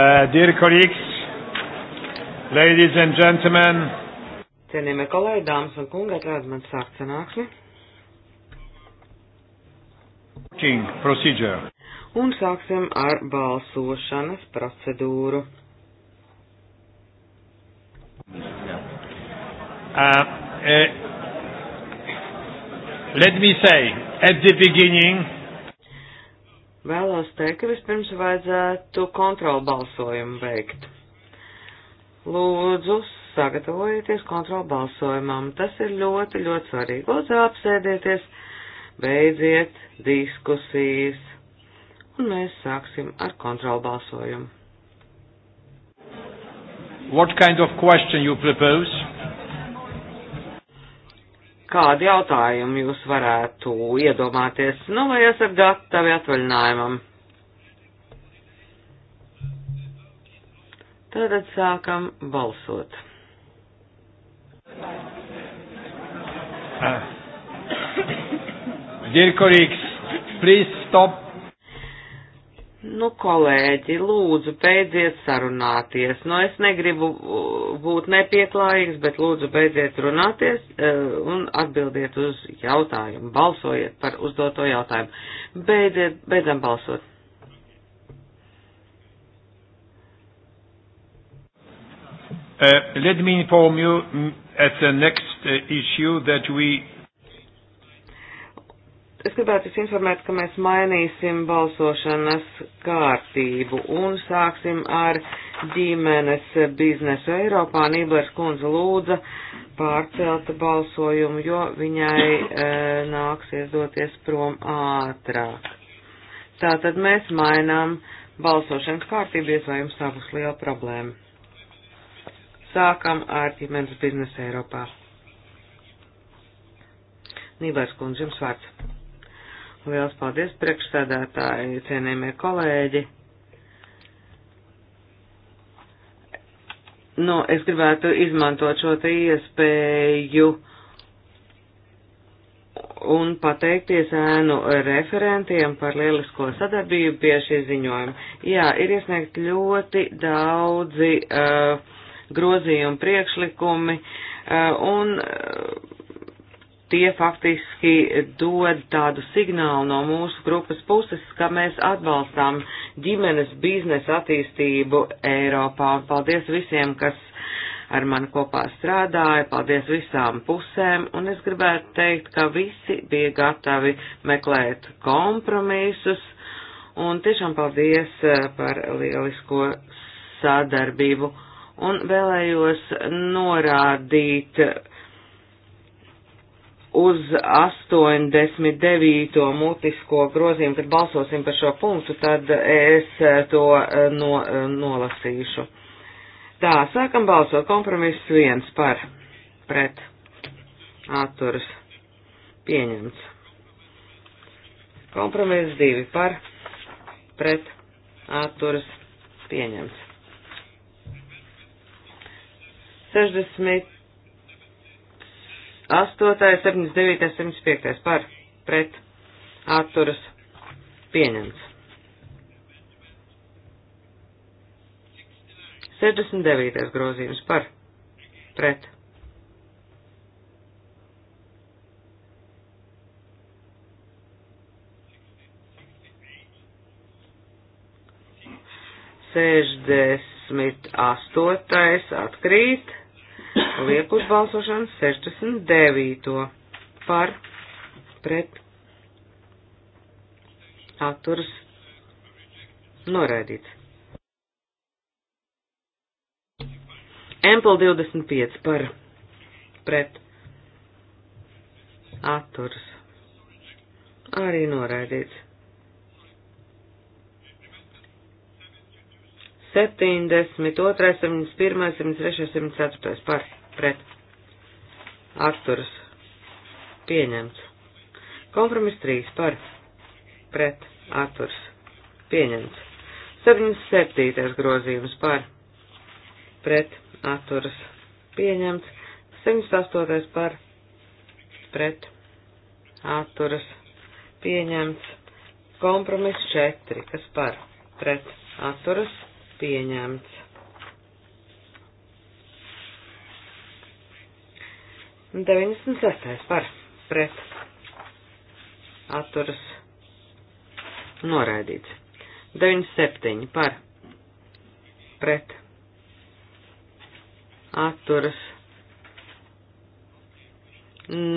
Uh, dear colleagues, ladies and gentlemen. Cienījamie kolēģi, dāmas un kungi, atļaujiet man sākt sanāksmi. King procedure. Un sāksim ar balsošanas procedūru. Uh, uh, let me say, at the beginning, Vēlos teikt, ka vispirms vajadzētu kontrolu balsojumu veikt. Lūdzu, sagatavojieties kontrolu balsojumam. Tas ir ļoti, ļoti svarīgi. Lūdzu, apsēdieties, beidziet diskusijas, un mēs sāksim ar kontrolu balsojumu. What kind of question you propose? kādu jautājumu jūs varētu iedomāties, nu vai esat gatavi atvaļinājumam? Tātad sākam balsot. Ah. Dear colleagues, please stop Nu, kolēģi, lūdzu, beidziet sarunāties. Nu, es negribu būt nepieklājīgs, bet lūdzu, beidziet runāties e, un atbildiet uz jautājumu. Balsojiet par uzdoto jautājumu. Beidziet, beidzam balsot. Uh, let me inform you mm, at the next uh, issue that we Es gribētu jūs informēt, ka mēs mainīsim balsošanas kārtību un sāksim ar ģimenes biznesu Eiropā. Nīblers kundze lūdza pārcelt balsojumu, jo viņai e, nāksies doties prom ātrāk. Tātad mēs mainām balsošanas kārtību, ja vai jums tā būs liela problēma. Sākam ar ģimenes biznesu Eiropā. Nīblers kundze, jums vārds. Liels paldies priekšsēdētāji, cienījamie kolēģi. Nu, es gribētu izmantot šo te iespēju un pateikties ēnu referentiem par lielisko sadarbību pie šī ziņojuma. Jā, ir iesniegt ļoti daudzi uh, grozījumu priekšlikumi uh, un uh, tie faktiski dod tādu signālu no mūsu grupas puses, ka mēs atbalstām ģimenes biznesa attīstību Eiropā. Paldies visiem, kas ar mani kopā strādāja, paldies visām pusēm, un es gribētu teikt, ka visi bija gatavi meklēt kompromisus, un tiešām paldies eh, par lielisko sadarbību. Un vēlējos norādīt uz 89. mutisko grozījumu, kad balsosim par šo punktu, tad es eh, to eh, no, eh, nolasīšu. Tā, sākam balsot kompromiss viens par pret atturas pieņemts. Kompromiss divi par pret atturas pieņemts. 60. 8, 79, 75 par pret atturas pieņemts. 69. grozījums par pret. Sešdesmit astotais atkrīt. Liek uz balsošanu 69. par pret atturas noraidīts. Empel 25 par pret atturas arī noraidīts. 72, 71, 73, 74 par pret atturas pieņemts. Kompromis 3 par pret atturas pieņemts. 77. grozījums par pret atturas pieņemts. 78. par pret atturas pieņemts. Kompromis 4, kas par pret atturas pieņemts. 96. par pret atturas noraidīts. 97. par pret atturas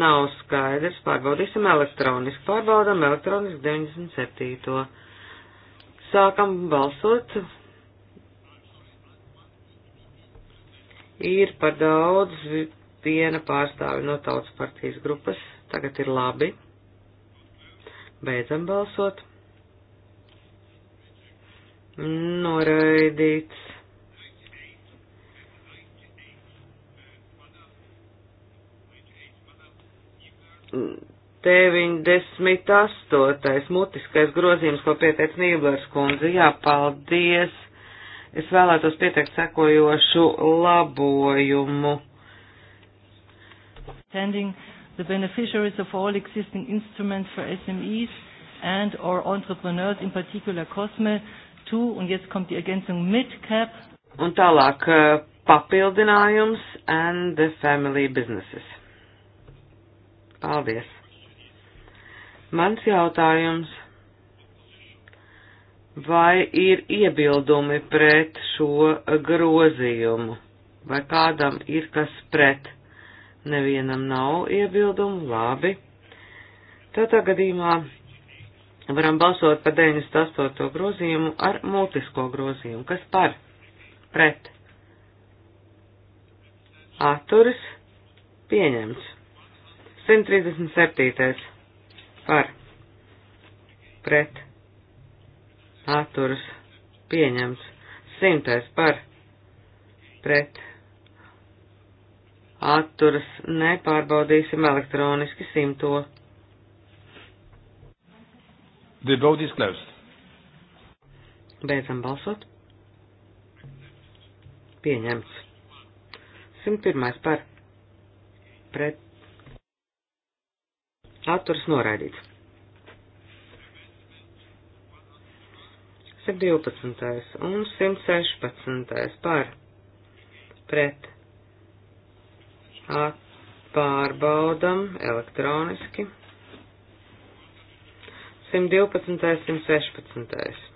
nav skaidrs. Pārbaudīsim elektroniski. Pārbaudam elektroniski 97. Sākam balsot. Ir par daudz viena pārstāvi no tautas partijas grupas. Tagad ir labi. Beidzam balsot. Noraidīts. Deviņdesmit astotais mutiskais grozījums, ko pieteic Nīblers kundze. Jā, paldies. Es vēlētos pieteikt sekojošu labojumu extending the beneficiaries of all existing instruments for SMEs and/or entrepreneurs, in particular COSME, to, un jetzt kommt die Ergänzung mid-cap. Un tālāk uh, papildinājums and the family businesses. Paldies. Mans jautājums. Vai ir iebildumi pret šo grozījumu? Vai kādam ir kas pret? Nevienam nav iebildumu, labi. Tātā gadījumā varam balsot par 98. grozījumu ar multisko grozījumu. Kas par? Pret. Atturis. Pieņemts. 137. Par. Pret. Atturis. Pieņemts. 100. Par. Pret atturas nepārbaudīsim elektroniski simto. The vote is closed. Beidzam balsot. Pieņemts. 101. par. Pret. Atturas noraidīts. 112. un 116. par. Pret pārbaudam elektroniski. 112. 116.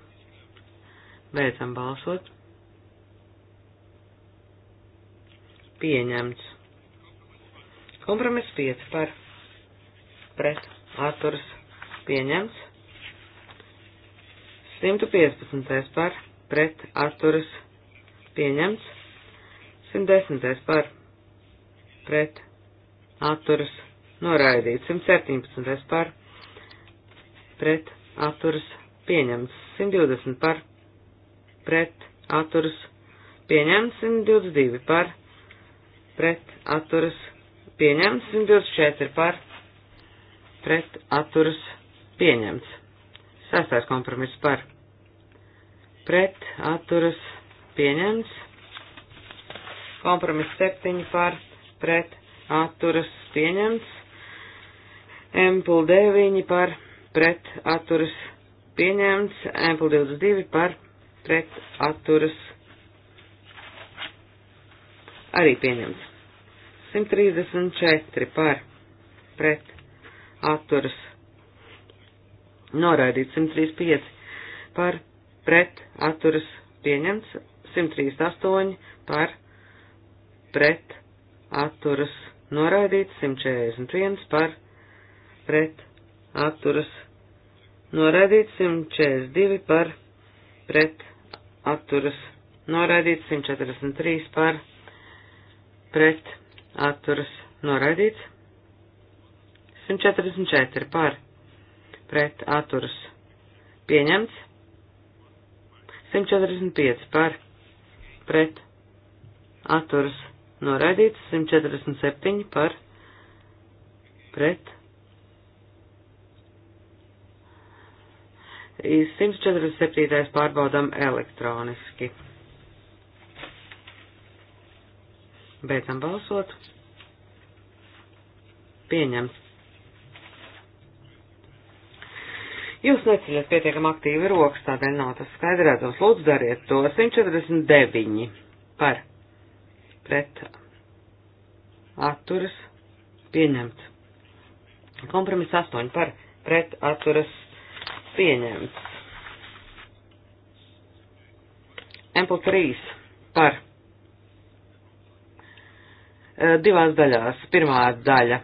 Beidzam balsot. Pieņemts. Kompromiss 5 par pret atturas pieņemts. 115. par pret atturas pieņemts. 110. par pret atturas noraidīts. 117. par pret atturas pieņemts. 120 par pret atturas pieņemts. 122 par pret atturas pieņemts. 124 par pret atturas pieņemts. Sastais kompromiss par pret atturas pieņemts kompromiss septiņi par pret atturas pieņemts, Empul 9 par pret atturas pieņemts, Empul 22 par pret atturas arī pieņemts. 134 par pret atturas noraidīts, 135 par pret atturas pieņemts, 138 par pret atturas noraidīts, 141 par pret atturas noraidīts, 142 par pret atturas noraidīts, 143 par pret atturas noraidīts, 144 par pret atturas pieņemts, 145 par pret atturas noraidīts noraidīts, 147 par pret. 147. pārbaudam elektroniski. Beidzam balsot. Pieņemts. Jūs neceļat pietiekam aktīvi rokas, tādēļ nav tas skaidrs redzams. Lūdzu, dariet to. 149 par pret atturas pieņemts. Kompromiss 8 par pret atturas pieņemts. Ample 3 par e, divās daļās. Pirmā daļa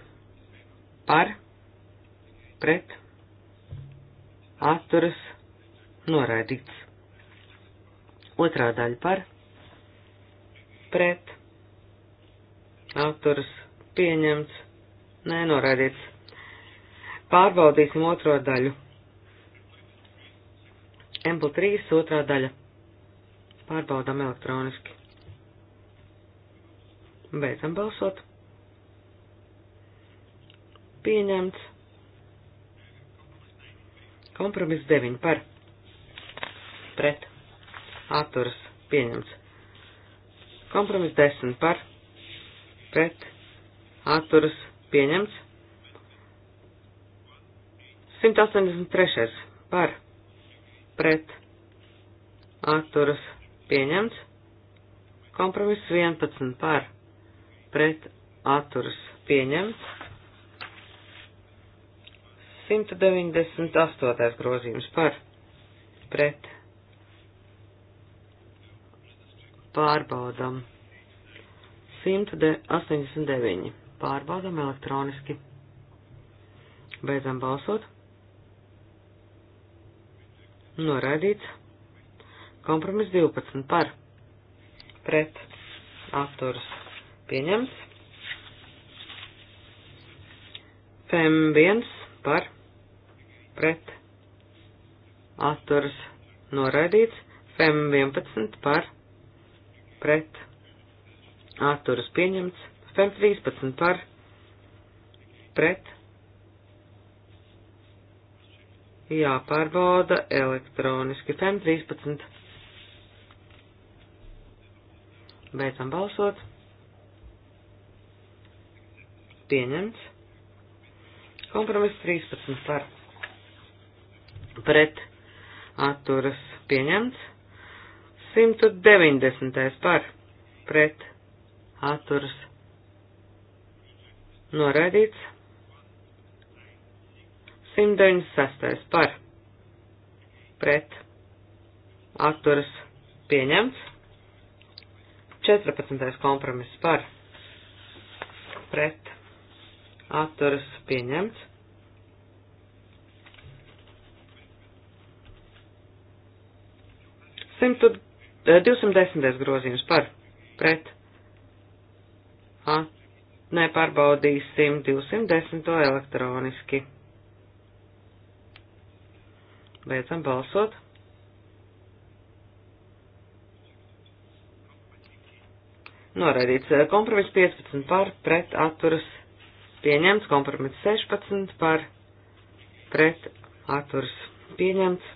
par pret atturas noraidīts. Otrā daļa par pret Autors pieņemts. Nē, noraidīts. Pārbaudīsim otro daļu. MP3 otrā daļa. Pārbaudām elektroniski. Beidzam balsot. Pieņemts. Kompromiss 9 par. Pret. Atturas. Pieņemts. Kompromiss 10 par pret atturas pieņemts. 183. par pret atturas pieņemts. Kompromiss 11 par pret atturas pieņemts. 198. grozījums par pret pārbaudam 189. Pārbaudam elektroniski. Beidzam balsot. Noraidīts. Kompromis 12 par. Pret. Atturas. Pieņems. Fem 1 par. Pret. Atturas. Noraidīts. Fem 11 par. Pret atturas pieņemts, FEM 13 par pret jāpārbauda elektroniski FEM 13. Beidzam balsot. Pieņemts. Kompromiss 13 par pret atturas pieņemts. 190. par pret atturas noraidīts. 196. par pret atturas pieņemts. 14. kompromiss par pret atturas pieņemts. 100, 210. Eh, grozījums par pret Ha? Nē, pārbaudīsim 210 elektroniski. Beidzam balsot. Noraidīts kompromiss 15 par, pret atturas pieņemts, kompromiss 16 par, pret atturas pieņemts,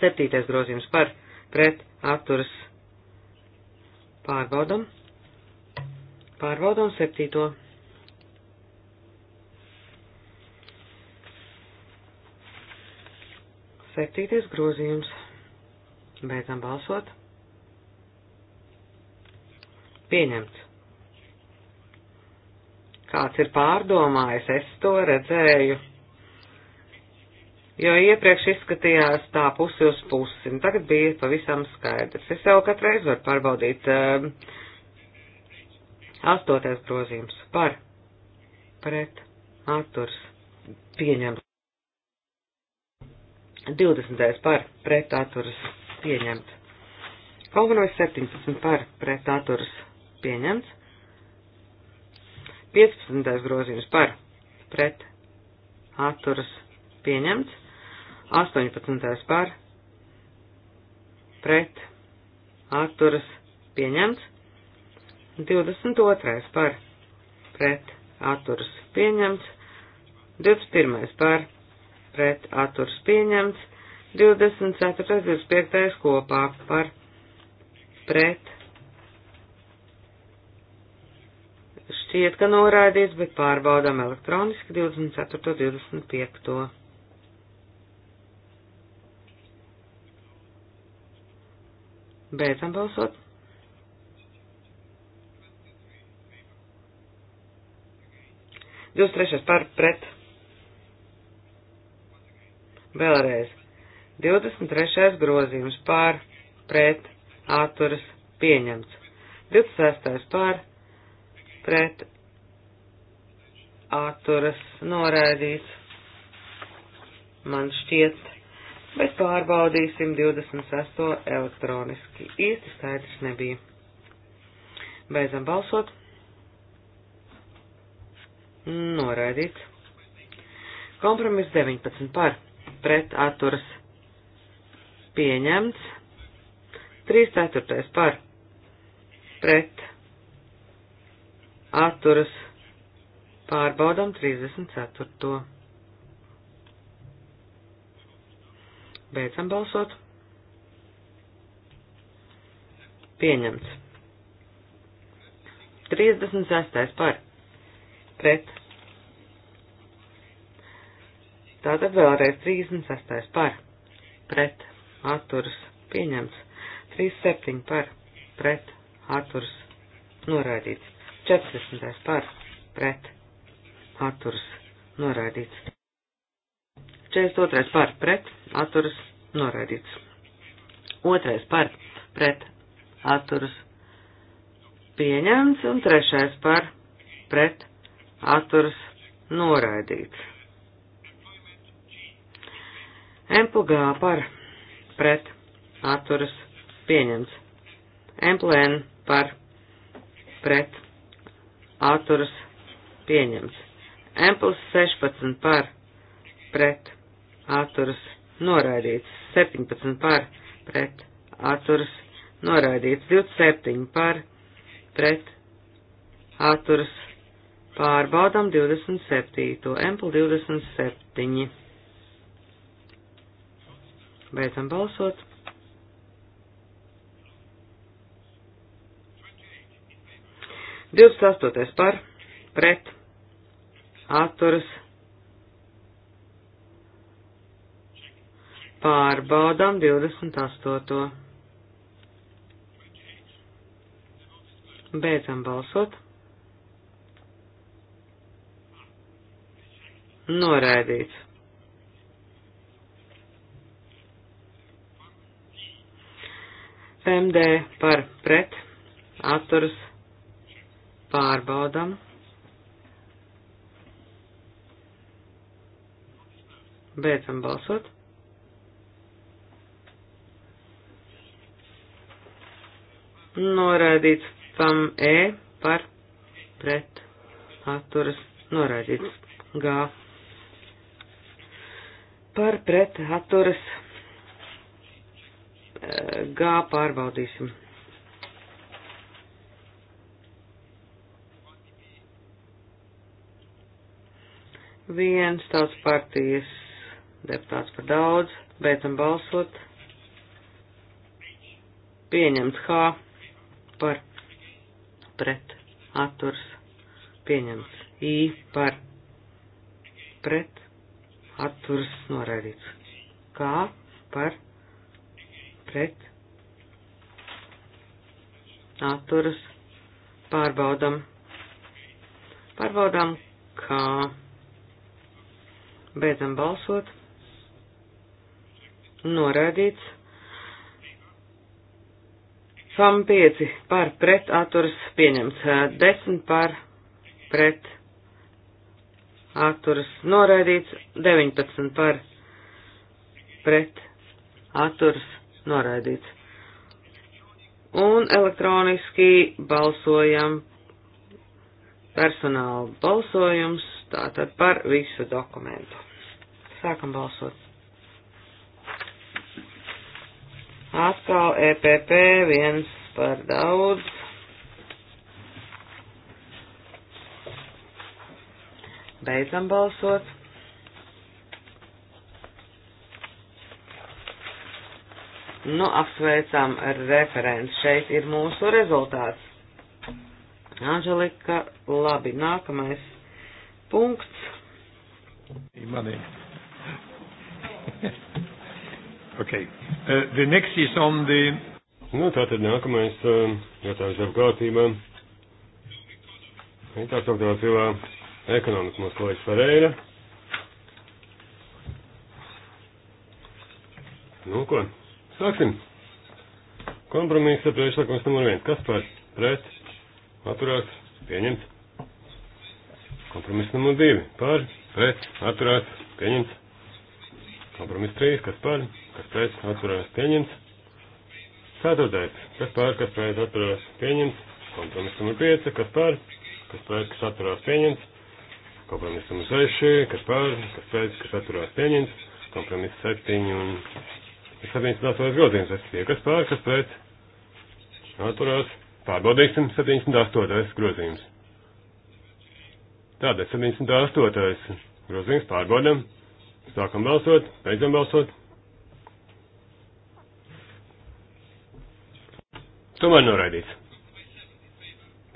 7. grozījums par, pret atturas pārbaudam. Pārbaudām septīto. Septītais grozījums. Beidzam balsot. Pieņemts. Kāds ir pārdomājis, es to redzēju. Jo iepriekš izskatījās tā pusi uz pusi, un nu, tagad bija pavisam skaidrs. Es jau katreiz varu pārbaudīt uh, Astotais grozījums par pret atturs pieņemts. 20. par pret atturs pieņemts. Kalvarojas 17 par pret atturs pieņemts. 15. grozījums par pret atturs pieņemts. 18. par pret atturs pieņemts. 22. par pret atturas pieņemts, 21. par pret atturas pieņemts, 24. 25. kopā par pret. Šķiet, ka norādīts, bet pārbaudām elektroniski 24. 25. Beidzam balsot. 23. par pret. Vēlreiz. 23. grozījums par pret atturas pieņemts. 26. par pret atturas noraidīts. Man šķiet, bet pārbaudīsim 26. elektroniski. Īsti skaidrs nebija. Beidzam balsot. Noraidīts. Kompromiss 19 par pret atturas pieņemts. 3 ceturtais par pret atturas pārbaudam 34. Beidzam balsot. Pieņemts. 36. par pret. Tātad vēlreiz 36 par, pret, atturas, pieņemts, 37 par, pret, atturas, noraidīts, 40 par, pret, atturas, noraidīts, 42 par, pret, atturas, noraidīts, 2 par, pret, atturas, pieņemts, un 3 par, pret, atturas, atturas noraidīts. MPG par pret atturas pieņemts. MPLN par pret atturas pieņemts. MPLS 16 par pret atturas noraidīts. 17 par pret atturas noraidīts. 27 par pret atturas Pārbaudām 27. Empl 27. Beidzam balsot. Divdesmit astotais par, pret, atturas, pārbaudām 28. Beidzam balsot. Noraidīts. PMD par pret atturas pārbaudam. Beidzam balsot. Noraidīts tam E par pret atturas noraidīts G par pret atturas G pārbaudīsim. Viens tautas partijas deputāts par daudz, beidzam balsot. Pieņemts H par pret atturs. Pieņemts I par pret atturas noraidīts. Kā par pret atturas pārbaudam. Pārbaudām, kā beidzam balsot. Noraidīts. FAM 5 par pret atturas pieņemts. 10 par pret atturas atturas noraidīts, 19 par pret atturas noraidīts. Un elektroniski balsojam personāla balsojums, tātad par visu dokumentu. Sākam balsot. Atkal EPP viens par daudz. Beidzam balsot. Nu, apsveicam referents. Šeit ir mūsu rezultāts. Anželika, labi, nākamais punkts. Imanī. okay. Uh, the next is on the... Nu, tātad nākamais uh, jautājums apkārtībā. Ir tā sauktā cilvēka ekonomikas mums Lojas Ferreira. Nu, ko? Sāksim. Kompromisa priekšlikums numur viens. Kas par? Pret? Atturās? Pieņemts. Kompromiss numur divi. Par? Pret? Atturās? Pieņemts. Kompromiss trīs. Kas par? Kas pret? Atturās? Pieņemts. Ceturtais. Kas par? Kas pret? Atturās? Pieņemts. Kompromiss numur pieci. Kas par? Kas pret? Kas atturās? Pieņemts kompromisam 6, kas par, kas pēc, kas atturās pieņemts, kompromiss 7 un 78 grozījums, es tie, kas par, kas pēc, atturās, pārbaudīsim 78 grozījums. Tātad 78. grozījums pārbaudam. Sākam balsot, beidzam balsot. Tomēr noraidīts.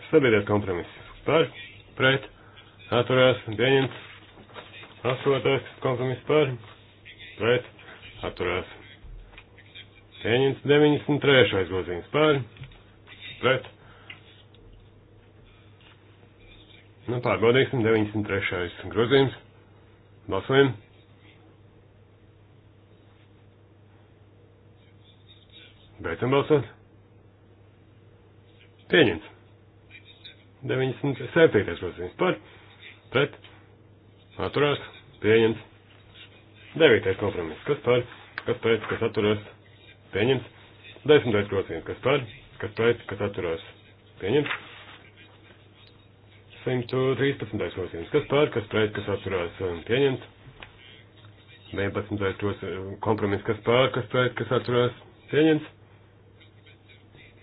Sabiedriet kompromiss. Par, pret, atturās pieņemts. Astotais kompromiss par pret atturās. Pieņemts 93. grozījums par pret. Nu, pārbaudīsim 93. grozījums. Balsojam. Beidzam balsot. Pieņemts. 97. grozījums par pret, atturās, pieņems. Devītais kompromiss, kas par, kas pret, kas atturās, pieņems. Desmitais grozījums, kas par, kas pret, kas atturās, pieņems. 113. grozījums, kas par, kas pret, kas atturās, pieņems. 11. kompromiss, kas par, kas pret, kas atturās, pieņems.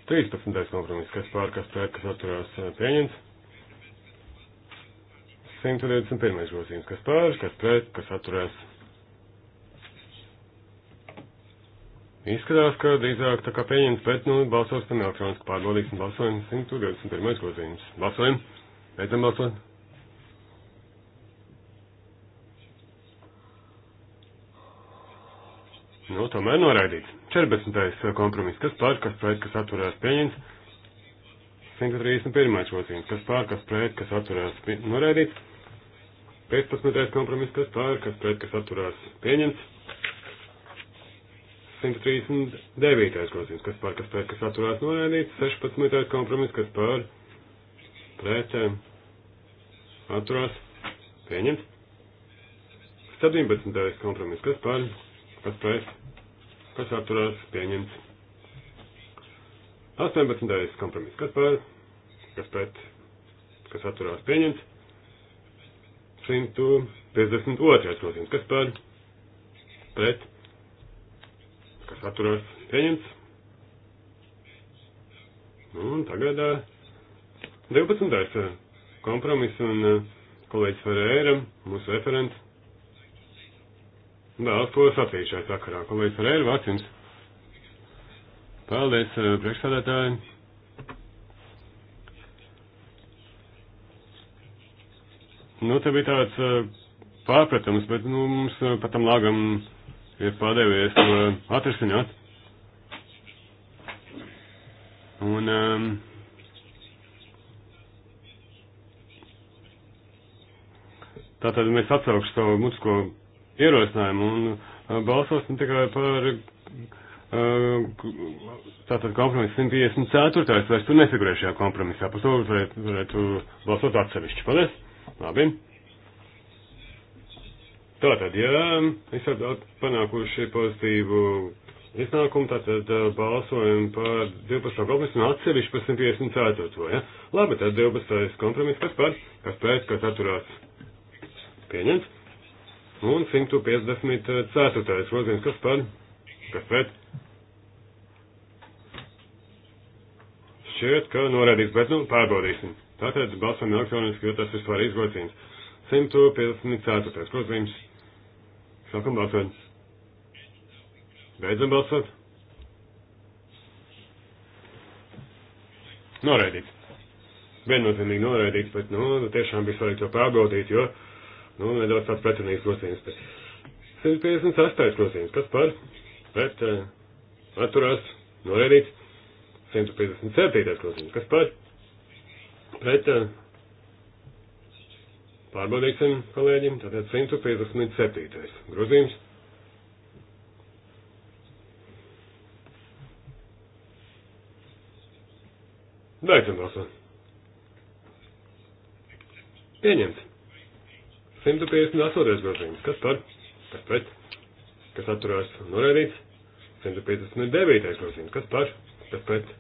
13. kompromiss, kas par, kas pret, kas atturās, pieņems. 121. grozījums, kas pār, kas pret, kas atturēs. Izskatās, ka drīzāk tā kā pieņems, bet, nu, balsosim elektroniski pārbaudīsim balsojumu 121. grozījums. Balsojam, beidzam balsot. Nu, tomēr noraidīts. 14. Eh, kompromiss, kas pār, kas pret, kas atturēs pieņems. 131. grozījums, kas pār, kas pret, kas atturēs noraidīts. 15. kompromiss, kas pār, kas pret, kas atturās pieņemts. 139. grozījums, kas pār, kas pret, kas atturās norēdīts. 16. kompromiss, kas pār, pret, atturās pieņemts. 17. kompromiss, kas pār, kas pret, kas atturās pieņemts. 18. kompromiss, kas pār, kas pret, kas atturās pieņemts. 152. grozījums. Kas par? Pret. Kas atturās? Pieņemts. Un tagad 12. kompromiss un kolēģis Ferēra, mūsu referents. Vēlas to sacīt šajā sakarā. Kolēģis Ferēra, vārds jums. Paldies, priekšsādātāji. Nu, te bija tāds eh, pārpratums, bet nu, mums eh, pat tam lāgam ir padevies to eh, atrisināt. Un, um, tātad mēs atsaukšu savu mutisko ierosinājumu un balsosim tikai par tātad kompromiss 154. vairs tur nefigurē šajā kompromisā. Par to varētu, varētu balsot atsevišķi. Paldies! Labi. Tātad, ja esat panākuši pozitīvu iznākumu, tātad balsojam par 12. kompromisu un atsevišķi par 154. Ja? Labi, tad 12. kompromiss, kas par, kas pēc, kas atturās pieņemts. Un 154. grozījums, kas par, kas pēc. Šķiet, ka norādīts, bet nu pārbaudīsim. Tātad balsam elektroniski, jo tas vispār ir izgocījums. 154. grozījums. Sākam balsot. Beidzam balsot. Noraidīts. Viennozīmīgi noraidīts, bet, nu, tiešām bija svarīgi to pārbaudīt, jo, nu, nedaudz tāds pretrunīgs grozījums. 158. grozījums. Kas par? Pret, uh, atturās, noraidīts. 157. grozījums. Kas par? pret eh, pārbaudīsim kolēģim, tātad 157. grozījums. Beidzam balsot. Pieņemts. 158. grozījums. Kas par? Kas pret? Kas atturās? Norēdīts. 159. grozījums. Kas par? Kas pret?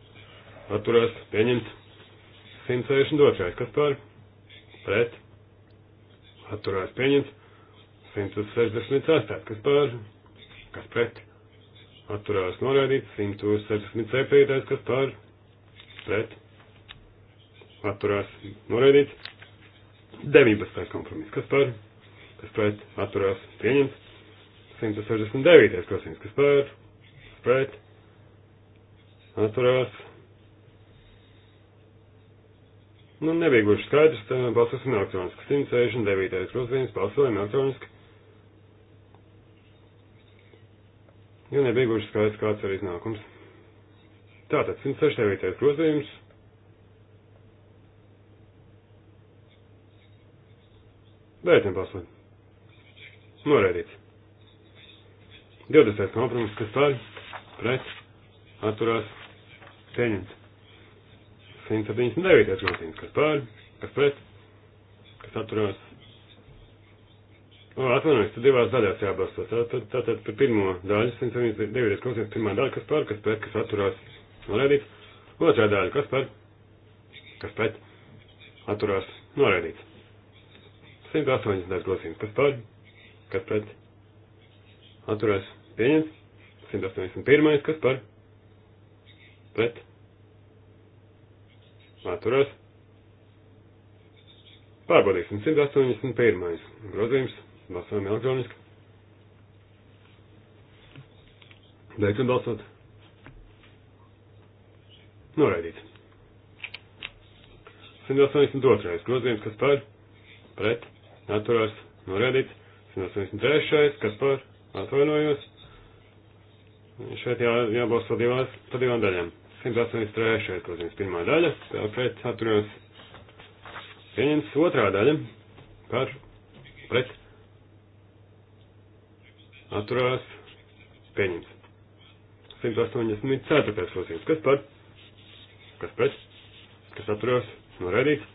Atturās. Pieņemts. 162. Kas par? Pret. Atturās pieņemts. 166. Kas par? Kas pret? Atturās noraidīts. 167. Kas par? Pret. Atturās noraidīts. 19. kompromiss. Kas par? Kas pret? Atturās pieņemts. 169. prasījums. Kas par? Pret? Atturās Nu, nebija gluži skaidrs, balsosim elektroniski. 169. grozījums balsojam elektroniski. Jo nebija gluži skaidrs, kāds ir iznākums. Tātad 169. grozījums. Beidzam balsot. Noraidīts. 20. kompromiss, kas tāļ, pret, atturās, pieņemts. 179. grozījums, kas pār, kas pret, kas atturās. Nu, Atvainojos, tad divās daļās jābalso. Tātad, tātad par pirmo daļu 179. grozījums, pirmā daļa, kas pār, kas pret, kas atturās. Norēdīts. Otrā daļa, kas pār, kas pret, atturās. Norēdīts. 180. grozījums, kas pār, kas pret, atturās. Pieņemts. 181. kas par, pret, atturās. Pārbaudīsim 181. grozījums, balsojam elektroniski. Beidzam balsot. Noraidīts. 182. grozījums, kas par, pret, atturās, noraidīts. 183. kas par, atvainojos. Šeit jā, jābalso divās, pa divām daļām. 183. grozījums pirmā daļa, vēl pret atturējums pieņems otrā daļa par pret atturās pieņems. 184. grozījums, kas par, kas pret, kas atturās, norēdīts.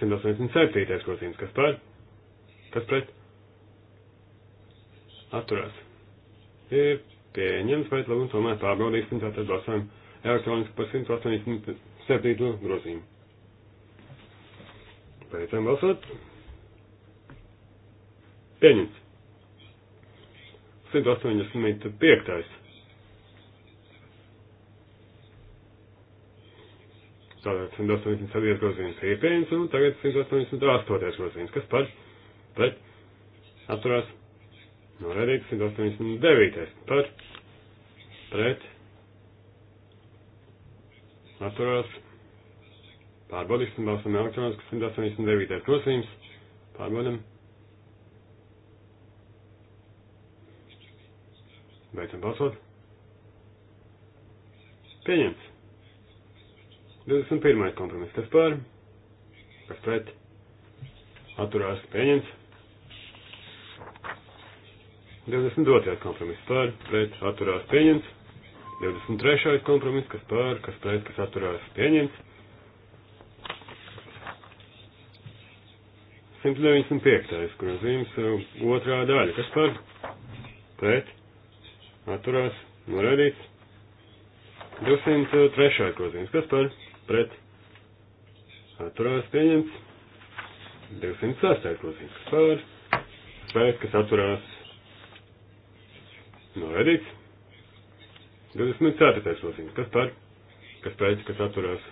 187. grozījums, kas par, kas pret, atturās. Ir pieņems, bet labi, tomēr pārbaudīsim tātad balsojumu elektroniski par 187. grozījumu. Beidzam balsot. Pieņemts. 185. Tātad 187. grozījums ir pieņemts, un tagad 188. grozījums. Kas par? Pret? Atturās? Norēdīts 189. Par? Pret? atturās. Pārbaudīsim, balsam elektroniski 189. prosījums. Pārbaudam. Beidzam balsot. Pieņemts. 21. kompromiss. Kas pār? Kas pret? Atturās. Pieņemts. 22. kompromiss. Pār, pret, atturās. Pieņemts. 23. kompromiss, kas par, kas pret, kas atturās pieņemts. 195. kur zīmes otrā daļa, kas par, pret, atturās, norēdīts. 203. grozījums, kas par, pret, atturās pieņemts. 206. grozījums, kas par, pret, kas atturās, norēdīts. 24. nosīm. Kas par? Kas pēc? Kas atturās?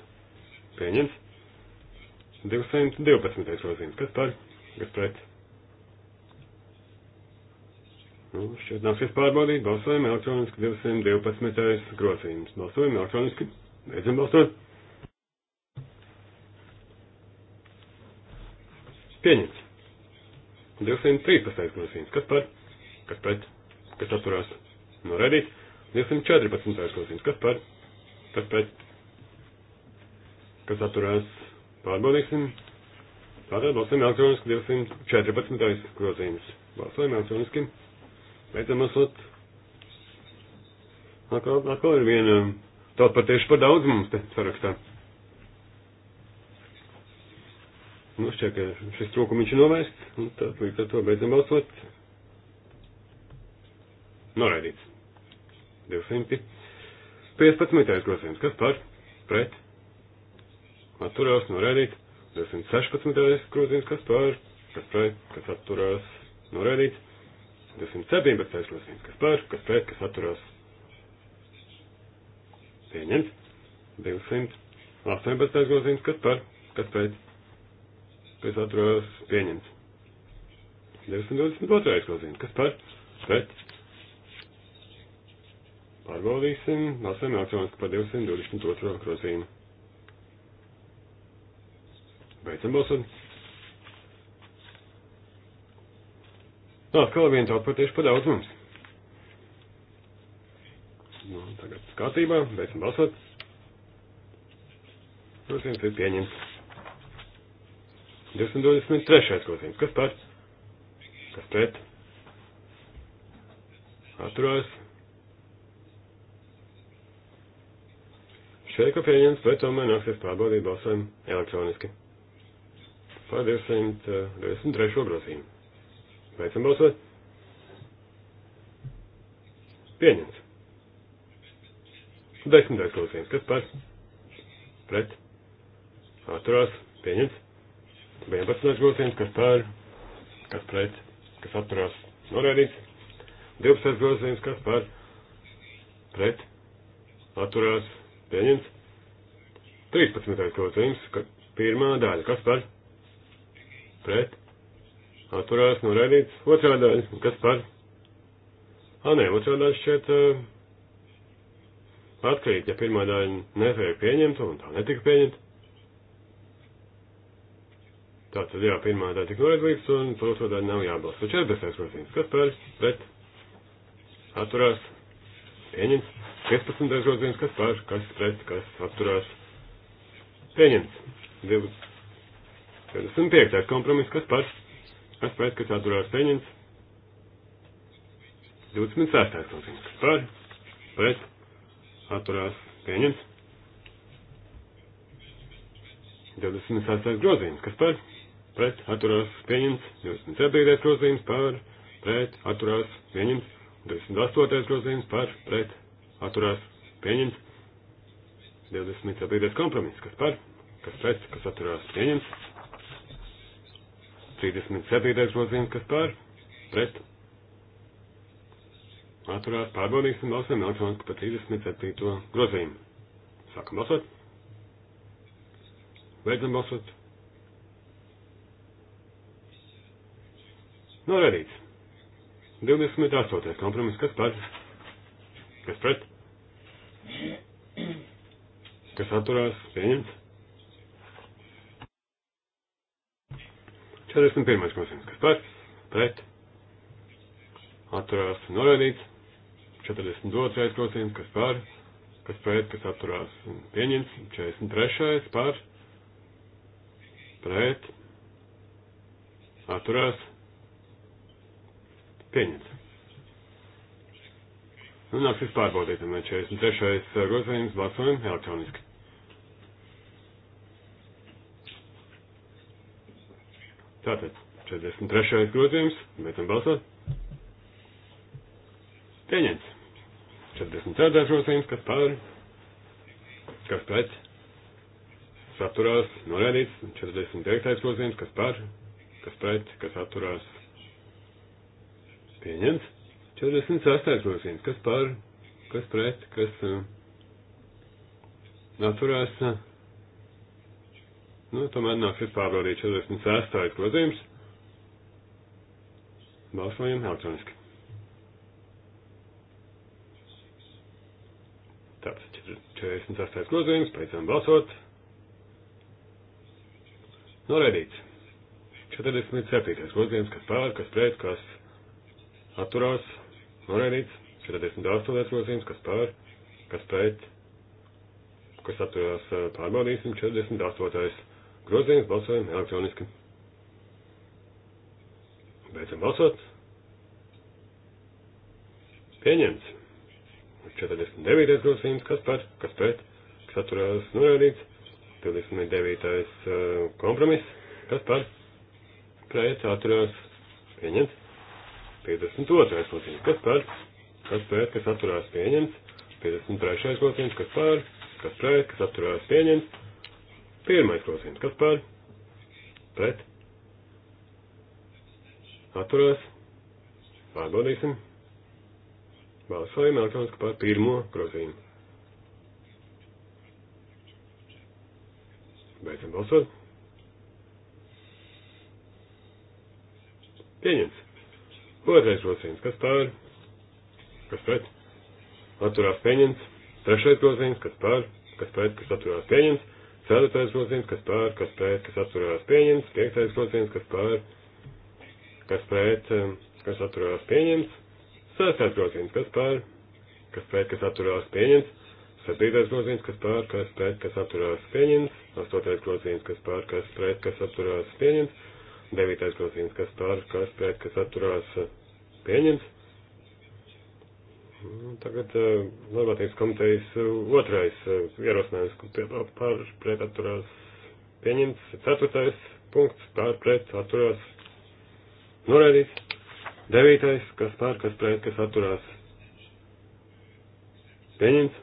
Pieņems. 212. nosīm. Kas par? Kas pēc? Nu, šķiet nāksies pārbaudīt, balsojam elektroniski 212. grozījums. Balsojam elektroniski, beidzam balsot. Pieņemts. 213. grozījums. Kas par? Kas pret? Kas atturās? Noraidīts. 214. grozījums. Kas par? Kas pret? Kas atturās? Pārbaudīsim. Tātad balsojam elektroniski 214. grozījums. Balsojam elektroniski. Beidzam balsot. Atkal, atkal ir viena tauta par tieši par daudz mums te sarakstā. Nu, šķiet, ka šis trūkumiņš ir novērsts, un nu, tad līdz ar to beidzam balsot. Noraidīts. 215. grozījums. Kas par? Pret. Atturās norēdīt. 216. grozījums. Kas par? Kas pret? Kas atturās norēdīt. 217. grozījums. Kas par? Kas pret? Kas atturās. Pieņemts. 218. grozījums. Kas par? Kas pret? Kas atturās. Pieņemts. 222. grozījums. Kas par? Pret Pārbaudīsim, balsojam elektroniski par 222. grozījumu. Beidzam balsot. Nā, atkal vien tā pat tieši pa daudz mums. Nu, tagad kārtībā, beidzam balsot. Grozījums ir pieņemts. 223. grozījums. Kas par? Kas pret? Atturās. Šveika pieņems, bet tomēr nāksies pārbaudīt balsojumu elektroniski. Par 223. Eh, grozījumu. Veicam balsot. Pieņems. Desmitais klausījums. Kas par? Pret. Atturās. Pieņems. 11. grozījums. Kas par? Kas pret? Kas atturās? Norēdīts. 12. grozījums. Kas par? Pret. Atturās. Pieņemts. 13. grozījums, ka pirmā daļa, kas par? Pret. Atturās noraidīts. Otrā daļa, kas par? Ā, nē, otrā daļa šķiet uh, atkrīt, ja pirmā daļa nespēja pieņemt un tā netika pieņemta. Tātad, jā, pirmā daļa tika noraidīts un par otro daļu nav jābalsta. 14. grozījums, kas par? Pret. Atturās. Pieņemts. 15. grozījums, kas par, kas pret, kas atturās. Pieņemts. 25. kompromiss, kas par, kas pret, kas atturās. Pieņemts. 26. kompromiss, kas par, pret, atturās. Pieņemts. 26. grozījums, kas par, pret, atturās. Pieņemts. 27. grozījums par, pret, atturās. Pieņemts. 28. grozījums par, pret, atturās pieņemts. 27. kompromiss, kas par, kas pret, kas atturās pieņemts. 37. grozījums, kas par, pret, atturās pārbaudīsim balsēm elektroniski par 37. grozījumu. Sākam balsot. Beidzam balsot. Norādīts. 28. kompromiss, kas par, kas pret, Kas atturās? Pieņemts. 41. grozījums. Kas par? Pret. Atturās norādīts. 42. grozījums. Kas par? Kas pret? Kas atturās? Pieņemts. 43. par? Pret. Atturās. Pieņemts. Nu, nāksies pārbaudīt, vai 43. Eh, grozījums balsojam elektroniski. Tātad 43. grozījums, beidzam balsot. Pieņemts. 44. grozījums, kas pāri, kas pret, saturās, norēdīts. 45. grozījums, kas pāri, kas pret, kas atturās. Pieņemts. 46. grozījums. Kas par, kas pret, kas uh, atturās? Uh, nu, tomēr nāksies pārbaudīt 46. grozījums. Balsojam elektroniski. Tātad 48. grozījums, beidzam balsot. Noraidīts. 47. grozījums, kas pār, kas pret, kas atturās. Noraidīts. 48. grozījums. Kas pār? Kas pret? Kas atturās? Pārbaudīsim. 48. grozījums. Balsojam elektroniski. Beidzam balsot. Pieņemts. 49. grozījums. Kas pār? Kas pret? Kas atturās? Noraidīts. 29. kompromiss. Kas pār? Pret atturās. Pieņemts. 52. grozījums, kas par, kas pret, kas atturās pieņemts, 53. grozījums, kas par, kas pret, kas atturās pieņemts, 1. grozījums, kas par, pret, atturās, pārbaudīsim, balsojam elektroniski par pirmo grozījumu. Beidzam balsot. Pieņemts. Otrais grozījums, kas par, kas pret, atturās pieņemts. Trešais grozījums, kas par, kas pret, kas atturās pieņemts. Ceturtais grozījums, kas par, kas pret, kas atturās pieņemts. Piektais grozījums, kas par, kas pret, kas atturās pieņemts. Sestais grozījums, kas par, kas pret, kas atturās pieņemts. Septītais grozījums, kas pār, kas pret, kas atturās pieņems. Astotais grozījums, kas pār, kas pret, kas atturās pieņems. Devītais grozījums, kas par, kas pret, kas atturās eh, pieņems. Tagad Normatīvas eh, komitejas eh, otrais ierosinājums par pret atturās pieņemts. Ceturtais punkts par pret atturās noraidīts. Devītais, kas par, kas pret, kas atturās pieņemts.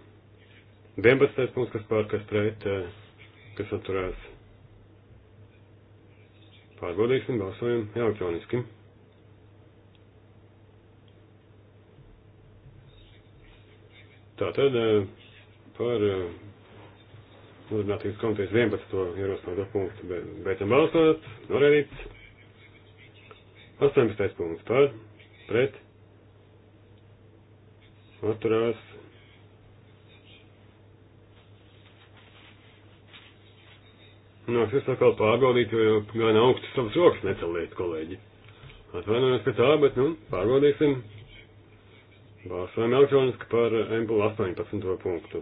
Vienpadsmitais punkts, kas par, kas pret, kas atturās Pārbaudīsim, balsojam elektroniski. Tātad eh, par Nodarbinātības eh, komitejas 11. ierosināto punktu beidzam balsot, norēdīts. 18. punkts par, pret, atturās, Nu, es jūs atkal pārbaudītu, jo gan augstu savas rokas neceliet, kolēģi. Atvainojos pie tā, bet, nu, pārbaudīsim. Balsojam elektroniski par MPL 18. punktu.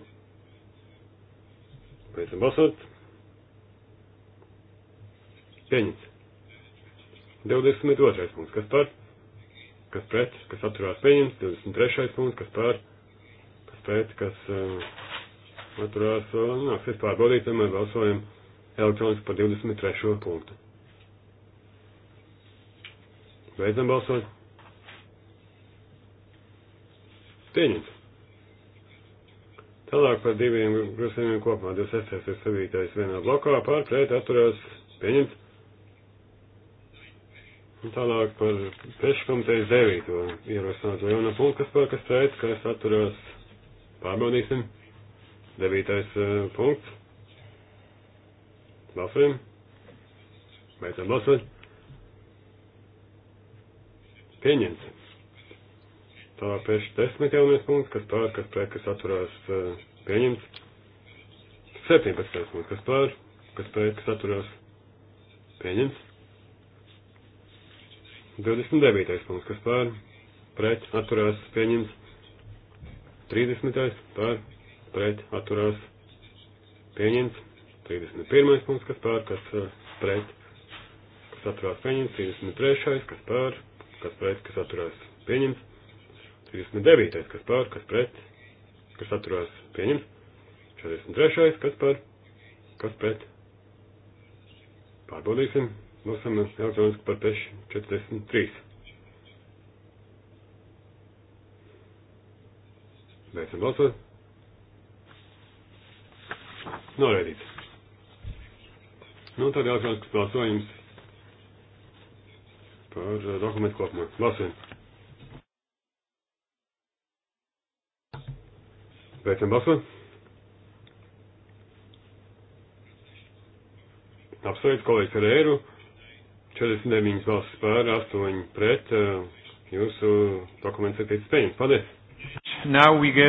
Beidzam balsot. Pieņemts. 22. punkts, kas par, kas pret, kas atturās pieņemts, 23. punkts, kas par, kas pret, kas uh, atturās, uh, nāksies pārbaudīt, ja mēs balsojam elektroniski par 23. punktu. Beidzam balsot. Pieņemts. Tālāk par diviem grozījumiem kopumā 26. ir 7. vienā blokā, pār pret atturās pieņemts. Un tālāk par priekškomitejas 9. ierosināt Leona punktu, kas par kas pret, kas atturās pārbaudīsim. 9. Eh, punkts. Balsojam. Beidzam balsot. Pieņemts. Tālāk pēc desmit jaunies eh, punkts, kas pār, kas pret, kas atturās pieņemts. 17. punkts, kas pār, kas pret, kas atturās pieņemts. 29. punkts, kas pār, pret, atturās, pieņems. 30. pār, pret, atturās, pieņems. 31. punkts, kas pār, uh, kas pret, kas atturās pieņemts, 33. kas pār, kas pret, kas atturās pieņemts, 39. kas pār, kas pret, kas atturās pieņemts, 43. kas pār, kas pret. Pārbaudīsim, nosam uh, elektroniski par peši 43. Beidzam balsot. Noraidīts. Nu, tad elektronisks balsojums par eh, dokumentu kopumā. Balsojam. Beidzam balsot. Apsveicu kolēģi Ferēru. 49 balsis pār, 8 pret. Eh, jūsu dokuments ir ticis pieņemts. Paldies! Now we go.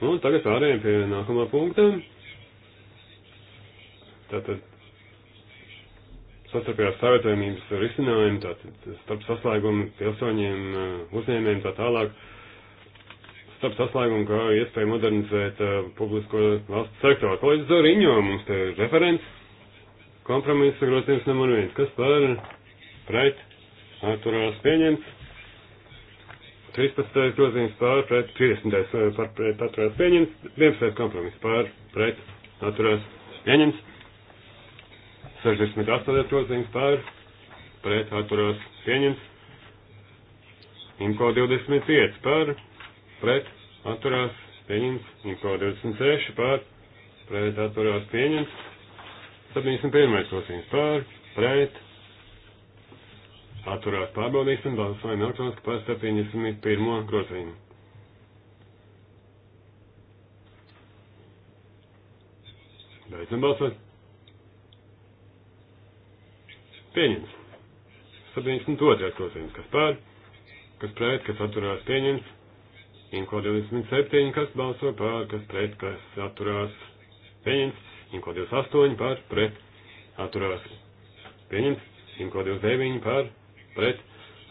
Un tagad pārējiem pie nākamā punkta. Tātad sastarpējās savietojumības risinājumu, tātad starp saslēgumu pilsoņiem, eh, uzņēmējiem tā tālāk, starp saslēgumu, kā iespēja modernizēt uh, publisko valsts sektoru. Kolēģis Zoriņo mums te ir referents, kompromisa grozījums numur viens, kas par pret atturās pieņemts. 13. grozījums pār pret 30. Eh, par pret atturās pieņemts, 11. kompromiss pār pret atturās pieņemts. 68. grozījums par pret atturās pieņemts. Imko 25 par pret atturās pieņemts. Imko 26 par pret atturās pieņemts. 71. grozījums par pret atturās pārbaudīsim balsojumu elektroniski par 71. grozījumu. Beidzam balsot. Pieņemts. 72. grozījums, kas pār, kas pret, kas atturās pieņemts. Inko 27, kas balso pār, kas pret, kas atturās pieņemts. Inko 28 pār, pret, atturās pieņemts. Inko 29 pār, pret,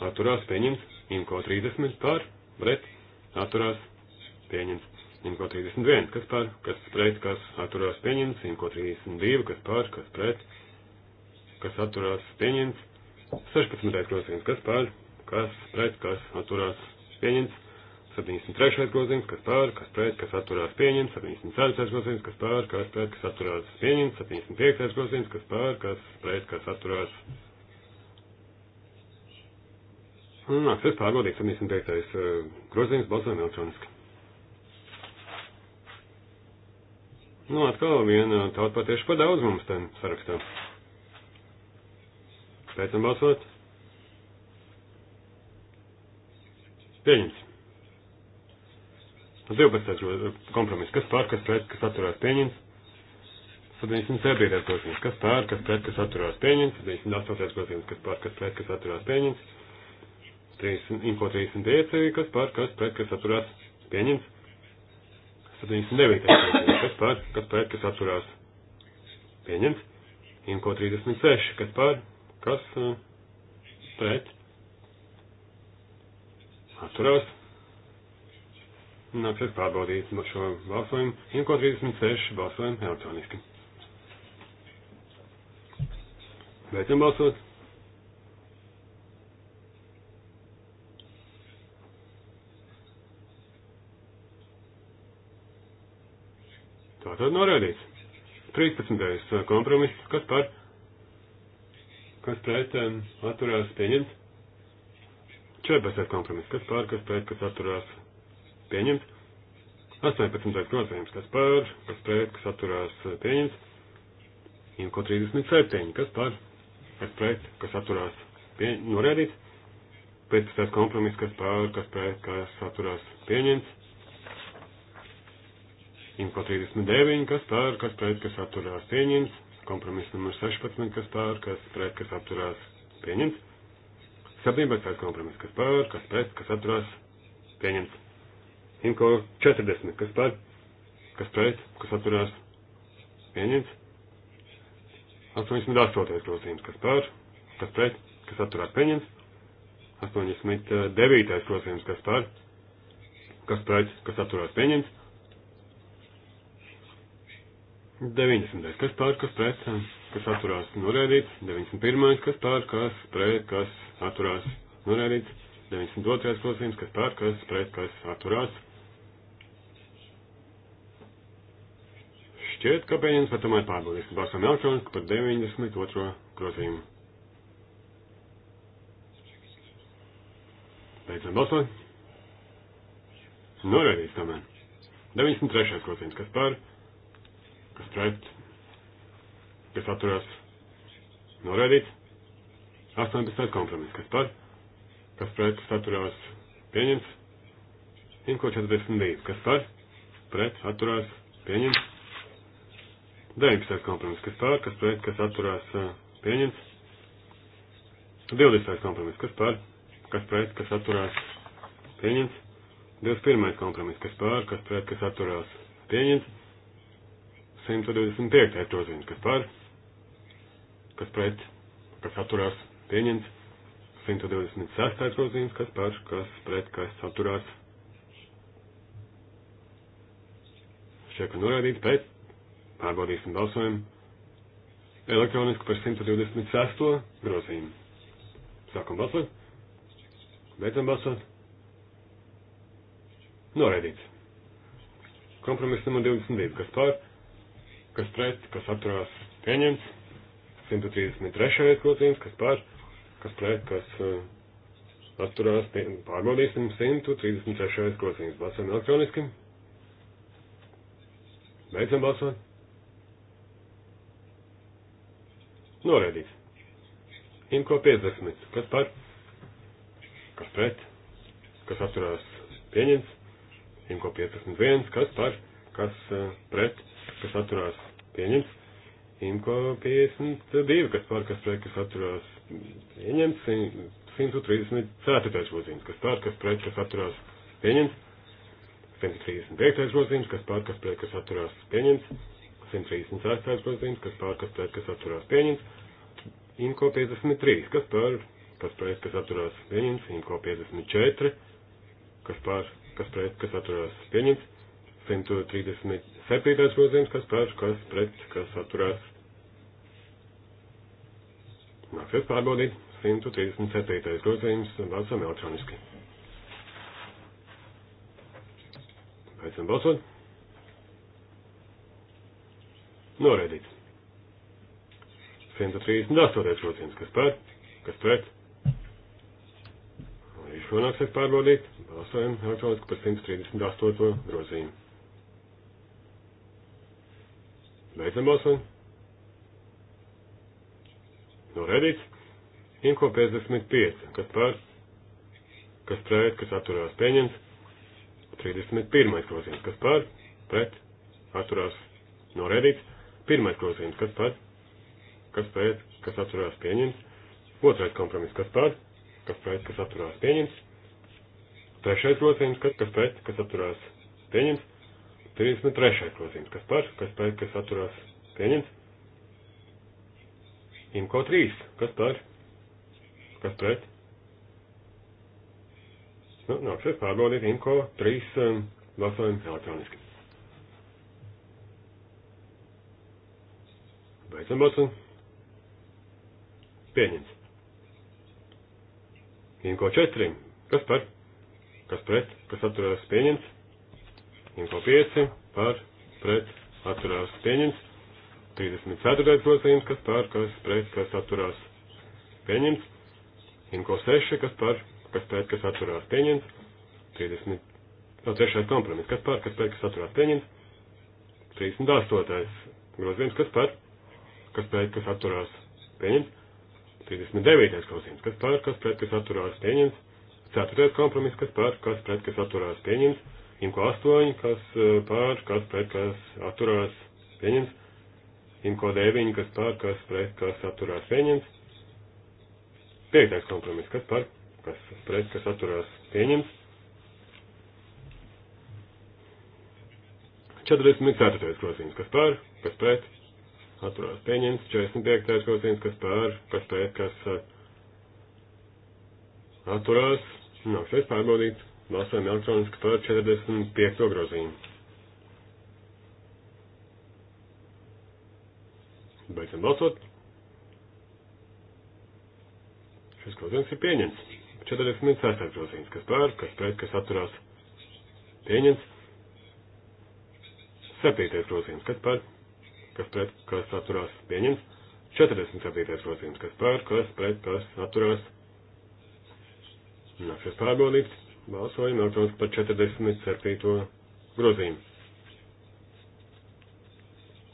atturās pieņemts. Inko 30 pār, pret, atturās pieņemts. Inko 31, kas pār, kas pret, kas atturās pieņemts. Inko 32, kas pār, kas pret, kas atturās pieņemts, 16. grozījums, kas pār, kas pret, kas atturās pieņemts, 73. grozījums, kas pār, kas pret, kas atturās pieņemts, 74. grozījums, kas pār, kas pret, kas atturās pieņemts, 75. grozījums, kas pār, kas pret, kas atturās. Un nāksies pārbaudīt 75. Eh, grozījums balsojumu elektroniski. Nu, atkal viena tauta patieši pa daudz mums tam sarakstam. Sveicam balsot. Pieņemts. 12. kompromiss. Kas pār, kas pret, kas atturās pieņemts? 77. grozījums. Kas pār, kas pret, kas atturās pieņemts? 78. grozījums. Kas pār, kas pret, kas atturās pieņemts? 30, info 35. Kas pār, kas pret, kas atturās pieņemts? 79. grozījums. Kas pār, kas pret, kas atturās pieņemts? Info 36. Kas pār, Kas pret? Atturās. Nāksies pārbaudīt no šo balsojumu. Inko 36 balsojumu elektroniski. Beidzam balsot. Tātad norādīts. 13. kompromiss, kas par kas pret atturās pieņemts. 14. kompromiss, kas pār, kas pret, kas atturās pieņemts. 18. grozījums, kas pār, kas pret, kas atturās pieņemts. Imko 37, kas pār, kas pret, kas atturās norēdīts. 15. kompromiss, kas pār, kas pret, kas atturās pieņemts. Imko 39, kas pār, kas pret, kas atturās pieņemts. Kompromiss numur 16, kas pār, kas pret, kas atturās, pieņemts. 17. kompromiss, kas pār, kas pret, kas atturās, pieņemts. Inko 40, kas pār, kas pret, kas atturās, pieņemts. 88. grozījums, kas pār, kas pret, kas atturās, pieņemts. 89. grozījums, kas pār, kas pret, kas atturās, pieņemts. 90. Kas pār, kas pret, kas atturās norēdīts. 91. Kas pār, kas pret, kas atturās norēdīts. 92. klausījums, kas pār, kas pret, kas atturās. Šķiet, ka pieņems, bet tomēr pārbaudīsim. Balsam elektroniski par 92. grozījumu. Beidzam balsot. Norēdīts tomēr. 93. klausījums, kas pār, kas pret kas pret, kas atturās noraidīts. 18. kompromiss, kas par, kas pret, kas atturās pieņems. Inko 42, kas par, pret, atturās pieņems. 19. kompromiss, kas par, kas pret, kas atturās pieņems. 20. kompromiss, kas par, kas pret, kas atturās pieņems. 21. kompromiss, kas par, kas pret, kas atturās pieņems. 125. groziņš, kas par, kas pret, kas atturās, pieņemts. 126. groziņš, kas par, kas pret, kas atturās. Šķiet, ka norādīts, bet pārbaudīsim balsojumu. Elektroniski par 126. grozījumu. Sākam balsot. Beidzam balsot. Noraidīts. Kompromiss numur 22. Kas pār? kas pret, kas atturās pieņemts. 133. grozījums, kas par, kas pret, kas uh, atturās, pie, pārbaudīsim 136. grozījums. Balsojam elektroniski. Beidzam balsot. Noraidīts. Imko 50. Kas par? Kas pret? Kas atturās pieņemts? Imko 51. Kas par? Kas uh, pret? kas atturās pieņemts. Imko 52, kas par, kas pret, kas atturās pieņemts. 134. grozījums, kas par, kas pret, kas atturās pieņemts. 135. grozījums, kas par, kas pret, kas atturās pieņemts. 136. grozījums, kas par, kas pret, kas atturās pieņemts. Imko 53, kas par, kas pret, kas atturās pieņemts. Imko 54, kas par, kas pret, kas atturās pieņemts. 130, Septītais grozījums, kas pēc, kas pret, kas atturās. Nāksies pārbaudīt. 137. grozījums balsam elektroniski. Aicinu balsot. Noraidīt. 138. grozījums, kas par, kas pret. Arī šo nāksies pārbaudīt. Balsojam elektroniski par 138. grozījumu. Beidzam balsojumu. Noraidīts. Inko 55. Kas par? Kas pret? Kas atturās? Pieņems. 31. grozījums. Kas par? Pret? Atturās? Noraidīts. Pirmais grozījums. Kas par? Kas pret? Kas atturās? Pieņems. Otrais kompromiss. Kas par? Kas pret? Kas atturās? Pieņems. Trešais grozījums. Kas, kas pret? Kas atturās? Pieņems. 33. grozījums, kas par, kas par, kas atturās pieņemts. Imko 3, kas par, kas pret. Nu, nāksies pārbaudīt Imko 3 um, balsojumu elektroniski. Beidzam balsojumu. Pieņemts. Imko 4, kas par, kas pret, kas atturās pieņemts. Inko 5 par pret atturās pieņemts. 34. grozījums, kas par, kas pret, kas atturās pieņemts. Inko 6, kas par, kas pret, kas atturās pieņemts. 30. No, trešais kompromiss, kas par, kas pret, kas atturās pieņemts. 38. grozījums, kas par, kas pret, kas atturās pieņemts. 39. grozījums, kas par, kas pret, kas atturās pieņemts. 4. kompromiss, kas par, kas pret, kas atturās pieņemts. Imko 8, kas e, pār, kas pret, kas atturās pieņems. Imko 9, kas pār, kas pret, kas atturās pieņems. Piektais kompromiss, kas par, kas pret, kas atturās pieņems. 44. grozījums, kas par, kas pret, atturās pieņems. 45. grozījums, kas par, kas pret, kas e, atturās. Nav šeit pārbaudīts. Balsojam elektroniski par 45. grozījumu. Beidzam balsot. Šis grozījums ir pieņemts. 46. grozījums, kas pār, kas pret, kas atturās. Pieņemts. 7. grozījums, kas pār, kas pret, kas atturās. Pieņemts. 47. grozījums, kas pār, kas pret, kas atturās. Nāksies pārbaudīt. Balsojam elektroniski par 47. grozījumu.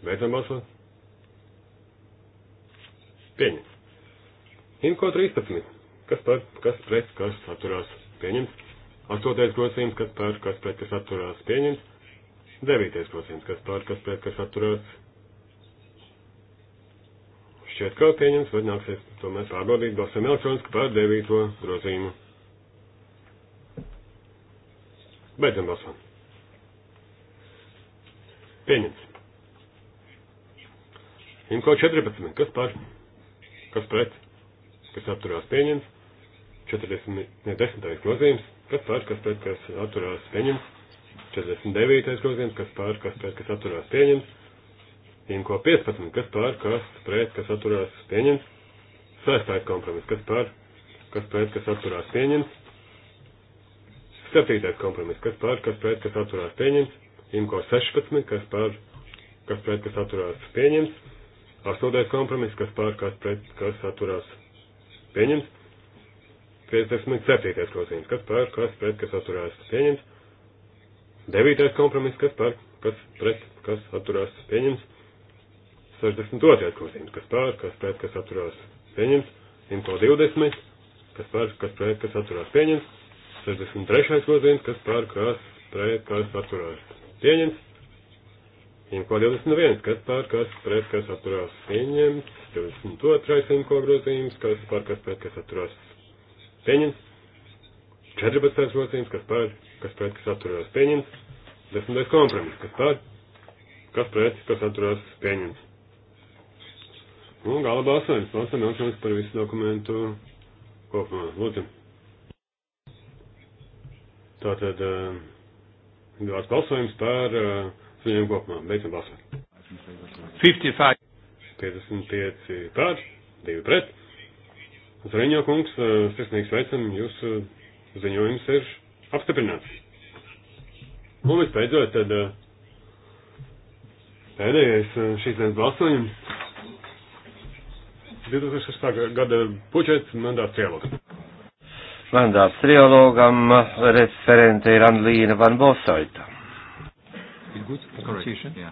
Beidzam balsot. Pieņemts. Inko 13. Kas par, kas pret, kas atturās pieņemts. 8. grozījums, kas par, kas pret, kas atturās pieņemts. 9. grozījums, kas par, kas pret, kas atturās. Šķiet, ka pieņems, vai nāksies tomēr pārbaudīt balsam elektroniski par 9. grozījumu. Beidzam balsot. Pieņemts. Imko 14. Kas par? Kas pret? Kas atturās pieņemts? 40. Ne, 10. grozījums. Kas par? Kas pret? Kas atturās pieņemts? 49. grozījums. Kas par? Kas pret? Kas atturās pieņemts? Imko 15. Kas par? Kas pret? Kas atturās pieņemts? Sēstājas kompromiss. Kas par? Kas pret? Kas atturās pieņemts? Septītais kompromiss, kas par, kas pret, kas atturās pieņems. Imko 16, kas par, kas pret, kas atturās pieņems. Astotais kompromiss, kas par, kas pret, kas atturās pieņems. 57. grozījums, kas par, kas pret, kas atturās pieņems. 9. kompromiss, kas par, kas pret, kas atturās pieņems. 62. grozījums, kas par, kas pret, kas atturās pieņems. 120. kas par, kas pret, kas atturās pieņems. 63. grozījums, kas par, kas pret, kas atturās. Pieņemts. Imko 21, kas par, kas pret, kas atturās. Pieņemts. 22. imko grozījums, kas par, kas pret, kas atturās. Pieņemts. 14. grozījums, kas par, kas pret, kas atturās. Pieņemts. 10. kompromiss, kas par, kas pret, kas atturās. Pieņemts. Un galā balsojums, balsojums par visu dokumentu kopumā. Lūdzu. Tātad gāds eh, balsojums par eh, ziņojumu kopumā. Beidzam balsot. 55. 55 par, 2 pret. Zariņo kungs, eh, sirsnīgi sveicam, jūsu ziņojums ir apstiprināts. Un vispēdzot, tad pēdējais šīs dienas balsojums. 2006. gada budžets mandāts trialogs mandāts triologam, referente ir Anlīna Van Bosaita. Yeah.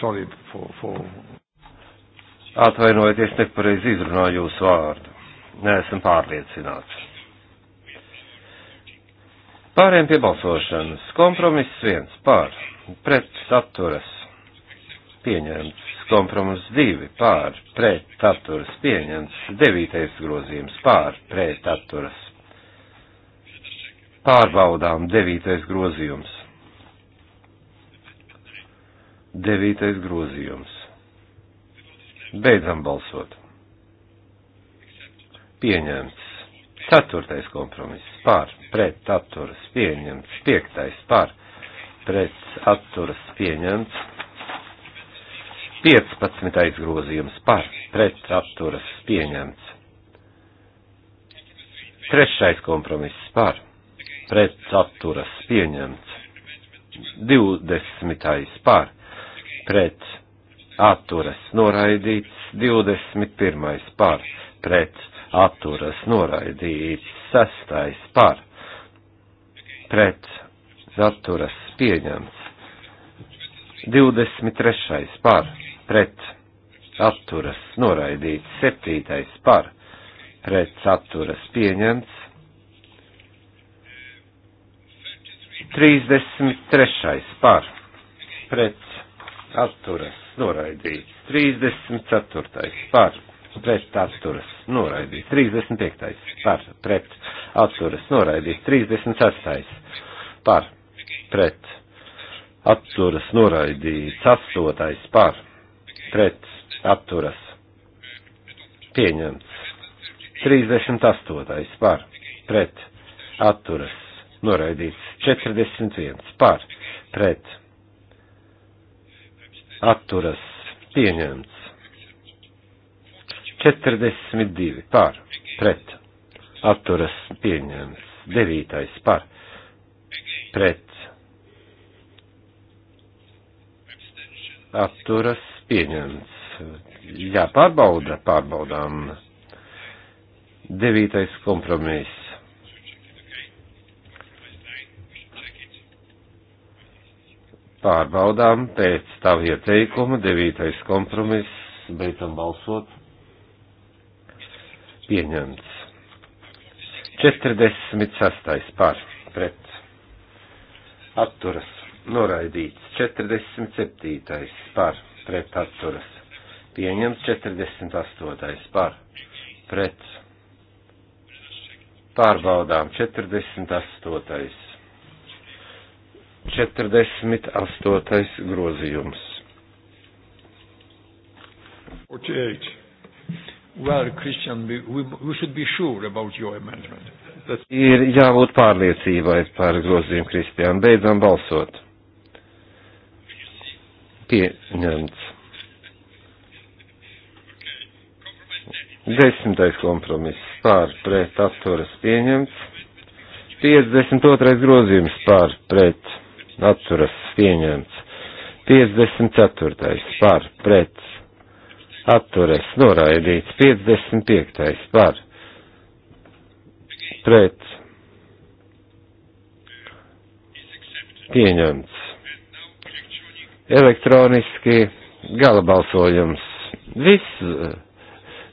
For... Atvainojieties, nepareizi izrunāju jūsu vārdu. Neesam pārliecināts. Pāriem pie balsošanas. Kompromiss viens pār, pret saturas pieņemts. Kompromiss divi pār, pret saturas pieņemts. Devītais grozījums pār, pret saturas pārbaudām devītais grozījums. Devītais grozījums. Beidzam balsot. Pieņemts. Ceturtais kompromiss par, pret, atturas, pieņemts. Piektais par, pret, atturas, pieņemts. 15. grozījums par, pret, atturas, pieņemts. Trešais kompromiss par, pret atturas pieņemts. 20. par pret atturas noraidīts, 21. par pret atturas noraidīts, 6. par pret atturas pieņemts, 23. par pret atturas noraidīts, 7. par pret atturas pieņemts, 33. par pret atturas noraidīts. 34. par pret atturas noraidīts. 35. par pret atturas noraidīts. 36. par pret atturas noraidīts. 8. par pret atturas pieņemts. 38. par pret atturas noraidīts. 41 par pret atturas pieņemts. 42 par pret atturas pieņemts. 9 par pret atturas pieņemts. Jā, pārbauda, pārbaudām. Devītais kompromiss. Pārbaudām pēc tavu ieteikumu, devītais kompromiss, beidzam balsot. Pieņemts. 46. par pret. Atturas. Noraidīts. 47. par pret atturas. Pieņemts 48. par pret. Pārbaudām 48. 48. grozījums. 48. Well, Christian, we, we should be sure about your amendment. That's... Ir jābūt pārliecībai par grozījumu, Kristiāna. Beidzam balsot. Pieņemts. Desmitais kompromiss pār pret atturas pieņemts. 52. grozījums pār pret atturas pieņemts. 54. par pret atturas noraidīts. 55. par pret pieņemts. Elektroniski gala balsojums. Viss eh,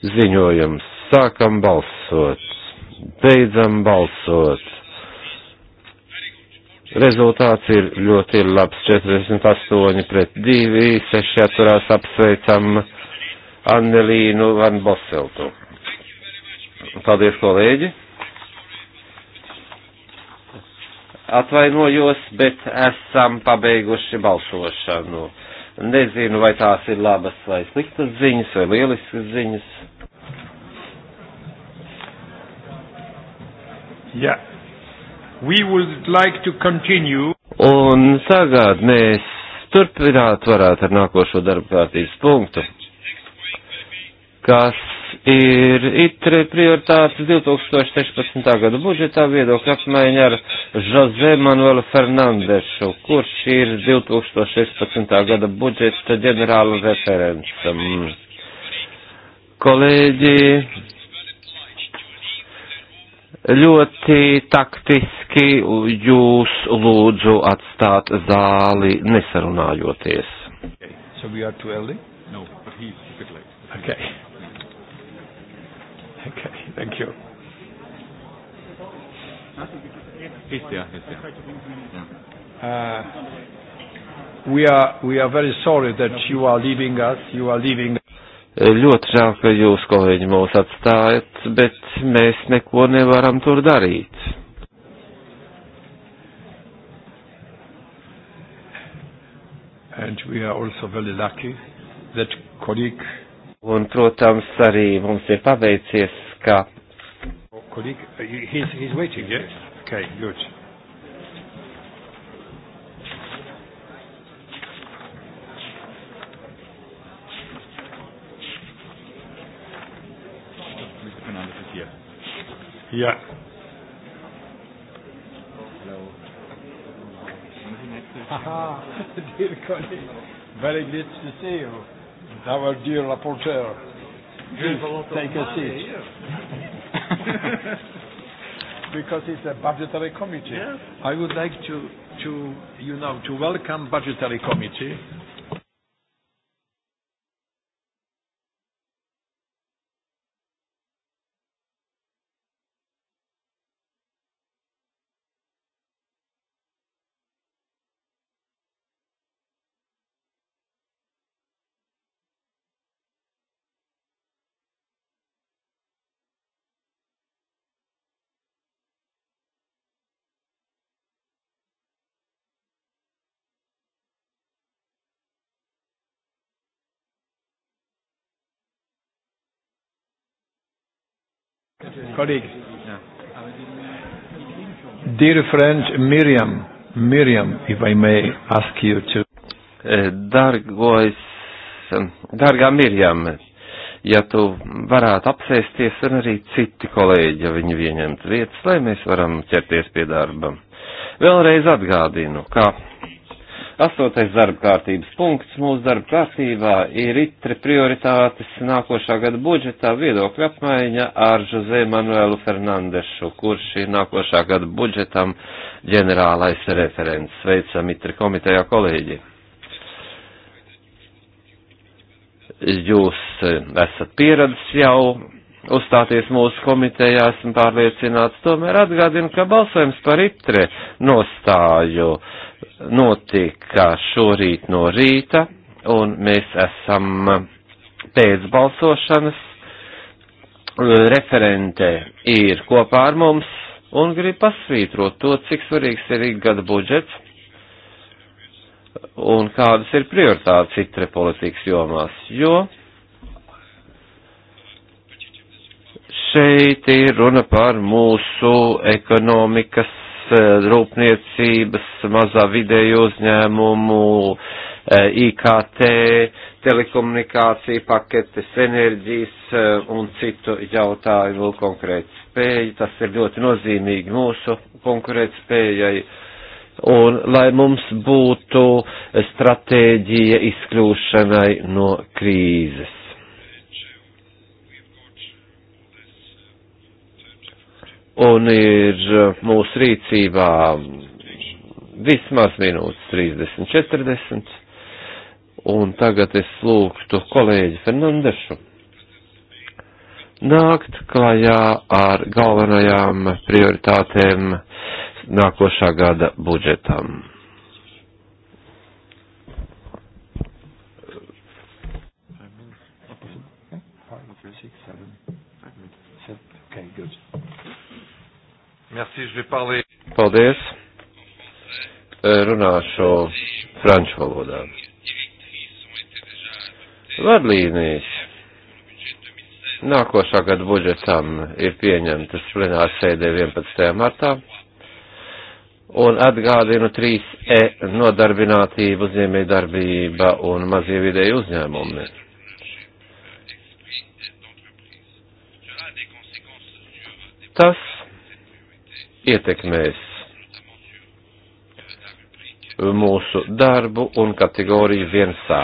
ziņojums. Sākam balsot. Beidzam balsot. Rezultāts ir ļoti labs 48 pret 2, 6 atturās apsveicam Annelīnu Van Boseltu. Paldies, kolēģi! Atvainojos, bet esam pabeiguši balsošanu. Nezinu, vai tās ir labas vai sliktas ziņas vai lieliskas ziņas. Yeah. We would like to continue. Un tagad mēs turpināt varētu ar nākošo darba kārtības punktu, kas ir itre prioritātes 2016. gada budžetā viedokļa apmaiņa ar Jose Manuelu Fernandešu, kurš ir 2016. gada budžeta ģenerāla referents. Kolēģi, ļoti taktiski jūs lūdzu atstāt zāli nesarunājoties. Okay. So we are too early? No, but he's a bit late. Okay. Okay, thank you. He's there, he's there. Yeah. Uh, we are we are very sorry that you are leaving us. You are leaving Ļoti žēl, ka jūs, kolēģi, mūs atstājat, bet mēs neko nevaram tur darīt. And we are also very lucky that colleague... Un, protams, arī mums ir paveicies, ka... Oh, colleague, uh, he's, he's waiting, yes? Okay, good. Ja. Haha, dear colleague, very good to see you. Our dear rapporteur. Please take a seat. because it's a budgetary committee. Yes. I would like to, to, you know, to welcome budgetary committee Kolēģi. Dear friend Miriam, Miriam, if I may ask you to. Eh, Dargojas, dargā Miriam, ja tu varētu apsēsties un arī citi kolēģi, ja viņi ieņemtu vietas, lai mēs varam ķerties pie darba. Vēlreiz atgādinu, ka Astotais darba kārtības punkts mūsu darba kārtībā ir itre prioritātes nākošā gada budžetā viedokļa apmaiņa ar Žozē Manuelu Fernandešu, kurš ir nākošā gada budžetam ģenerālais referents. Sveicam itre komitejā kolēģi. Jūs eh, esat pieradis jau uzstāties mūsu komitejā, esmu pārliecināts, tomēr atgādinu, ka balsojums par itre nostāju uh, notika šorīt no rīta, un mēs esam pēc balsošanas. Referente ir kopā ar mums un grib pasvītrot to, cik svarīgs ir ikgada budžets un kādas ir prioritātes citre politikas jomās, jo šeit ir runa par mūsu ekonomikas Eh, rūpniecības, mazā vidēju uzņēmumu, eh, IKT, telekomunikāciju paketes, enerģijas eh, un citu jautājumu konkurētspēju. Tas ir ļoti nozīmīgi mūsu konkurētspējai. Un lai mums būtu stratēģija izkļūšanai no krīzes. un ir uh, mūsu rīcībā vismaz minūtes 30, 40. Un tagad es lūgtu kolēģi Fernandešu nākt klajā ar galvenajām prioritātēm nākošā gada budžetam. Paldies. Runāšu franču valodā. Vadlīnijas nākošā gada budžetam ir pieņemtas plenāra sēdē 11. martā un atgādinu 3E nodarbinātību uzņēmē darbība un mazie vidēji uzņēmumi. Tas ietekmēs mūsu darbu un kategoriju viensā.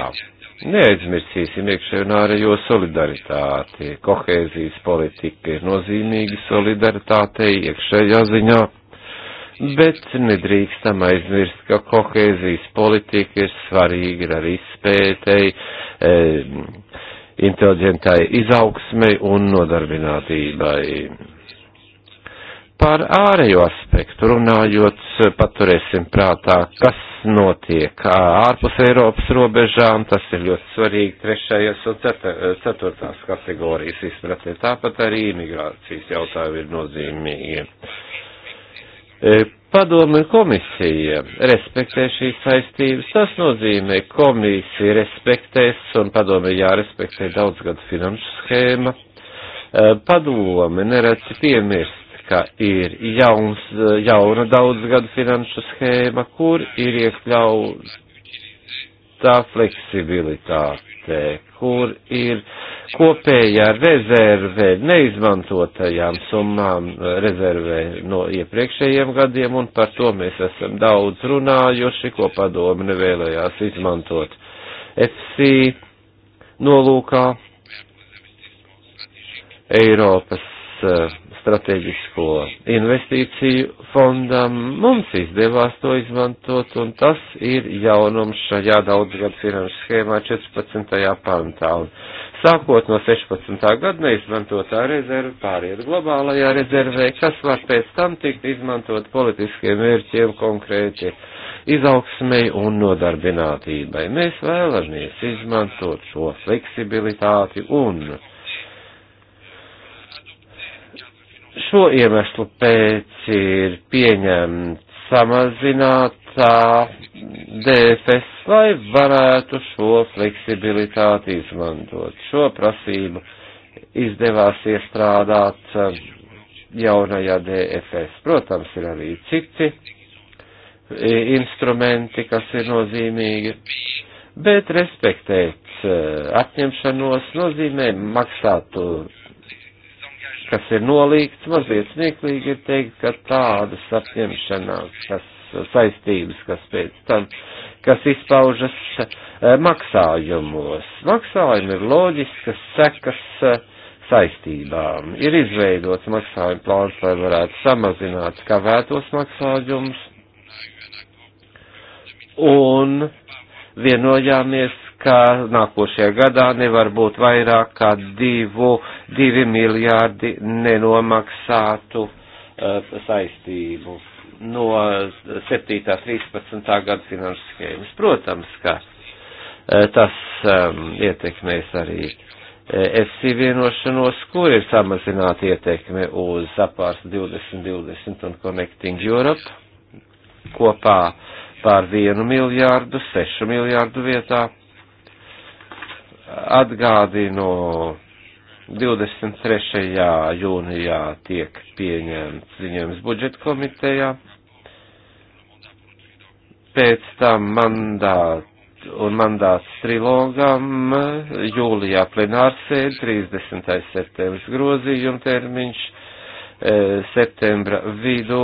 Neaizmirsīsim iekšējo un ārējo solidaritāti. Kohēzijas politika ir nozīmīga solidaritātei iekšējā ziņā, bet nedrīkstam aizmirst, ka kohēzijas politika ir svarīga ar izpētei, e, inteliģentai izaugsmei un nodarbinātībai par ārējo aspektu runājot, paturēsim prātā, kas notiek ārpus Eiropas robežām, tas ir ļoti svarīgi trešajas un ceturtās kategorijas izpratnē. Tāpat arī imigrācijas jautājumi ir nozīmīgi. E, padomu komisija respektē šīs saistības, tas nozīmē komisija respektēs un padomu jārespektē daudzgadu finanšu schēma. E, padome nereci piemirst ka ir jauns, jauna daudzgadu finanšu schēma, kur ir iekļauta fleksibilitāte, kur ir kopējā rezerve neizmantotajām summām rezervē no iepriekšējiem gadiem, un par to mēs esam daudz runājuši, ko padomu nevēlējās izmantot FC nolūkā. Eiropas Eh, strateģisko investīciju fondam. Mums izdevās to izmantot, un tas ir jaunums šajā daudzgadu finanšu schēmā 14. pantā. Un sākot no 16. gada neizmantotā rezerve pāriet globālajā rezervē, kas var pēc tam tikt izmantot politiskiem mērķiem konkrēti izaugsmei un nodarbinātībai. Mēs vēlamies izmantot šo fleksibilitāti un šo iemeslu pēc ir pieņemts samazinātā DFS, lai varētu šo fleksibilitāti izmantot. Šo prasību izdevās iestrādāt um, jaunajā DFS. Protams, ir arī citi e, instrumenti, kas ir nozīmīgi, bet respektēt e, apņemšanos nozīmē maksātu uh, kas ir nolīgts, mazliet smieklīgi ir teikt, ka tādas apņemšanās, kas saistības, kas pēc tam, kas izpaužas eh, maksājumos. Maksājumi ir loģiskas sekas eh, saistībām. Ir izveidots maksājuma plāns, lai varētu samazināt kavētos maksājumus. Un vienojāmies ka nākošajā gadā nevar būt vairāk kā divu, divi miljārdi nenomaksātu uh, saistību no 7.13. gada finanšu schēmas. Protams, ka uh, tas um, ietekmēs arī eh, FC vienošanos, kur ir samazināta ietekme uz apārs 2020 un Connecting Europe kopā pār 1 miljārdu, 6 miljārdu vietā Atgādinu, 23. jūnijā tiek pieņemts ziņojums budžeta komitejā. Pēc tam mandāts un mandāts trilogam jūlijā plenārsēdi 30. septembris grozījuma termiņš eh, septembra vidū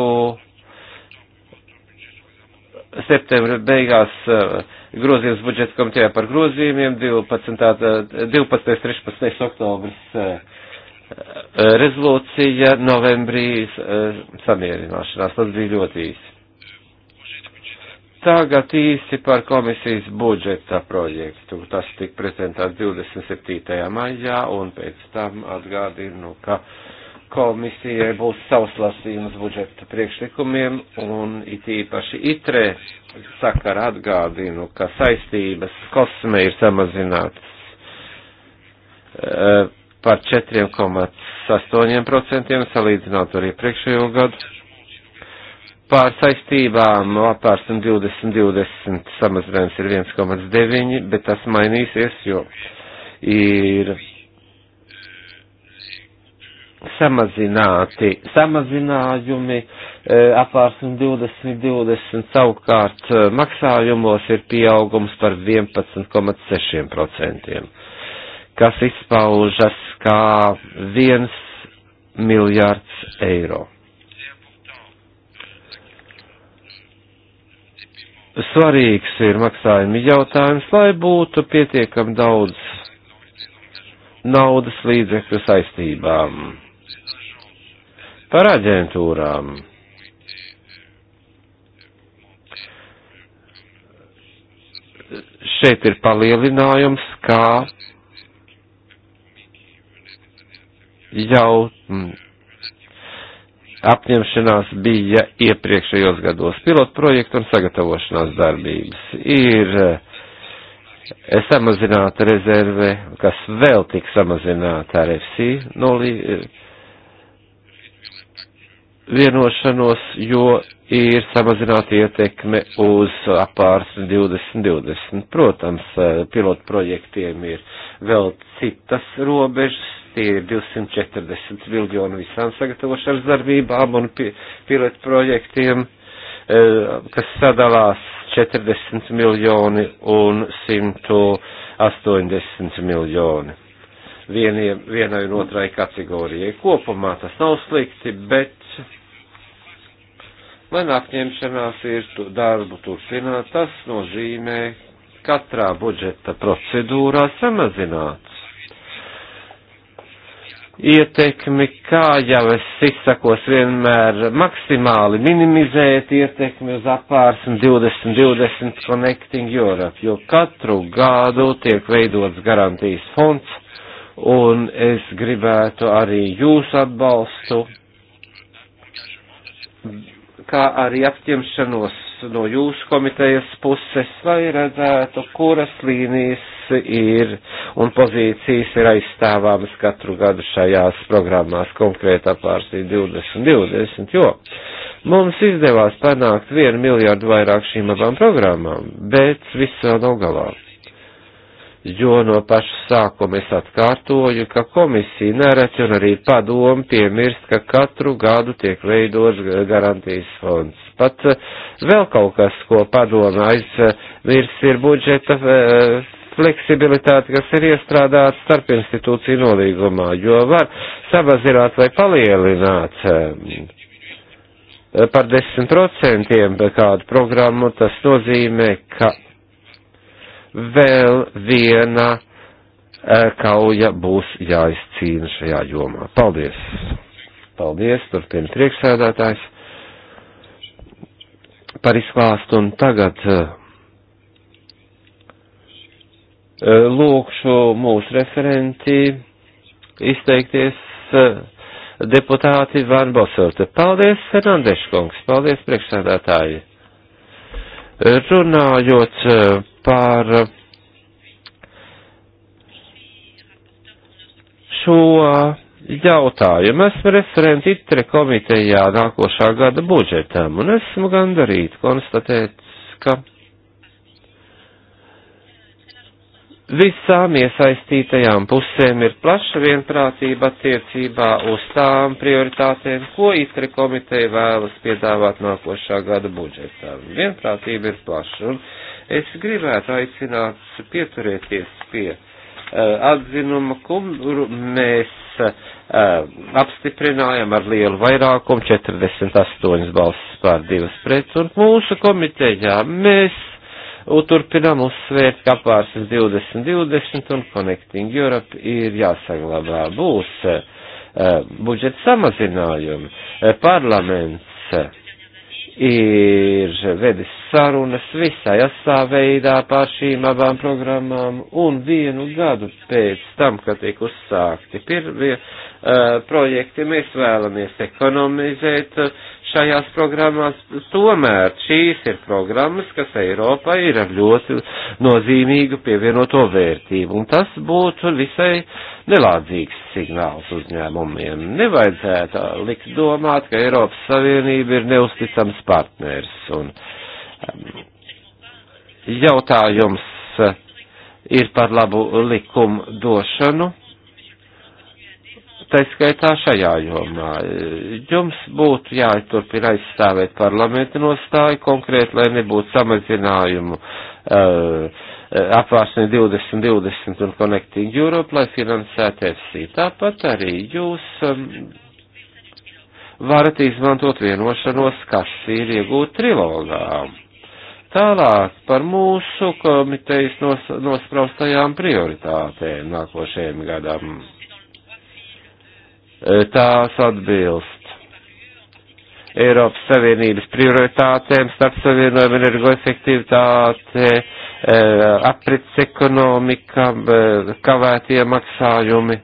septembra beigās eh, grozījums budžeta komitejā par grozījumiem, 12. 12. 13. oktobris eh, eh, rezolūcija, novembrī samierināšanās. Tas bija ļoti īsi. Tagad īsi par komisijas budžeta projektu. Tas tika prezentēts 27. maijā un pēc tam atgādinu, ka uh, komisijai būs savs lasījums budžeta priekšlikumiem, un it īpaši itrē sakara atgādinu, ka saistības kosmē ir samazinātas eh, par 4,8% salīdzinot ar iepriekšējo gadu. Pār saistībām apārs un 2020 samazinājums ir 1,9, bet tas mainīsies, jo ir samazināti samazinājumi, e, apvārsim 2020 savukārt e, maksājumos ir pieaugums par 11,6%, kas izpaužas kā 1 miljārds eiro. Svarīgs ir maksājumi jautājums, lai būtu pietiekam daudz naudas līdzekļu saistībām Par aģentūrām. Šeit ir palielinājums, kā jau mm, apņemšanās bija iepriekšējos gados pilotu projektu un sagatavošanās darbības. Ir eh, samazināta rezerve, kas vēl tik samazināta ar FC nolī, eh, vienošanos, jo ir samazināta ietekme uz apārsni 2020. Protams, eh, pilotu projektiem ir vēl citas robežas, tie ir 240 miljonu visām sagatavošanas darbībām un pi pilotu projektiem, eh, kas sadalās 40 miljoni un 180 miljoni vieniem, vienai un otrai kategorijai. Kopumā tas nav slikti, bet Man apņemšanās ir tu, darbu turpināt, tas nozīmē katrā budžeta procedūrā samazināt ietekmi, kā jau es izsakos vienmēr maksimāli minimizēt ietekmi uz apārsni 2020 Connecting Europe, jo katru gadu tiek veidots garantijas fonds, un es gribētu arī jūsu atbalstu kā arī apņemšanos no jūsu komitejas puses, lai redzētu, kuras līnijas ir un pozīcijas ir aizstāvāmas katru gadu šajās programmās konkrētā pārsī 2020, jo mums izdevās panākt vienu miljardu vairāk šīm abām programmām, bet viss vēl nav galā jo no paša sākuma es atkārtoju, ka komisija nereti un arī padomu piemirst, ka katru gadu tiek veidots garantijas fonds. Pat eh, vēl kaut kas, ko padoma aizmirst, ir budžeta eh, fleksibilitāte, kas ir iestrādāta starp institūciju nolīgumā, jo var samazināt vai palielināt eh, par 10% kādu programmu, tas nozīmē, ka vēl viena e, kauja būs jāizcīna šajā jomā. Paldies! Paldies, turpina priekšsēdētājs par izklāstu un tagad e, e, lūkšu mūsu referenti izteikties deputāti Van Bosorte. Paldies, Fernandeškungs, paldies priekšsēdētāji. Runājot par eh, šo eh, jautājumu. Esmu referents ITRE komitejā nākošā gada budžetam, un esmu gandarīti konstatēt, ka visām iesaistītajām pusēm ir plaša vienprātība attiecībā uz tām prioritātēm, ko ITRE komiteja vēlas piedāvāt nākošā gada budžetā. Vienprātība ir plaša. Un Es gribētu aicināt pieturēties pie eh, atzinuma, kuru mēs eh, apstiprinājām ar lielu vairākumu, 48 balsis pār divas pret, un mūsu komitejā mēs turpinām uzsvērt, ka apvārsnes 2020 un Connecting Europe ir jāsaglabā. Būs eh, budžeta samazinājumi. Parlaments ir vedis sarunas visai asā veidā pār šīm abām programmām, un vienu gadu pēc tam, kad tika uzsākti pirmie uh, projekti, mēs vēlamies ekonomizēt šajās programmās. Tomēr šīs ir programmas, kas Eiropā ir ar ļoti nozīmīgu pievienoto vērtību, un tas būtu visai nelādzīgs signāls uzņēmumiem. Nevajadzētu likt domāt, ka Eiropas Savienība ir neusticams partners. Un, uh, Jautājums eh, ir par labu likumu došanu taiskaitā šajā jomā. Jums būtu jāturpina aizstāvēt parlamenta nostāju konkrēti, lai nebūtu samazinājumu uh, apvārsni 2020 un Connecting Europe, lai finansētu FC. Tāpat arī jūs um, varat izmantot vienošanos, kas ir iegūta trilogām. Tālāk par mūsu komitejas nos, nospraustajām prioritātēm nākošajiem gadam. E, tās atbilst Eiropas Savienības prioritātēm, starp savienojumu energoefektivitāte, e, aprits ekonomika, e, kavētie maksājumi.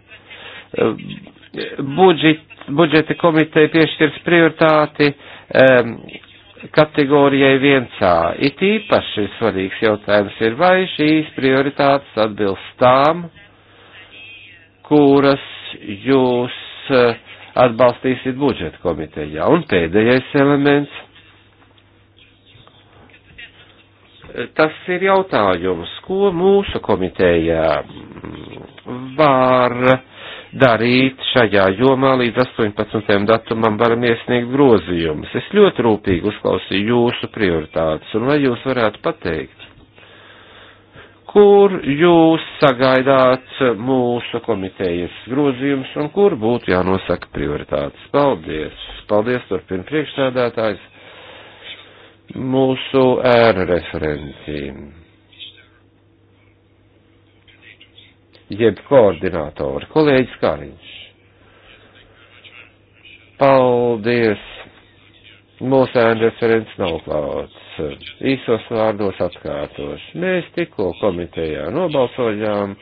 Budžet, budžeta komiteja piešķirs prioritāti kategorijai 1A. It īpaši svarīgs jautājums ir, vai šīs prioritātes atbilst tām, kuras jūs eh, atbalstīsiet budžeta komitejā. Un pēdējais elements. Tas ir jautājums, ko mūsu komitejā var darīt šajā jomā līdz 18. datumam varam iesniegt grozījumus. Es ļoti rūpīgi uzklausīju jūsu prioritātes, un vai jūs varētu pateikt, kur jūs sagaidāt mūsu komitejas grozījumus un kur būtu jānosaka prioritātes? Paldies! Paldies, turpina priekšsēdētājs, mūsu ēnu referentīm. jeb koordinātori. Kolēģis Kariņš. Paldies! Mūsu referents nav klāts. Īsos vārdos atkārtos. Mēs tikko komitejā nobalsojām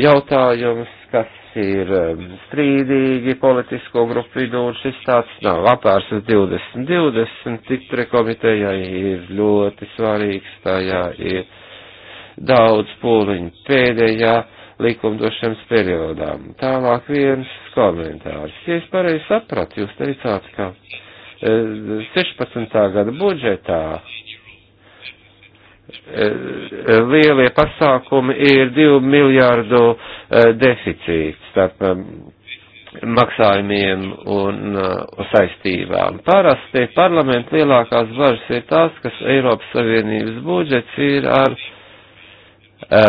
jautājums, kas ir um, strīdīgi politisko grupu vidū, un šis tāds nav apārsas 2020, citre komitejai ir ļoti svarīgs, tajā ir. Ja daudz pūliņu pēdējā likumdošanas periodā. Tālāk viens komentārs. Ja es pareizi sapratu, jūs teicāt, ka 16. E, gada budžetā e, e, lielie pasākumi ir 2 miljārdu deficīts starp maksājumiem un saistībām. Parasti parlamentu lielākās varas ir tās, kas Eiropas Savienības budžets ir ar Uh,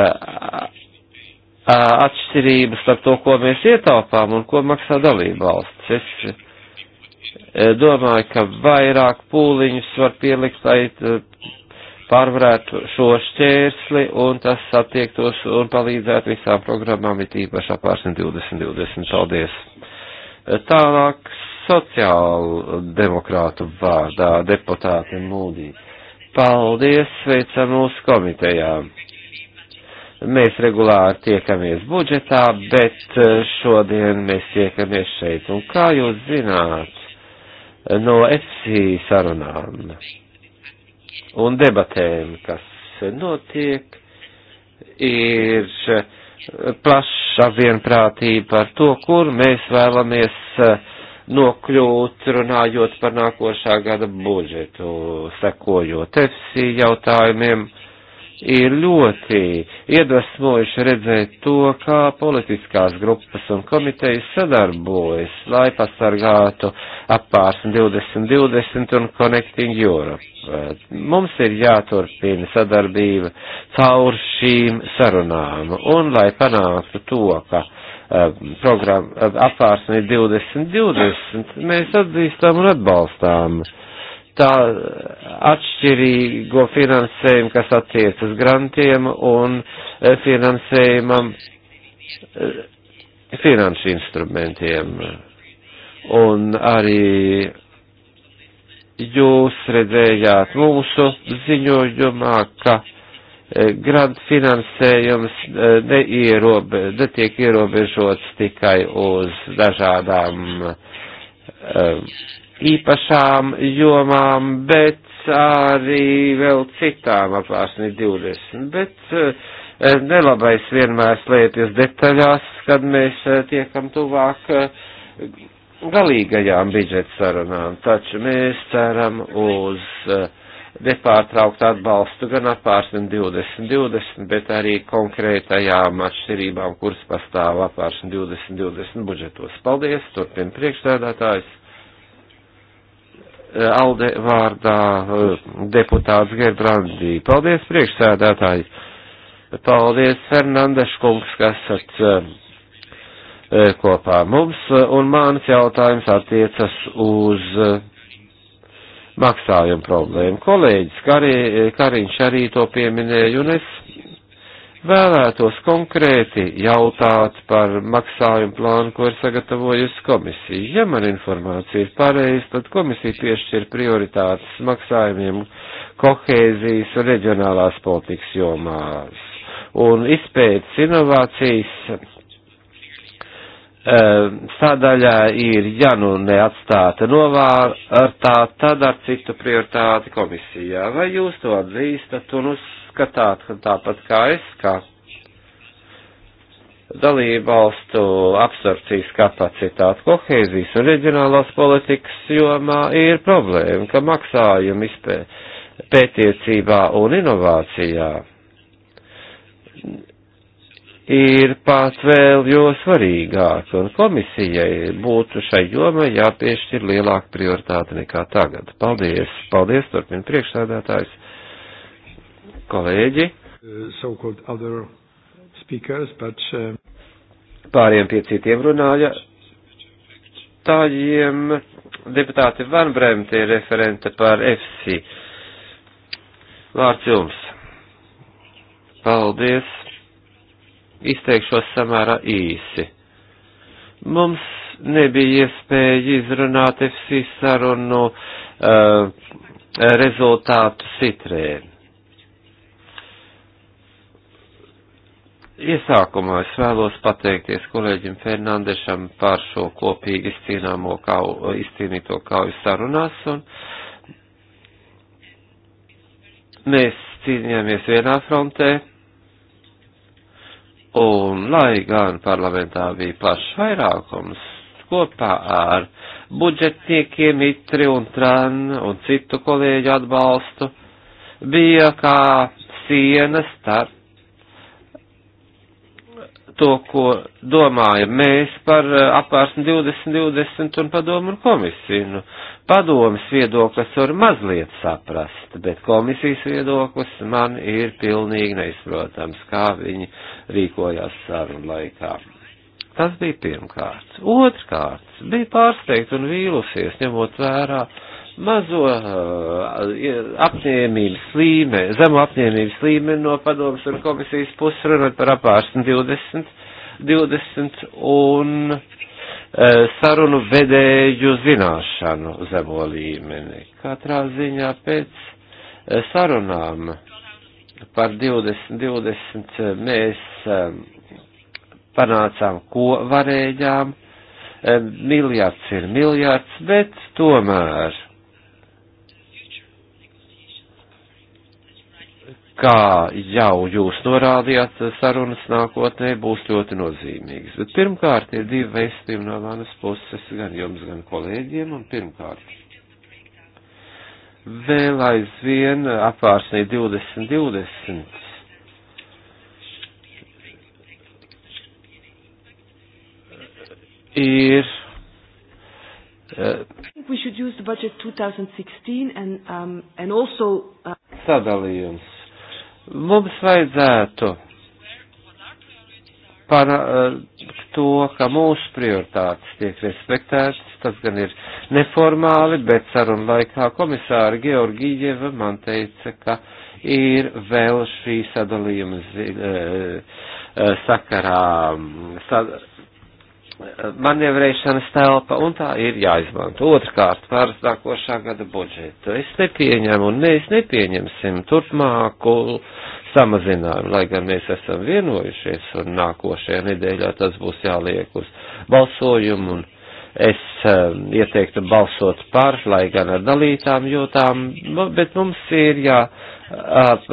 uh, atšķirības starp to, ko mēs ietaupām un ko maksā dalība valsts. Es uh, domāju, ka vairāk pūliņus var pielikt, lai pārvarētu šo šķērsli un tas attiektos un palīdzētu visām programmām, it īpaši apārsni 2020. Paldies! Tālāk sociāla demokrātu vārdā deputāti Mūdī. Paldies, sveicam mūsu komitejām! Mēs regulāri tiekamies budžetā, bet e, šodien mēs tiekamies šeit. Un kā jūs zināt no FC sarunām un debatēm, kas notiek, ir plaša vienprātība par to, kur mēs vēlamies e, nokļūt, runājot par nākošā gada budžetu, sekojot FC jautājumiem ir ļoti iedvesmojuši redzēt to, kā politiskās grupas un komitejas sadarbojas, lai pasargātu apārsni 2020 un Connecting Europe. Mums ir jāturpina sadarbība caur šīm sarunām un lai panāktu to, ka eh, programma apārsni 2020 mēs atzīstam un atbalstām uh, tā eh, atšķirīgo finansējumu, kas attiec uz grantiem un eh, finansējumam eh, finanšu instrumentiem. Un arī jūs redzējāt mūsu ziņojumā, ka grant finansējums neierobe, netiek ierobežots tikai uz dažādām um, īpašām jomām, bet arī vēl citām apvārsnī 20. Bet eh, nelabais vienmēr slēpjas detaļās, kad mēs eh, tiekam tuvāk eh, galīgajām budžeta sarunām, taču mēs ceram uz nepārtraukt atbalstu gan apvārsnim 2020, bet arī konkrētajām atšķirībām, kuras pastāv apvārsnim 2020 budžetos. Paldies, turpin priekšstādātājs. Eh, Alde vārdā eh, deputāts Gerbrandī. Paldies, priekšsēdētāji! Paldies, Fernandes kungs, kas esat eh, kopā mums, un mans jautājums attiecas uz maksājumu problēmu. Kolēģis Kari, Kariņš arī to pieminēja, un es Vēlētos konkrēti jautāt par maksājumu plānu, ko ir sagatavojusi komisija. Ja man informācija ir pareiza, tad komisija piešķir prioritātes maksājumiem kohēzijas un reģionālās politikas jomās un izpētes inovācijas eh, sadaļā ir, ja nu neatstāta novārtā, tad ar citu prioritāti komisijā. Vai jūs to atzīstat un uz uzskatāt, tāpat kā es, ka dalību valstu absorpcijas kapacitāte kohēzijas un reģionālās politikas jomā ir problēma, ka maksājumi izpē, pētniecībā un inovācijā ir pat vēl jo svarīgāk, un komisijai būtu šai jomai jāpiešķir lielāka prioritāte nekā tagad. Paldies, paldies, turpina priekšsēdētājs kolēģi. Uh, so speakers, but, um... Pāriem pie citiem runāja. Tājiem deputāti Van Bremte ir referente par EFSI. Vārds jums. Paldies. Izteikšos samērā īsi. Mums nebija iespēja izrunāt FC sarunu uh, rezultātu sitrēm Iesākumā es vēlos pateikties kolēģim Fernandešam par šo kopīgi izcīnāmo kau, izcīnīto kauju sarunās, un mēs cīnījāmies vienā frontē, un lai gan parlamentā bija plašs vairākums, kopā ar budžetniekiem Itri un Tran un citu kolēģu atbalstu, bija kā siena starp to, ko domājam mēs par eh, apvērsni 2020 un padomu un komisiju. Nu, padomas viedoklis var mazliet saprast, bet komisijas viedoklis man ir pilnīgi neizprotams, kā viņi rīkojās sarunu laikā. Tas bija pirmkārt. Otrkārt, bija pārsteigts un vīlusies, ņemot vērā uh, mazo eh, apņēmības līmeni, zemu apņēmības līmeni no padomas un komisijas puses runāt par apārsni 20, 20 un e, sarunu vedēju zināšanu zemo līmeni. Katrā ziņā pēc eh, sarunām par 20, 20 mēs panācām, ko varējām. Miljards ir miljards, bet tomēr kā jau jūs norādījāt, sarunas nākotnē būs ļoti nozīmīgas. Bet pirmkārt ir divi vēstījumi no manas puses, gan jums, gan kolēģiem, un pirmkārt. Vēl aizvien apvārsnī 2020. Ir eh, um, uh, sadalījums Mums vajadzētu par eh, to, ka mūsu prioritātes tiek respektētas, tas gan ir neformāli, bet sarunu laikā komisāra Georgijeva man teica, ka ir vēl šī sadalījuma eh, eh, sakarā. Sad manevrēšanas telpa, un tā ir jāizmanto. Otrkārt, par nākošā gada budžetu. Es nepieņemu, un mēs nepieņemsim turpmāku samazinājumu, lai gan mēs esam vienojušies, un nākošajā nedēļā tas būs jāliek uz balsojumu, un es um, ieteiktu balsot par, lai gan ar dalītām jūtām, bet mums ir jā. Ap,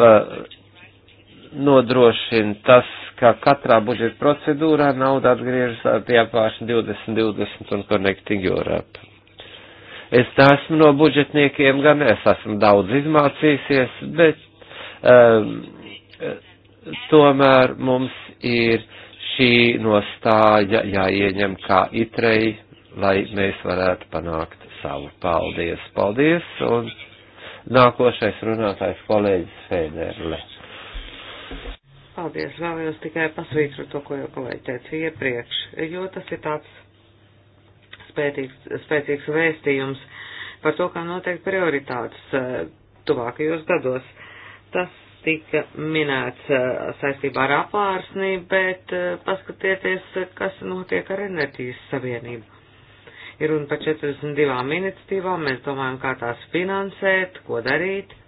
nodrošina tas, ka katrā budžeta procedūrā nauda atgriežas pie apvāršana 2020 un Connecting Europe. Es esmu no budžetniekiem, gan es esmu daudz izmācījusies, bet um, tomēr mums ir šī nostāja jāieņem kā itrei, lai mēs varētu panākt savu. Paldies, paldies, un nākošais runātājs kolēģis Fēderle. Paldies, vēlējos tikai pasvītrot to, ko jau kolēģi teica iepriekš, jo tas ir tāds spētīgs, spēcīgs vēstījums par to, kā noteikti prioritātes eh, tuvākajos gados. Tas tika minēts eh, saistībā ar apārsnī, bet eh, paskatieties, kas notiek ar enerģijas savienību. Ir runa par 42 iniciatīvām, mēs domājam, kā tās finansēt, ko darīt.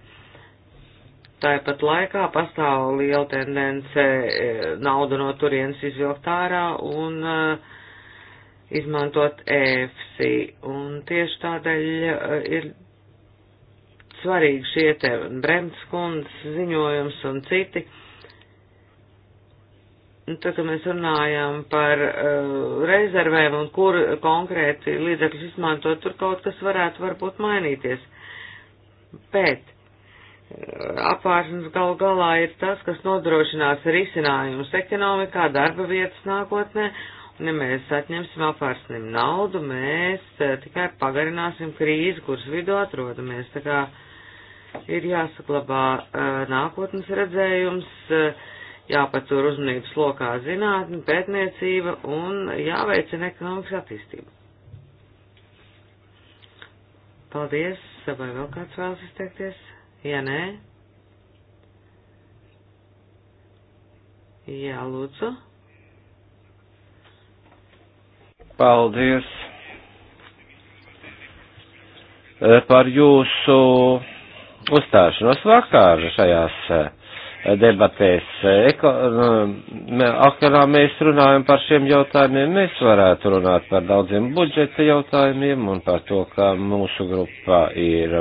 Tāpat laikā pastāv liela tendence e, naudu no turienes izvilkt ārā un uh, izmantot EFSI. Un tieši tādēļ uh, ir svarīgi šie te Bremts kundas ziņojums un citi. Tad, kad mēs runājam par uh, rezervēm un kur konkrēti līdzekļus izmantot, tur kaut kas varētu varbūt mainīties. Bet apvāršanas gal galā ir tas, kas nodrošinās risinājumus ekonomikā, darba vietas nākotnē, un ja mēs atņemsim apvāršanim naudu, mēs e, tikai pagarināsim krīzi, kuras vidū atrodamies. Tā kā ir jāsaklabā e, nākotnes redzējums, e, jāpatur uzmanības lokā zinātni, pētniecība un jāveicina ekonomikas attīstība. Paldies, vai vēl kāds vēlas izteikties? Ja nē, jā, lūdzu. Paldies eh, par jūsu uzstāšanos vakar šajās eh, debatēs. Eh, Akarā mēs runājam par šiem jautājumiem, mēs varētu runāt par daudziem budžeta jautājumiem un par to, ka mūsu grupā ir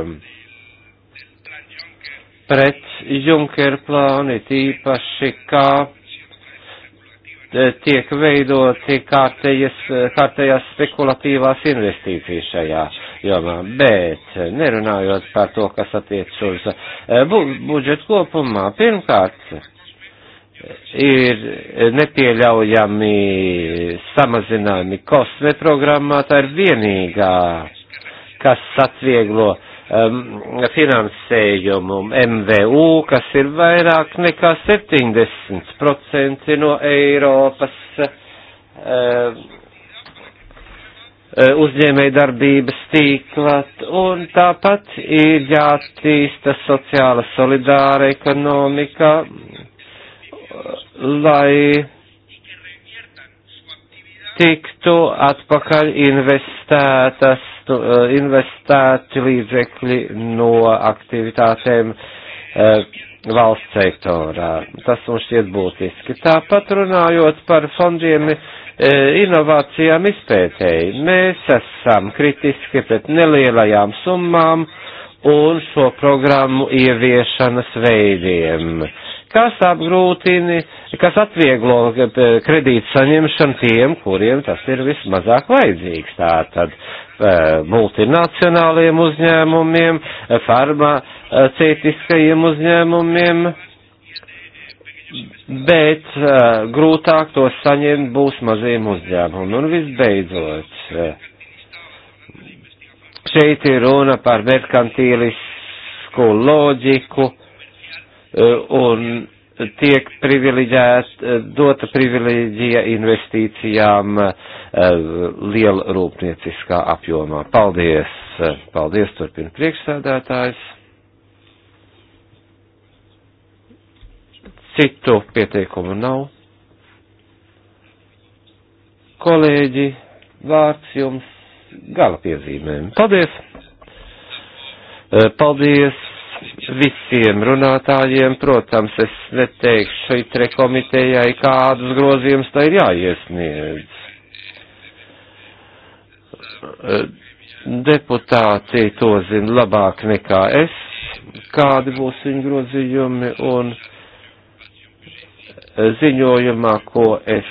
pret Junker plāni, tīpaši kā e, tiek veidoti kārtējas, kārtējās spekulatīvās investīcijas šajā jomā. Bet nerunājot par to, kas attiec uz e, bu budžetu kopumā, pirmkārt, ir nepieļaujami samazinājumi kosme programmā, tā ir vienīgā, kas atvieglo um, finansējumu MVU, kas ir vairāk nekā 70% no Eiropas um, uh, uzņēmēja darbības tīklat, un tāpat ir jātīsta sociāla solidāra ekonomika, lai tiktu atpakaļ investētas tiktu eh, investēti līdzekļi no aktivitātēm eh, valsts sektorā. Tas mums šķiet būtiski. Tāpat runājot par fondiem eh, inovācijām izpētēji, mēs esam kritiski pret nelielajām summām un šo programmu ieviešanas veidiem, kas apgrūtini, kas atvieglo kredītu saņemšanu tiem, kuriem tas ir vismazāk vajadzīgs. Tātad Eh, multinacionāliem uzņēmumiem, eh, farmaceitiskajiem uzņēmumiem, bet eh, grūtāk to saņemt būs maziem uzņēmumiem. Un visbeidzot, šeit ir runa par merkantīlisku loģiku un tiek privileģēta, dota privileģija investīcijām uh, Eh, liela rūpnieciskā apjomā. Paldies! Eh, paldies, turpina priekšsēdētājs. Citu pieteikumu nav. Kolēģi, vārds jums gala piezīmēm. Paldies! Eh, paldies visiem runātājiem, protams, es neteikšu šeit rekomitejai, kādus grozījumus tā ir jāiesniedz deputāti to zina labāk nekā es, kādi būs viņu grozījumi un ziņojumā, ko es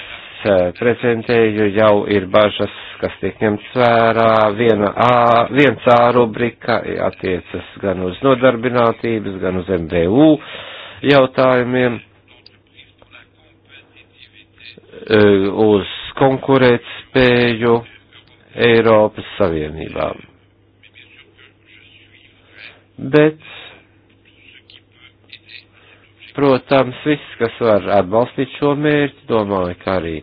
eh, prezentēju, jau ir bažas, kas tiek ņemts vērā. Viena A, viens A rubrika attiecas gan uz nodarbinātības, gan uz MVU jautājumiem, eh, uz konkurētspēju. spēju Eiropas Savienībā. Bet, protams, viss, kas var atbalstīt šo mērķi, domāju, ka arī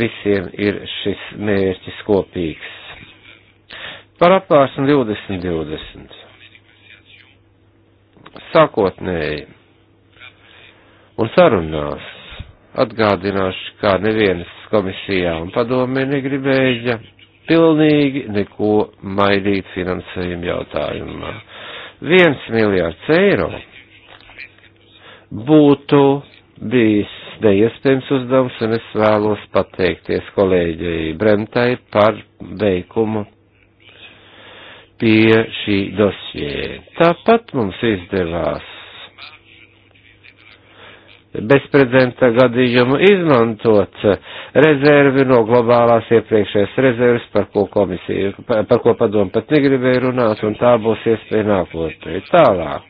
visiem ir šis mērķis kopīgs. Par apvārsni 2020. Sākotnēji un sarunās atgādināšu, kā nevienas komisijā un padomē negribēja pilnīgi neko mainīt finansējuma jautājumā. Viens miljārds eiro būtu bijis neiespējams uzdevums, un es vēlos pateikties kolēģei Bremtai par veikumu pie šī dosjē. Tāpat mums izdevās bezprecedenta gadījumu izmantot rezervi no globālās iepriekšējās rezerves, par ko komisija, par ko padomu pat negribēja runāt, un tā būs iespēja nākotnē. Tālāk.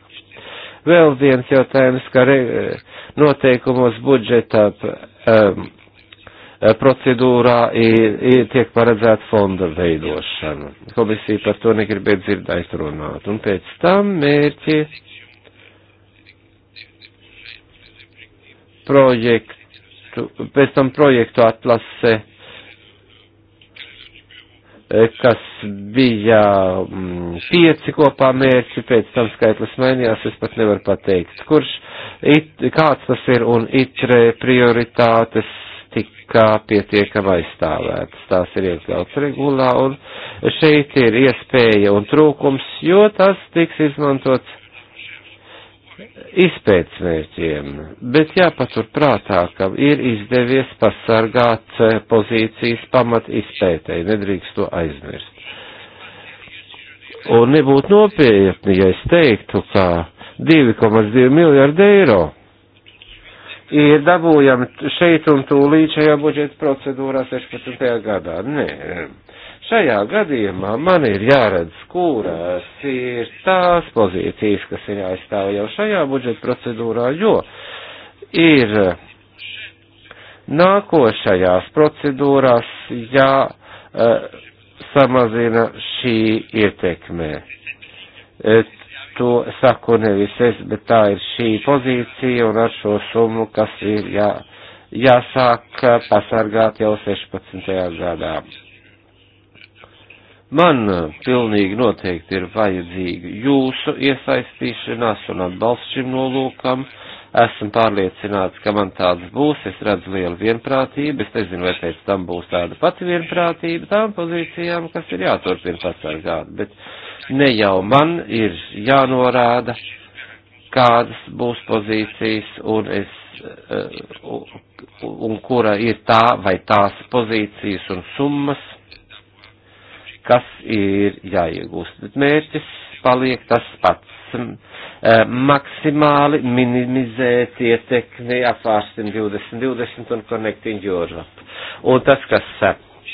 Vēl viens jautājums, ka re, noteikumos budžeta um, procedūrā ir, ir, tiek paredzēta fonda veidošana. Komisija par to negribēja dzirdēt runāt. Un pēc tam mērķi projektu, pēc tam projektu atlase, e, kas bija mm, pieci kopā mērķi, pēc tam skaitlis mainījās, es pat nevaru pateikt, kurš, it, kāds tas ir un itre prioritātes tika pietiekami aizstāvētas. Tās ir iekļauts regulā, un šeit ir iespēja un trūkums, jo tas tiks izmantots izpēcmērķiem, bet jāpatur prātā, ka ir izdevies pasargāt eh, pozīcijas pamat izpētēji, nedrīkst to aizmirst. Un nebūtu nopietni, ja es teiktu, ka 2,2 miljārdi eiro ir dabūjami šeit un tūlīt šajā budžeta procedūrā 16. gadā. Nē Šajā gadījumā man ir jāredz, kuras ir tās pozīcijas, kas ir jāizstāv jau šajā budžeta procedūrā, jo ir nākošajās procedūrās jāsamazina e, uh, šī ietekmē. Et to saku nevis es, bet tā ir šī pozīcija un ar šo summu, kas ir jā, jāsāk pasargāt jau 16. gadā. Man uh, pilnīgi noteikti ir vajadzīga jūsu iesaistīšanās un atbalsts šim nolūkam. Esmu pārliecināts, ka man tāds būs. Es redzu lielu vienprātību. Es nezinu, vai pēc tam būs tāda pati vienprātība tām pozīcijām, kas ir jāturpina pasargāt. Bet ne jau man ir jānorāda, kādas būs pozīcijas un es uh, un kura ir tā vai tās pozīcijas un summas kas ir jāiegūst. Bet mērķis paliek tas pats e, maksimāli minimizēt ietekmi apvārsim 2020 un Connecting Europe. Un tas, kas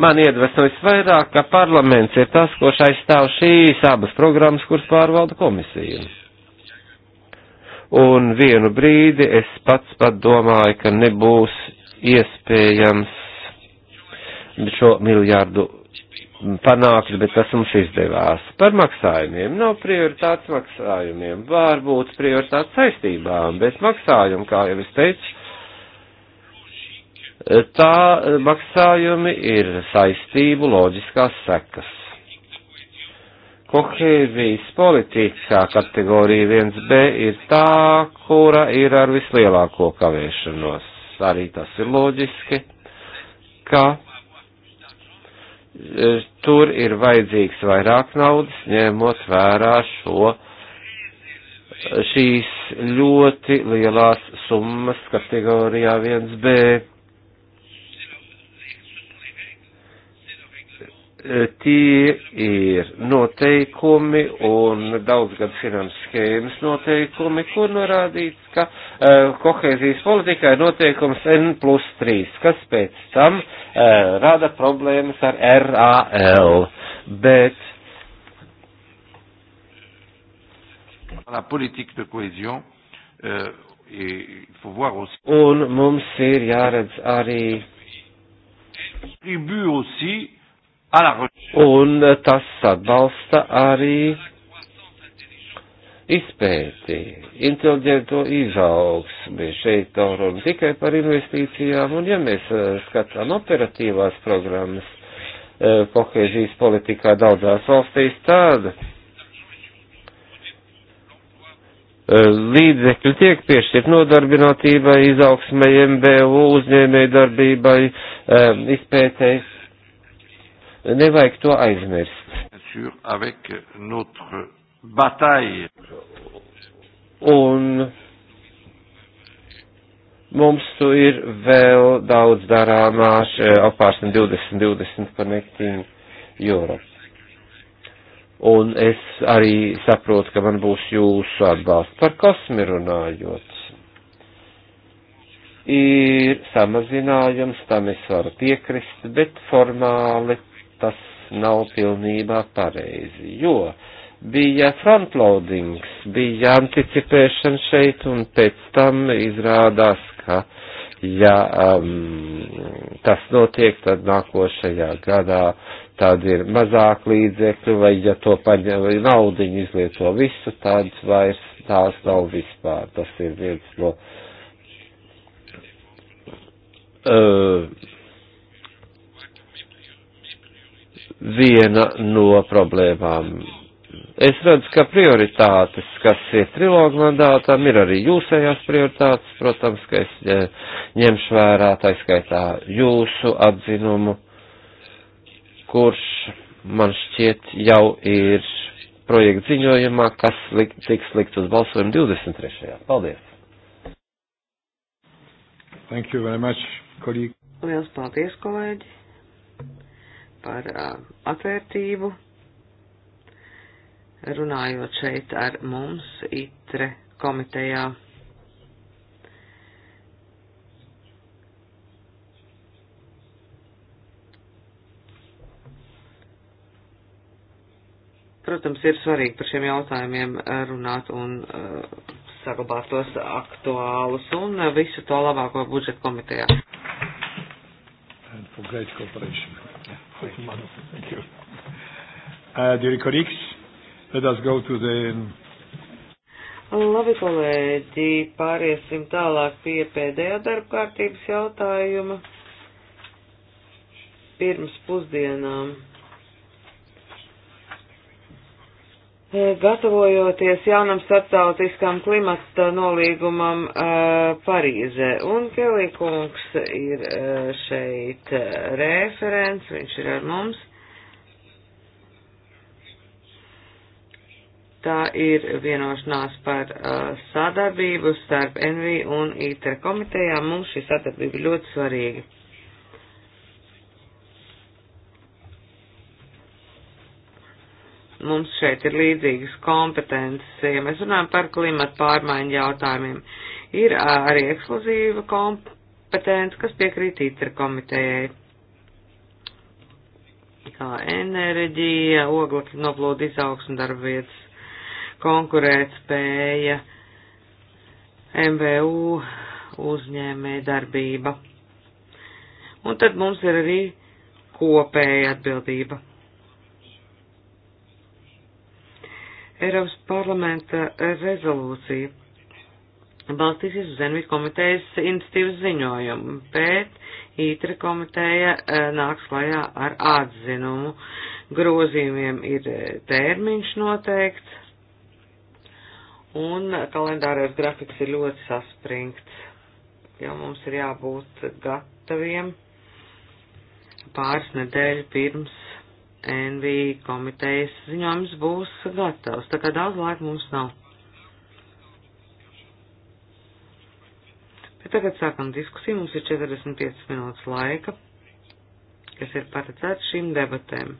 man iedvesmo visvairāk, ka parlaments ir tas, kurš aizstāv šīs abas programmas, kuras pārvalda komisija. Un vienu brīdi es pats pat domāju, ka nebūs iespējams šo miljārdu panākt, bet tas mums izdevās. Par maksājumiem nav prioritāts maksājumiem, varbūt prioritāts saistībām, bet maksājumi, kā jau es teicu, tā maksājumi ir saistību loģiskās sekas. Kohēzijas politikā kategorija 1B ir tā, kura ir ar vislielāko kavēšanos. Arī tas ir loģiski, ka E, tur ir vajadzīgs vairāk naudas, ņemot vērā šo, šīs ļoti lielās summas kategorijā 1B. tie ir noteikumi un daudzgad finanses schēmas noteikumi, kur norādīts, ka uh, kohēzijas politikā ir noteikums N plus 3, kas pēc tam uh, rada problēmas ar RAL. Bet La politique de cohésion, euh, et il faut voir aussi. Un mums ir jāredz arī. Tribu aussi Un tas atbalsta arī izpēti, inteliģento izaugsmi. Šeit runa tikai par investīcijām, un ja mēs eh, skatām operatīvās programmas eh, kohēzijas politikā daudzās valstīs, tad eh, līdzekļi tiek piešķirt nodarbinātībai, izaugsmai, MBU uzņēmējdarbībai, eh, izpētēji Nevajag to aizmirst. Un mums tu ir vēl daudz darāmā apārsim 2020 Connecting Europe. Un es arī saprotu, ka man būs jūsu atbalsts par kosmi runājot. Ir samazinājums, tam es varu piekrist, bet formāli tas nav pilnībā pareizi, jo bija frontloadings, bija anticipēšana šeit, un pēc tam izrādās, ka, ja um, tas notiek, tad nākošajā gadā tad ir mazāk līdzekļu, vai ja to paņem, vai naudiņu izlieto visu, tad vairs tās nav vispār. Tas ir viens no. Uh, viena no problēmām. Es redzu, ka prioritātes, kas ir trilogu mandātām, ir arī jūsējās prioritātes, protams, ka es ņemšu vērā taiskaitā jūsu atzinumu, kurš man šķiet jau ir projekta ziņojumā, kas lik, tiks likt uz balsojumu 23. Paldies! Thank you very much, kolēģi. Liels paldies, kolēģi par atvērtību, runājot šeit ar mums ITRE komitejā. Protams, ir svarīgi par šiem jautājumiem runāt un uh, saglabāt tos aktuālus un uh, visu to labāko budžeta komitejā. And for great cooperation. Thank you. Thank you. Uh, dear colleagues, let us go to the Labi, kolēģi, pāriesim tālāk pie pēdējā darba kārtības jautājuma pirms pusdienām. E, gatavojoties jaunam starptautiskam klimata nolīgumam uh, Parīzē. Un Kelīkungs ir uh, šeit referents, viņš ir ar mums. Tā ir vienošanās par uh, sadarbību starp NV un ITRE komitejām. Mums šī sadarbība ļoti svarīga. Mums šeit ir līdzīgas kompetences, ja mēs runājam par klimatu pārmaiņu jautājumiem. Ir arī ekskluzīva kompetence, kas piekrīt ITR komitejai. Kā enerģija, oglekļa noplūda izaugsmu darbvietas, konkurētspēja, MVU uzņēmē darbība. Un tad mums ir arī kopēja atbildība. Eiropas parlamenta rezolūcija balstīsies uz Zenvidu komitejas institīvas ziņojumu, bet ītra komiteja eh, nāks klajā ar atzinumu. Grozījumiem ir eh, termiņš noteikts, un kalendārais grafiks ir ļoti saspringts, jo mums ir jābūt gataviem pāris nedēļu pirms NV komitejas ziņojums būs gatavs, tā kā daudz laika mums nav. Bet tagad sākam diskusiju, mums ir 45 minūtes laika, kas ir paredzēts šīm debatēm.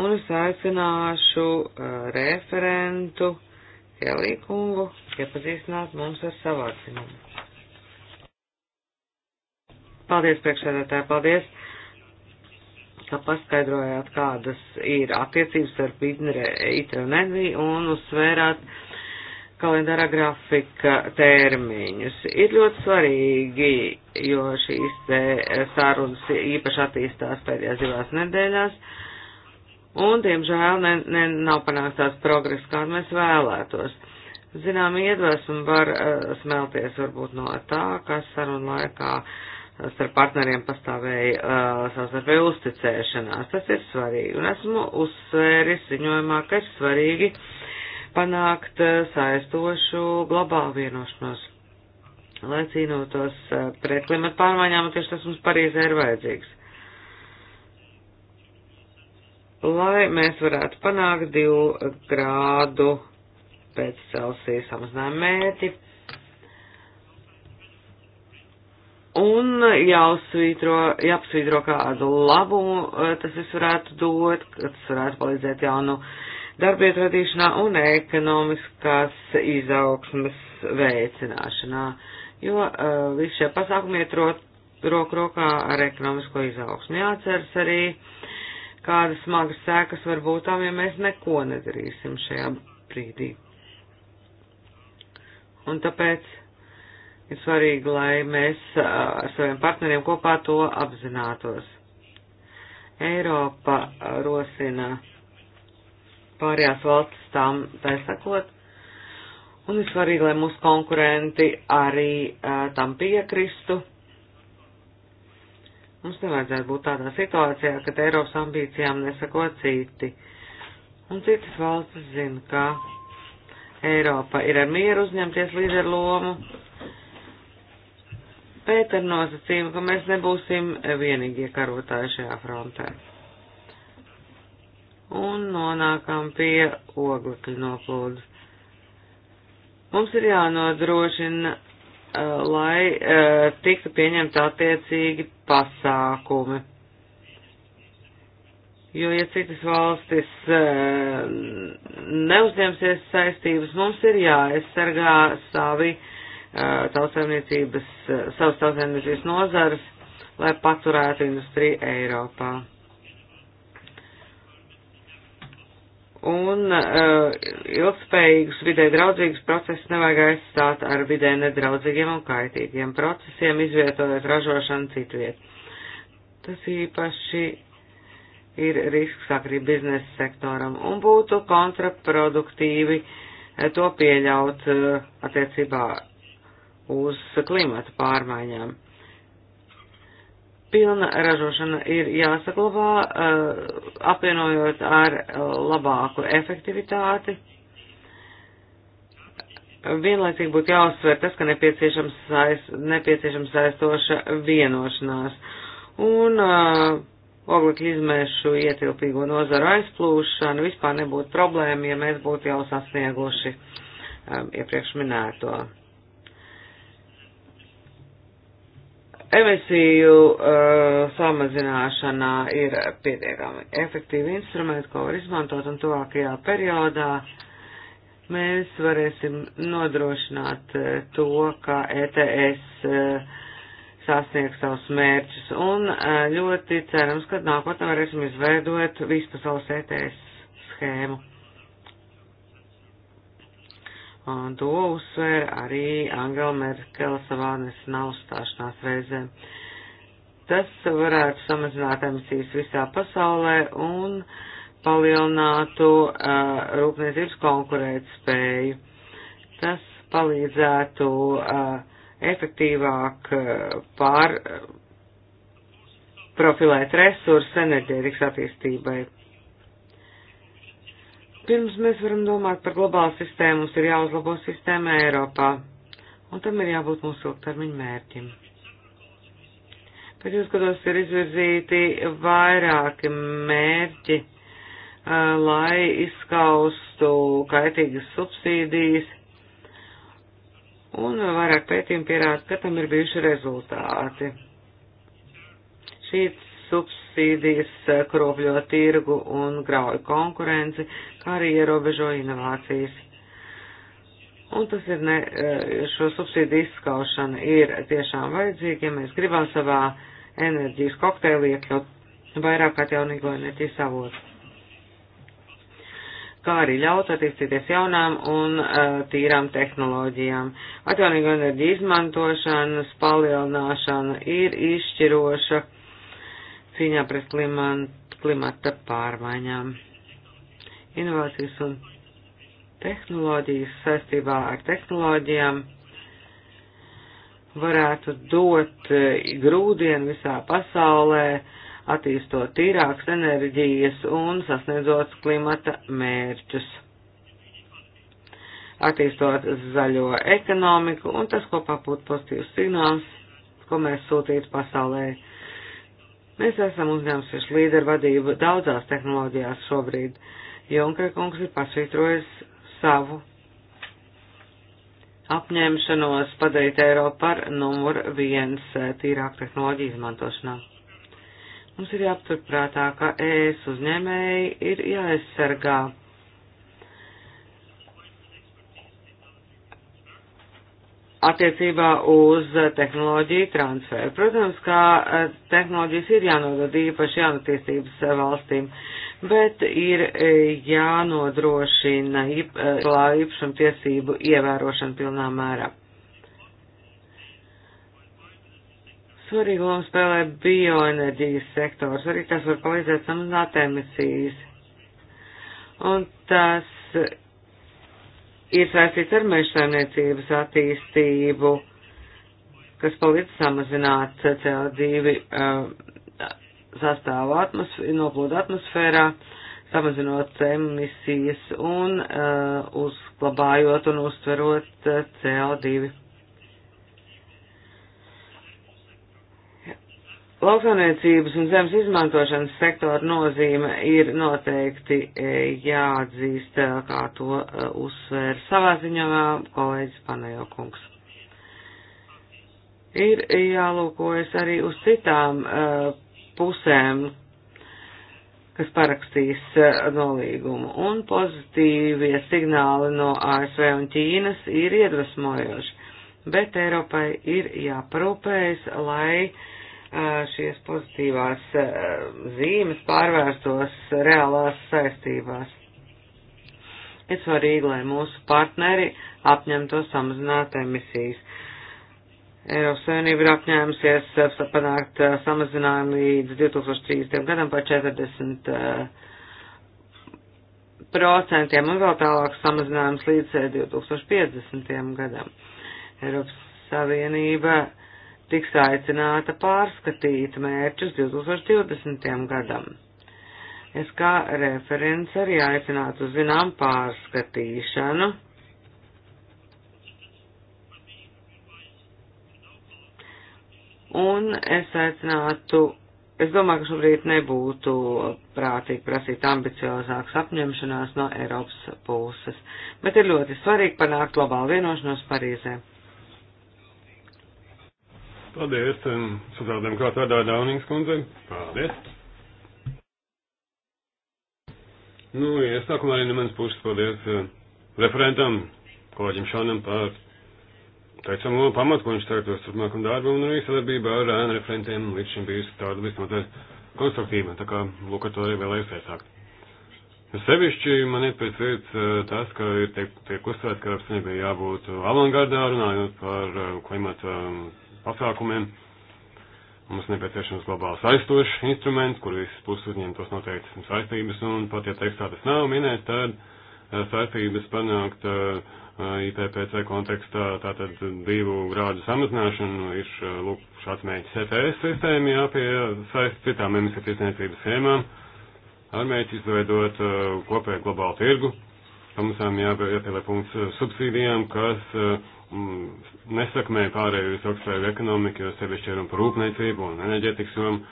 Un es aicināšu uh, referentu Kelī kungu iepazīstināt mums ar savācinumu. Paldies, priekšsēdētāji, paldies! ka paskaidrojāt, kādas ir attiecības ar ITRA un ENVI un uzsvērāt kalendārā grafika termiņus. Ir ļoti svarīgi, jo šīs te sarunas īpaši attīstās pēdējās divās nedēļās, un, diemžēl, ne, ne, nav panāktās progresa, kā mēs vēlētos. Zinām, iedvesmu var uh, smelties varbūt no tā, kas sarunu laikā uh, starp partneriem pastāvēja uh, savstarpēja uzticēšanās. Tas ir svarīgi. Un esmu uzsvēris ziņojumā, ka ir svarīgi panākt uh, saistošu globālu vienošanos, lai cīnotos uh, pret klimatu pārmaiņām, un tieši tas mums Parīzē ir vajadzīgs. Lai mēs varētu panākt divu grādu pēc Celsija samazinājumu mērķi, un jāuzsvītro, jāapsvītro kādu labumu eh, tas viss varētu dot, ka tas varētu palīdzēt jaunu darbietu radīšanā un ekonomiskās izaugsmas veicināšanā, jo uh, visi šie pasākumi iet roku rokā ar ekonomisko izaugsmu. Jāceras arī, kādas smagas sēkas var būt tam, ja mēs neko nedarīsim šajā brīdī. Un tāpēc ir svarīgi, lai mēs ar saviem partneriem kopā to apzinātos. Eiropa rosina pārējās valstis tam taisakot, un ir svarīgi, lai mūsu konkurenti arī tam piekristu. Mums nevajadzētu būt tādā situācijā, kad Eiropas ambīcijām nesako citi. Un citas valstis zina, ka Eiropa ir ar mieru uzņemties līderu lomu, bet ar nosacījumu, ka mēs nebūsim vienīgie karotāji šajā frontē. Un nonākam pie oglekļa noplūdes. Mums ir jānodrošina, eh, lai eh, tiktu pieņemt attiecīgi pasākumi. Jo, ja citas valstis eh, neuzņemsies saistības, mums ir jāaizsargā savi uh, tautsēmniecības, savas tautsēmniecības nozares, lai paturētu industriju Eiropā. Un uh, ilgspējīgus vidē draudzīgus procesus nevajag aizstāt ar vidē nedraudzīgiem un kaitīgiem procesiem, izvietojot ražošanu citviet. Tas īpaši ir risks arī biznesa sektoram un būtu kontraproduktīvi to pieļaut uh, attiecībā uz klimata pārmaiņām. Pilna ražošana ir jāsaglabā, eh, apvienojot ar eh, labāku efektivitāti. Vienlaicīgi būtu jāuzsver tas, ka nepieciešams, saist, nepieciešams saistoša vienošanās un uh, oglekļa izmēšu ietilpīgo nozaru aizplūšana vispār nebūtu problēma, ja mēs būtu jau sasnieguši um, iepriekš minēto. Emisiju uh, samazināšanā ir pietiekami efektīvi instrumenti, ko var izmantot, un tuvākajā periodā mēs varēsim nodrošināt uh, to, ka ETS uh, eh, sasniegs savus mērķus, un uh, ļoti cerams, ka nākotnē varēsim izveidot vispasaules ETS schēmu. Un to uzsver arī Angela Merkele savā nesenā uzstāšanās reizē. Tas varētu samazināt emisijas visā pasaulē un palielinātu uh, rūpniecības konkurētspēju. Tas palīdzētu uh, efektīvāk uh, pār uh, profilēt resursu enerģētikas attīstībai. Pirms mēs varam domāt par globālu sistēmu, mums ir jāuzlabo sistēma Eiropā, un tam ir jābūt mūsu ilgtermiņa mērķim. Pēc uzskatos ir izvirzīti vairāki mērķi, lai izskaustu kaitīgas subsīdijas, un vairāk pētījumi pierāda, ka tam ir bijuši rezultāti. Šī subs subsīdijas eh, kropļo tirgu un grauj konkurenci, kā arī ierobežo inovācijas. Un tas ir ne, eh, šo subsīdiju izskaušana ir tiešām vajadzīga, ja mēs gribam savā enerģijas kokteili iekļaut vairāk atjaunīgo enerģijas avotu kā arī ļaut attīstīties jaunām un uh, tīrām tehnoloģijām. Atjaunīgo enerģiju izmantošanas palielināšana ir izšķiroša cīņā pret klimata pārmaiņām. Inovācijas un tehnoloģijas saistībā ar tehnoloģijām varētu dot eh, grūdienu visā pasaulē, attīstot tīrākas enerģijas un sasniedzot klimata mērķus, attīstot zaļo ekonomiku, un tas kopā būtu pozitīvs signāls, ko mēs sūtītu pasaulē Mēs esam uzņēmusies līdervadību daudzās tehnoloģijās šobrīd. Junker kungs ir pasvītrojis savu apņemšanos padarīt Eiropu par numur viens eh, tīrāku tehnoloģiju izmantošanā. Mums ir jāapturprātā, ka ES uzņēmēji ir jāaizsargā attiecībā uz eh, tehnoloģiju transferu. Protams, kā eh, tehnoloģijas ir jānodod īpaši jaunatīstības eh, valstīm, bet ir jānodrošina īpašuma tiesību ievērošana pilnā mērā. Svarīgu lomu spēlē bioenerģijas sektors, arī tas var palīdzēt samazināt emisijas. Un tas ir saistīts ar mežsaimniecības attīstību, kas palīdz samazināt CO2 uh, eh, sastāvu atmosfē, noplūdu atmosfērā, samazinot emisijas un uh, uzglabājot un uztverot eh, CO2. Lauksaimniecības un zemes izmantošanas sektora nozīme ir noteikti e, jāatzīst, e, kā to e, uzsver savā ziņojumā kolēģis Panajokungs. Ir jālūkojas arī uz citām uh, pusēm, kas parakstīs nolīgumu, un pozitīvie signāli no ASV un Ķīnas ir iedvesmojoši, bet Eiropai ir jāparūpējas, lai šīs pozitīvās zīmes pārvērstos reālās saistībās. Ir svarīgi, lai mūsu partneri apņemtos samazināt emisijas. Eiropas Savienība ir apņēmusies panākt samazinājumu līdz 2030. gadam par 40 procentiem un vēl tālāk samazinājums līdz 2050. gadam. Eiropas Savienība tiks aicināta pārskatīt mērķus 2020. gadam. Es kā referents arī aicinātu zinām pārskatīšanu. Un es aicinātu, es domāju, ka šobrīd nebūtu prātīgi prasīt ambiciozāks apņemšanās no Eiropas puses, bet ir ļoti svarīgi panākt globālu vienošanos Parīzē. Paldies, sazādēm kā tādā Daunīgas kundze. Paldies. Nu, iesākumā arī no manas puses paldies eh, referentam, kolēģim Šanam par teicamo pamatu, ko viņš cerētos turpmākam darbam, un arī sadarbībā ar ēnu referentiem līdz šim bijusi tāda visnotaļ konstruktīva, tā kā lūk ar to arī vēlējos iesākt. Sevišķi man ir pēc sirds eh, tas, ka ir tiek, tiek uzsvērts, ka apsnē bija jābūt avangardā runājot par eh, klimata pasākumiem. Mums nepieciešams globāls aizstošs instruments, kur visas puses uzņemtos noteiktas saistības, un pat ja tekstā tas nav minēts, tad eh, saistības panākt eh, IPPC kontekstā, tātad divu grādu samazināšanu, ir eh, lūk, šāds mēģis ETS sistēma jāpie saist citām emisiju tiesniecības schēmām, ar mēģi izveidot kopēju globālu tirgu. Pamazām jāpieliek punkts subsīdijām, kas uh, Mm, nesakmē pārēju uz augstsvērtību ekonomiku, jo sevišķi ir un par rūpniecību un enerģetikas jomu.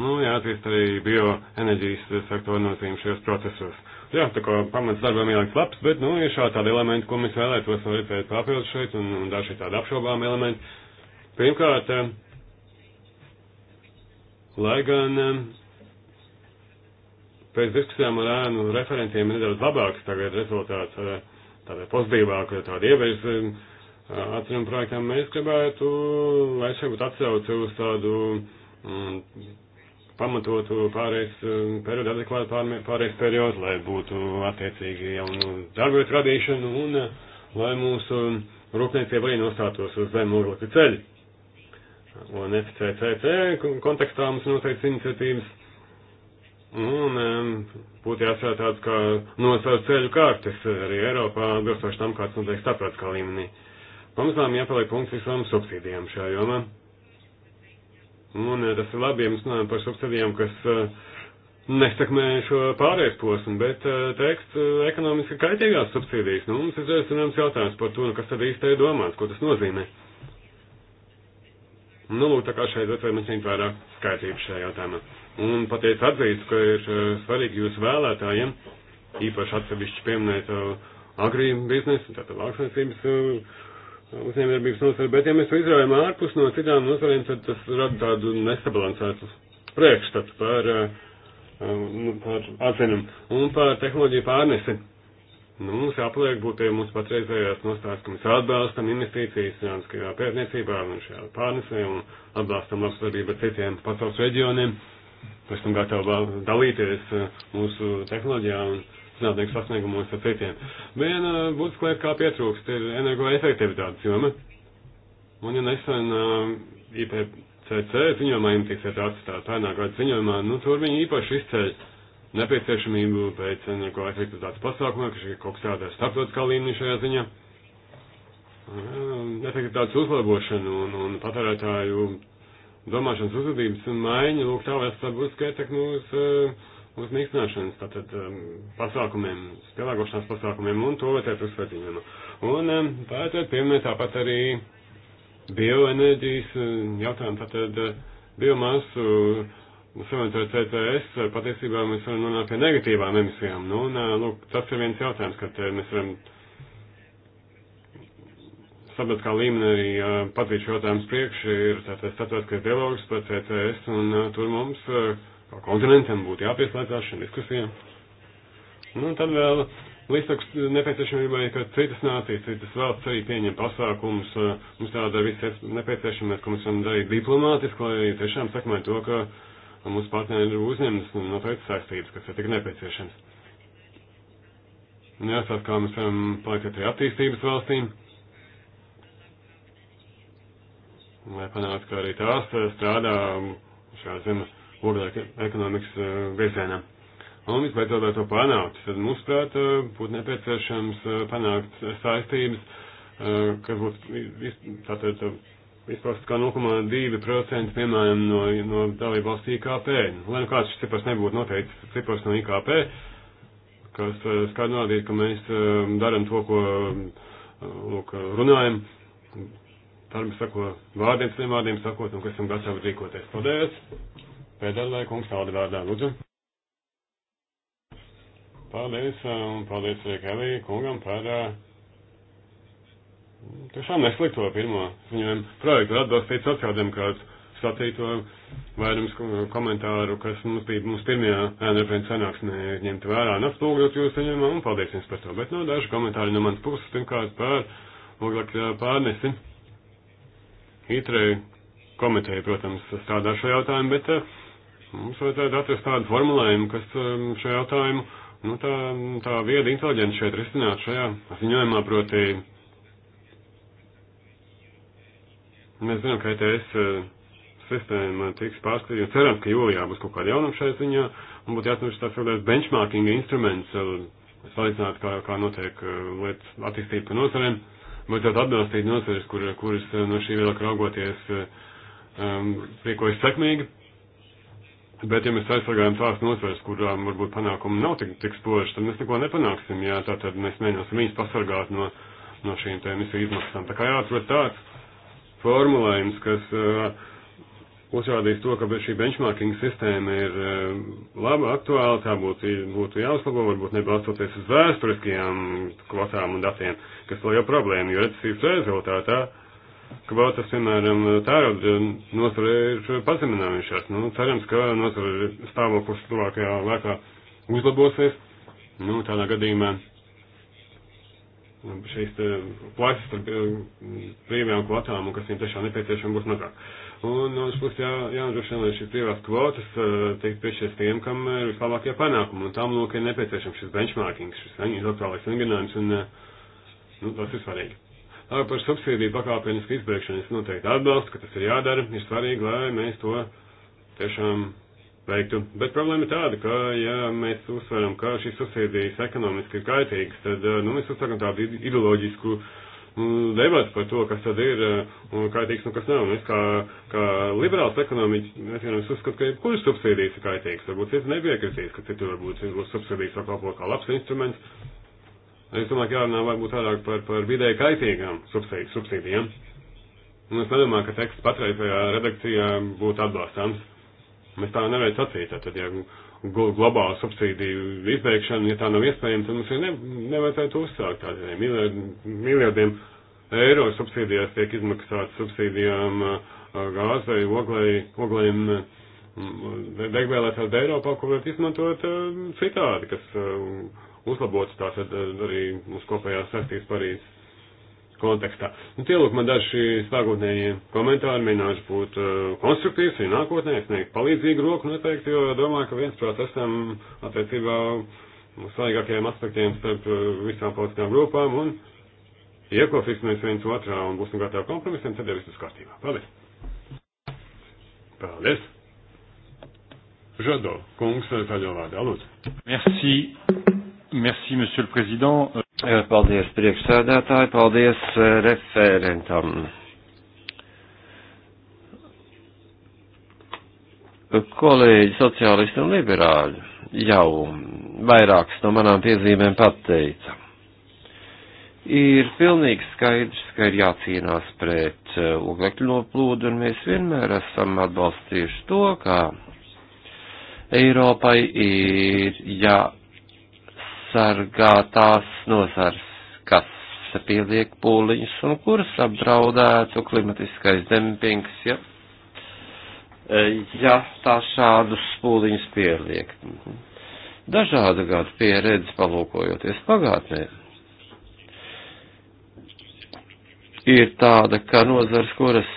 Nu, jāatzīst arī bioenerģijas sektoru nozīmi šajos procesos. Jā, tā kā pamats darbam ieliks labs, bet, nu, ir šādi tādi elementi, ko mēs vēlētos redzēt papildus šeit, un, un daži tādi apšaubām elementi. Pirmkārt, eh, lai gan eh, pēc diskusijām ar ēnu referentiem ir nedaudz labāks tagad rezultāts eh, tādā pozitīvāku, tādu ievies um, atceram projektam, mēs gribētu, lai šeit būtu atsauce uz tādu mm, pamatotu pārējais um, periodu, adekvātu pārējais periodu, lai būtu attiecīgi jaunu darbvietu radīšanu un uh, lai mūsu rūpniecība arī nostātos uz zem oglekļa ceļu. Un FCCC kontekstā mums noteikti iniciatīvas Un būtu jāsaka tāds, kā nosaukt ceļu kārtas arī Eiropā, atbilstoši tam, kāds notiek starptautiskā līmenī. Pamazām jāpaliek punkts visām subsīdijām šajā jomā. Un eh, tas ir labi, ja mēs runājam par subsīdijām, kas eh, nesakmē šo pārējais posmu, bet eh, teksts ekonomiski kaitīgās subsīdijas. Nu, mums ir zināms jautājums par to, nu, kas tad īsti ir domāts, ko tas nozīmē. Nu, lūk, tā kā šeit vērtējums ņemt vairāk skaitību šajā jautājumā. Un patiesi atzīstu, ka ir e, svarīgi jūsu vēlētājiem, īpaši atsevišķi pieminēt e, agrī biznesu, tātad lauksnesības e, uzņēmējdarbības nozari, bet ja mēs to izraujam ārpus no citām nozarēm, tad tas rada tādu nesabalansētu priekšstatu par, nu, par atzinumu un par tehnoloģiju pārnesi. Nu, mums jāpaliek būt pie mūsu patreizējās nostājas, ka mēs atbalstam investīcijas jāniskajā pētniecībā un šajā pārnesē un atbalstam labsadarbību ar citiem pasaules reģioniem esam gatavi dalīties eh, mūsu tehnoloģijā un zinātnieku sasniegumos ar citiem. Viena eh, būtiska lieta, kā pietrūkst, ir energoefektivitātes joma. Un ja nesen eh, IPCC ziņojumā imtīks ir atstāta pērnā gada ziņojumā, nu tur viņi īpaši izceļ nepieciešamību pēc energoefektivitātes pasākumiem, ka šī kaut kas tādā starptautiskā līmenī šajā ziņā efektivitātes uzlabošanu un, un patērētāju domāšanas uzvedības un maiņa, lūk, tā vēl tāda būtiska ietekme uz, eh, uz mīkstināšanas, tātad um, pasākumiem, pielāgošanās pasākumiem, un to vajadzētu uzsvērt ziņojumā. Un vajadzētu um, pieminēt tāpat arī bioenerģijas um, jautājumu, tātad uh, biomasu uh, savienot CTS, patiesībā mēs varam nonākt pie negatīvām emisijām. Nu, un, uh, lūk, tas ir viens jautājums, kad mēs varam sabiedriskā līmenī patvīt šo jautājumu priekš, ir tātad starptautiskais dialogs par CCS, un uh, tur mums, kā uh, kontinentam, būtu jāpieslēdzās šīm diskusijām. Nu, tad vēl līdzsakus nepieciešamībai, ka citas nācijas, citas valsts arī pieņem pasākumus, uh, mums tāda viss nepieciešamais, ka mēs varam darīt diplomātiski, lai tiešām sakmē to, ka mūsu partneri ir uzņemtas un noteikti saistības, kas ir tik nepieciešams. Jāsāk, kā mēs varam palīdzēt arī attīstības valstīm. lai panāktu, ka arī tās eh, strādā um, šajā zemes oglēka ekonomikas eh, virzienā. Un visbeidzot, lai to panāktu, tad mūsuprāt eh, būtu nepieciešams panākt saistības, kas būtu tātad izprast kā 0,2% piemēram no, no dalību valsts IKP. Nu, lai nu kāds šis cipars nebūtu noteikts cipars no IKP, kas skaidri norādīja, ka mēs darām to, ko lūk, runājam, Tarmi sako vārdiem, saviem vārdiem sakot, un ka esam gatavi rīkoties. Paldies! Pēdējā kungs tāda vārdā, lūdzu. Paldies, un paldies arī Kelī kungam par uh, tiešām neslikto pirmo ziņojumu projektu atbalstīt sociāldemokrātu skatīto vairums komentāru, kas mums bija mūsu pirmajā ēnrefrēna sanāksmē ņemt vērā un atspūgļot jūsu saņemam, un paldies jums par to. Bet, nu, no, daži komentāri no manas puses, pirmkārt, par oglekļa pārnesi. Uh, Itrei komiteja, protams, strādā šo jautājumu, bet eh, mums vajadzētu atrast tādu formulējumu, kas eh, šo jautājumu, nu, tā, tā vieda inteliģenti šeit risināt šajā ziņojumā, proti, mēs zinām, ka ETS eh, sistēma tiks pārskatīta, cerams, ka jūlijā būs kaut kāda jaunuma šajā ziņā, un būtu jāatnāk tāds kādreiz benchmarking instruments, salīdzināt, kā, kā notiek lietas attīstība pa nozarēm vajadzētu atbalstīt nozares, kur, kuras eh, no šī viedokļa raugoties um, rīkojas sekmīgi. Bet, ja mēs aizsargājam tās nozares, kurām varbūt panākumi nav tik, tik spoži, tad mēs neko nepanāksim. Jā, tā tad mēs mēģināsim viņus pasargāt no, no šīm tēm visu izmaksām. Tā kā jāatrod tāds formulējums, kas uh, uzrādīs to, ka šī benchmarking sistēma ir uh, laba, aktuāla, tā būtu, būtu jāuzlabo, varbūt nebalstoties uz vēsturiskajām kvotām un datiem. Uh, kas to jau problēma, jo recesijas rezultātā kvotas, piemēram, tērauda nozare ir pazeminājušās. Nu, cerams, ka nozare stāvoklis tuvākajā laikā uzlabosies. Nu, tādā gadījumā šīs plaisas ar eh, brīvajām kvotām un kas viņiem tiešām nepieciešama būs mazāk. Un no otras puses jā, jānodrošina, lai šīs brīvās kvotas eh, tiek piešķirtas tiem, kam ir vislabākie panākumi, un tam lūk ir nepieciešams šis benchmarking, šis eh, ilgtālais vingrinājums, un Nu, tas ir svarīgi. Tā par subsīdiju pakāpenisku izbēgšanu es noteikti atbalstu, ka tas ir jādara, ir svarīgi, lai mēs to tiešām veiktu. Bet problēma ir tāda, ka, ja mēs uzsveram, ka šīs subsīdijas ekonomiski ir kaitīgas, tad, eh, nu, mēs uzsveram tādu ideoloģisku mm, debatu par to, kas tad ir eh, kaitīgs un kas nav. Un es kā, kā liberāls ekonomiķis, es vienam uzskatu, ka jebkuras subsīdijas ir kaitīgas. Varbūt cits nepiekritīs, ka citi varbūt subsīdijas var kalpot kā labs instruments. Es domāju, ka jārunā varbūt vairāk par, par vidēji kaitīgām subsīdijām. Un es nedomāju, ka teksts patreizajā redakcijā būtu atbalstāms. Mēs tā nevarētu sacīt. Tad, ja globāla subsīdiju izbeigšana, ja tā nav iespējama, tad mums ir ne, nevajadzētu uzsākt tādiem miljardiem eiro subsīdijās tiek izmaksāts subsīdijām gāzei, oglei, oglēm, degvielai tādā Eiropā, ko varētu izmantot citādi, kas uh, uzlabotas, tātad eh, arī mūsu kopējās saistības Parīzes kontekstā. Nu, tie lūk man daži sākotnējie komentāri, mēģināšu būt uh, konstruktīvs, arī nākotnē, sniegt palīdzīgu roku noteikti, jo domāju, ka viensprāt esam attiecībā uz svarīgākajiem aspektiem starp eh, visām politiskām grupām un iekofiksimies viens otrā un būsim gatavi kompromisiem, tad jau viss būs kārtībā. Paldies! Paldies! Žado, kungs, zaļo vārdā, lūdzu. Merci. Merci, monsieur le président. Paldies priekšsēdētāji, paldies eh, referentam. Kolēģi sociālisti un liberāļi jau vairākas no manām piezīmēm pateica. Ir pilnīgi skaidrs, ka ir jācīnās pret eh, oglekļu noplūdu, un mēs vienmēr esam atbalstījuši to, ka Eiropai ir jā. Ja jāsargā tās nozars, kas pieliek pūliņus un kuras apdraudētu klimatiskais dempings, ja, ja tā šādus pūliņus pieliek. Dažādu gadu pieredzi palūkojoties pagātnē. Ir tāda, ka nozars, kuras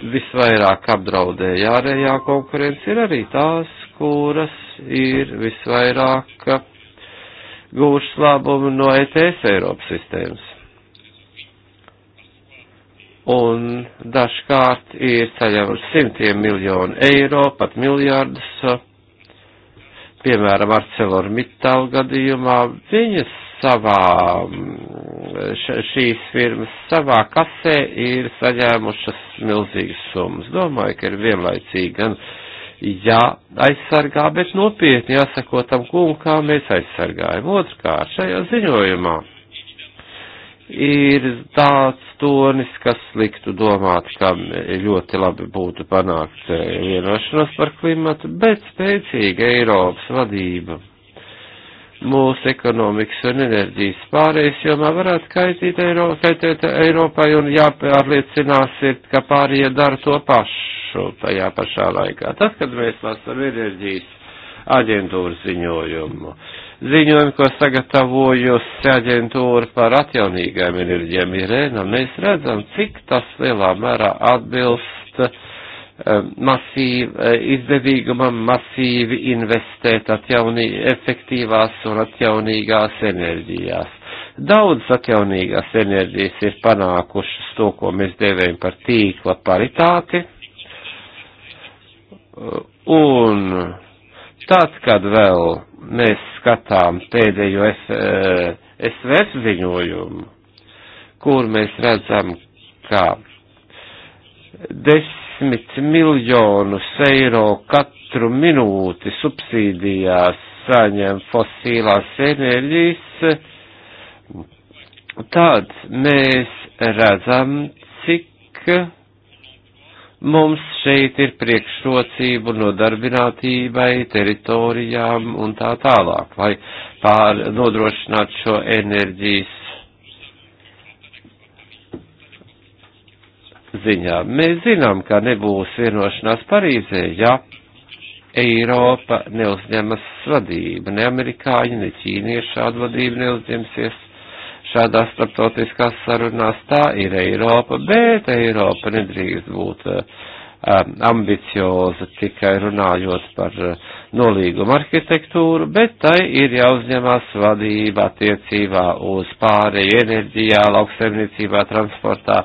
visvairāk apdraudēja ārējā konkurence, ir arī tās, kuras ir visvairāk gūs labumu no ETS Eiropas sistēmas. Un dažkārt ir ceļā uz simtiem miljonu eiro, pat miljārdus, piemēram, Arcelor Mittal gadījumā, viņas savā, šīs firmas savā kasē ir saņēmušas milzīgas summas. Domāju, ka ir vienlaicīgi gan. Uh, jāaizsargā, bet nopietni jāsako tam kungu, kā mēs aizsargājam. Otrkārt, šajā ziņojumā ir tāds tonis, kas liktu domāt, ka ļoti labi būtu panākt eh, vienošanos par klimatu, bet spēcīga Eiropas vadība mūsu ekonomikas un enerģijas pārējais jomā varētu kaitīt Eiro, kaitēt Eiropai un jāpārliecinās ir, ka pārējie dara to pašu priekšu tajā pašā laikā. Tas, kad mēs lasām enerģijas aģentūras ziņojumu. Ziņojumu, ko sagatavojusi aģentūra par atjaunīgām enerģijām Irēna, mēs redzam, cik tas lielā mērā atbilst eh, masīvi, eh, izdevīgumam masīvi investēt atjaunī, efektīvās un atjaunīgās enerģijās. Daudz atjaunīgās enerģijas ir panākušas to, ko mēs devējam par tīkla paritāti Un tad, kad vēl mēs skatām pēdējo SVS eh, ziņojumu, kur mēs redzam, ka desmit miljonus eiro katru minūti subsīdijās saņem fosīlās enerģijas, tad mēs redzam, cik Mums šeit ir priekšrocību nodarbinātībai, teritorijām un tā tālāk, lai pār nodrošinātu šo enerģijas ziņā. Mēs zinām, ka nebūs vienošanās Parīzē, ja Eiropa neuzņemas vadību, ne amerikāņi, ne ķīnieši šādu vadību neuzņemsies jāstrādā starptautiskās sarunās, tā ir Eiropa, bet Eiropa nedrīkst būt eh, eh, ambicioza tikai runājot par eh, nolīgumu arhitektūru, bet tai ir jāuzņemās vadība attiecībā uz pārēju enerģijā, lauksaimniecībā, transportā.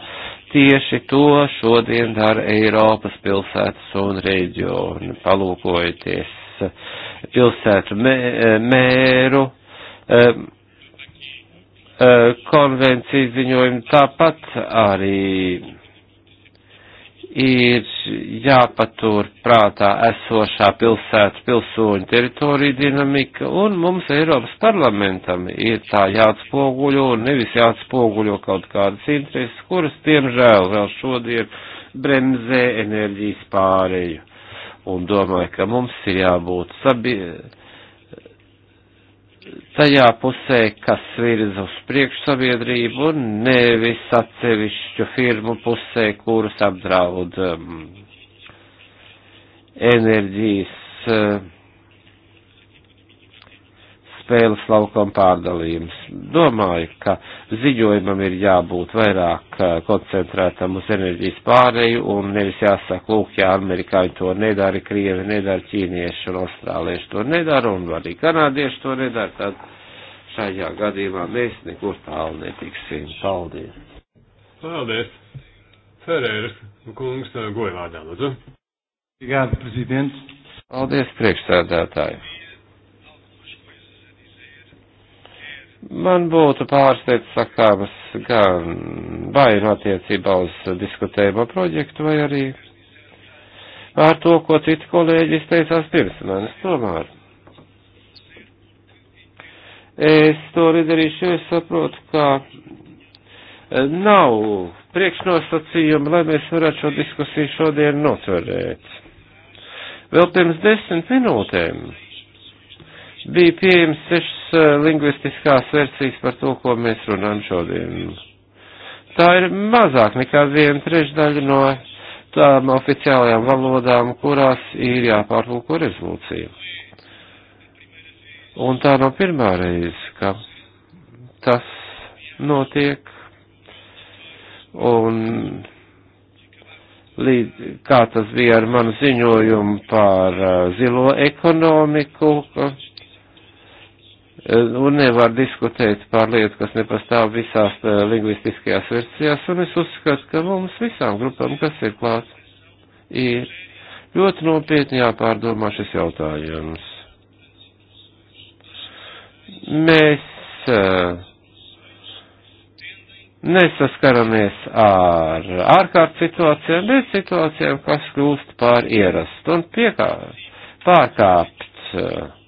Tieši to šodien dara Eiropas pilsētas un reģioni. Palūkojieties pilsētu mēru. Um, Eh, konvencijas ziņojumu. Tāpat arī ir jāpatur prātā esošā pilsētas pilsoņu teritorija dinamika, un mums Eiropas parlamentam ir tā jāatspoguļo, un nevis jāatspoguļo kaut kādas intereses, kuras, diemžēl, vēl šodien bremzē enerģijas pārēju. Un domāju, ka mums ir jābūt sabiedrībai tajā pusē, kas virza uz priekšu sabiedrību, un nevis atsevišķu firmu pusē, kuras apdraud um, enerģijas uh, spēles laukam pārdalījums. Domāju, ka ziņojumam ir jābūt vairāk eh, koncentrētam uz enerģijas pārēju un nevis jāsaka, lūk, ja amerikāņi to nedara, krievi nedara, ķīnieši un austrālieši to nedara un arī kanādieši to nedara, tad šajā gadījumā mēs nekur tālu netiksim. Paldies! Paldies! Ferēras kungs, eh, gojvārdā, lūdzu. Obrigado, presidente. Paldies, priekšsēdētāji. Man būtu pāris lietas sakāmas gan vai nu attiecībā uz diskutējumu projektu, vai arī ar to, ko citi kolēģi izteicās pirms manis. Tomēr es to darīšu, jo es saprotu, ka nav priekšnosacījumi, lai mēs varētu šo diskusiju šodien notverēt. Vēl pirms desmit minūtēm bija pieejams sešas eh, lingvistiskās versijas par to, ko mēs runājam šodien. Tā ir mazāk nekā viena trešdaļa no tām oficiālajām valodām, kurās ir jāpārtulko rezolūcija. Un tā nav no pirmā reize, ka tas notiek. Un līdz, kā tas bija ar manu ziņojumu par uh, zilo ekonomiku, kas Eh, un nevar diskutēt par lietu, kas nepastāv visās eh, lingvistiskajās versijās, un es uzskatu, ka mums visām grupām, kas ir klāt, ir ļoti nopietni jāpārdomā šis jautājums. Mēs eh, nesaskaramies ar ārkārt situācijām, bet situācijām, kas kļūst par ierastu un piekā, pārkāpt. Uh,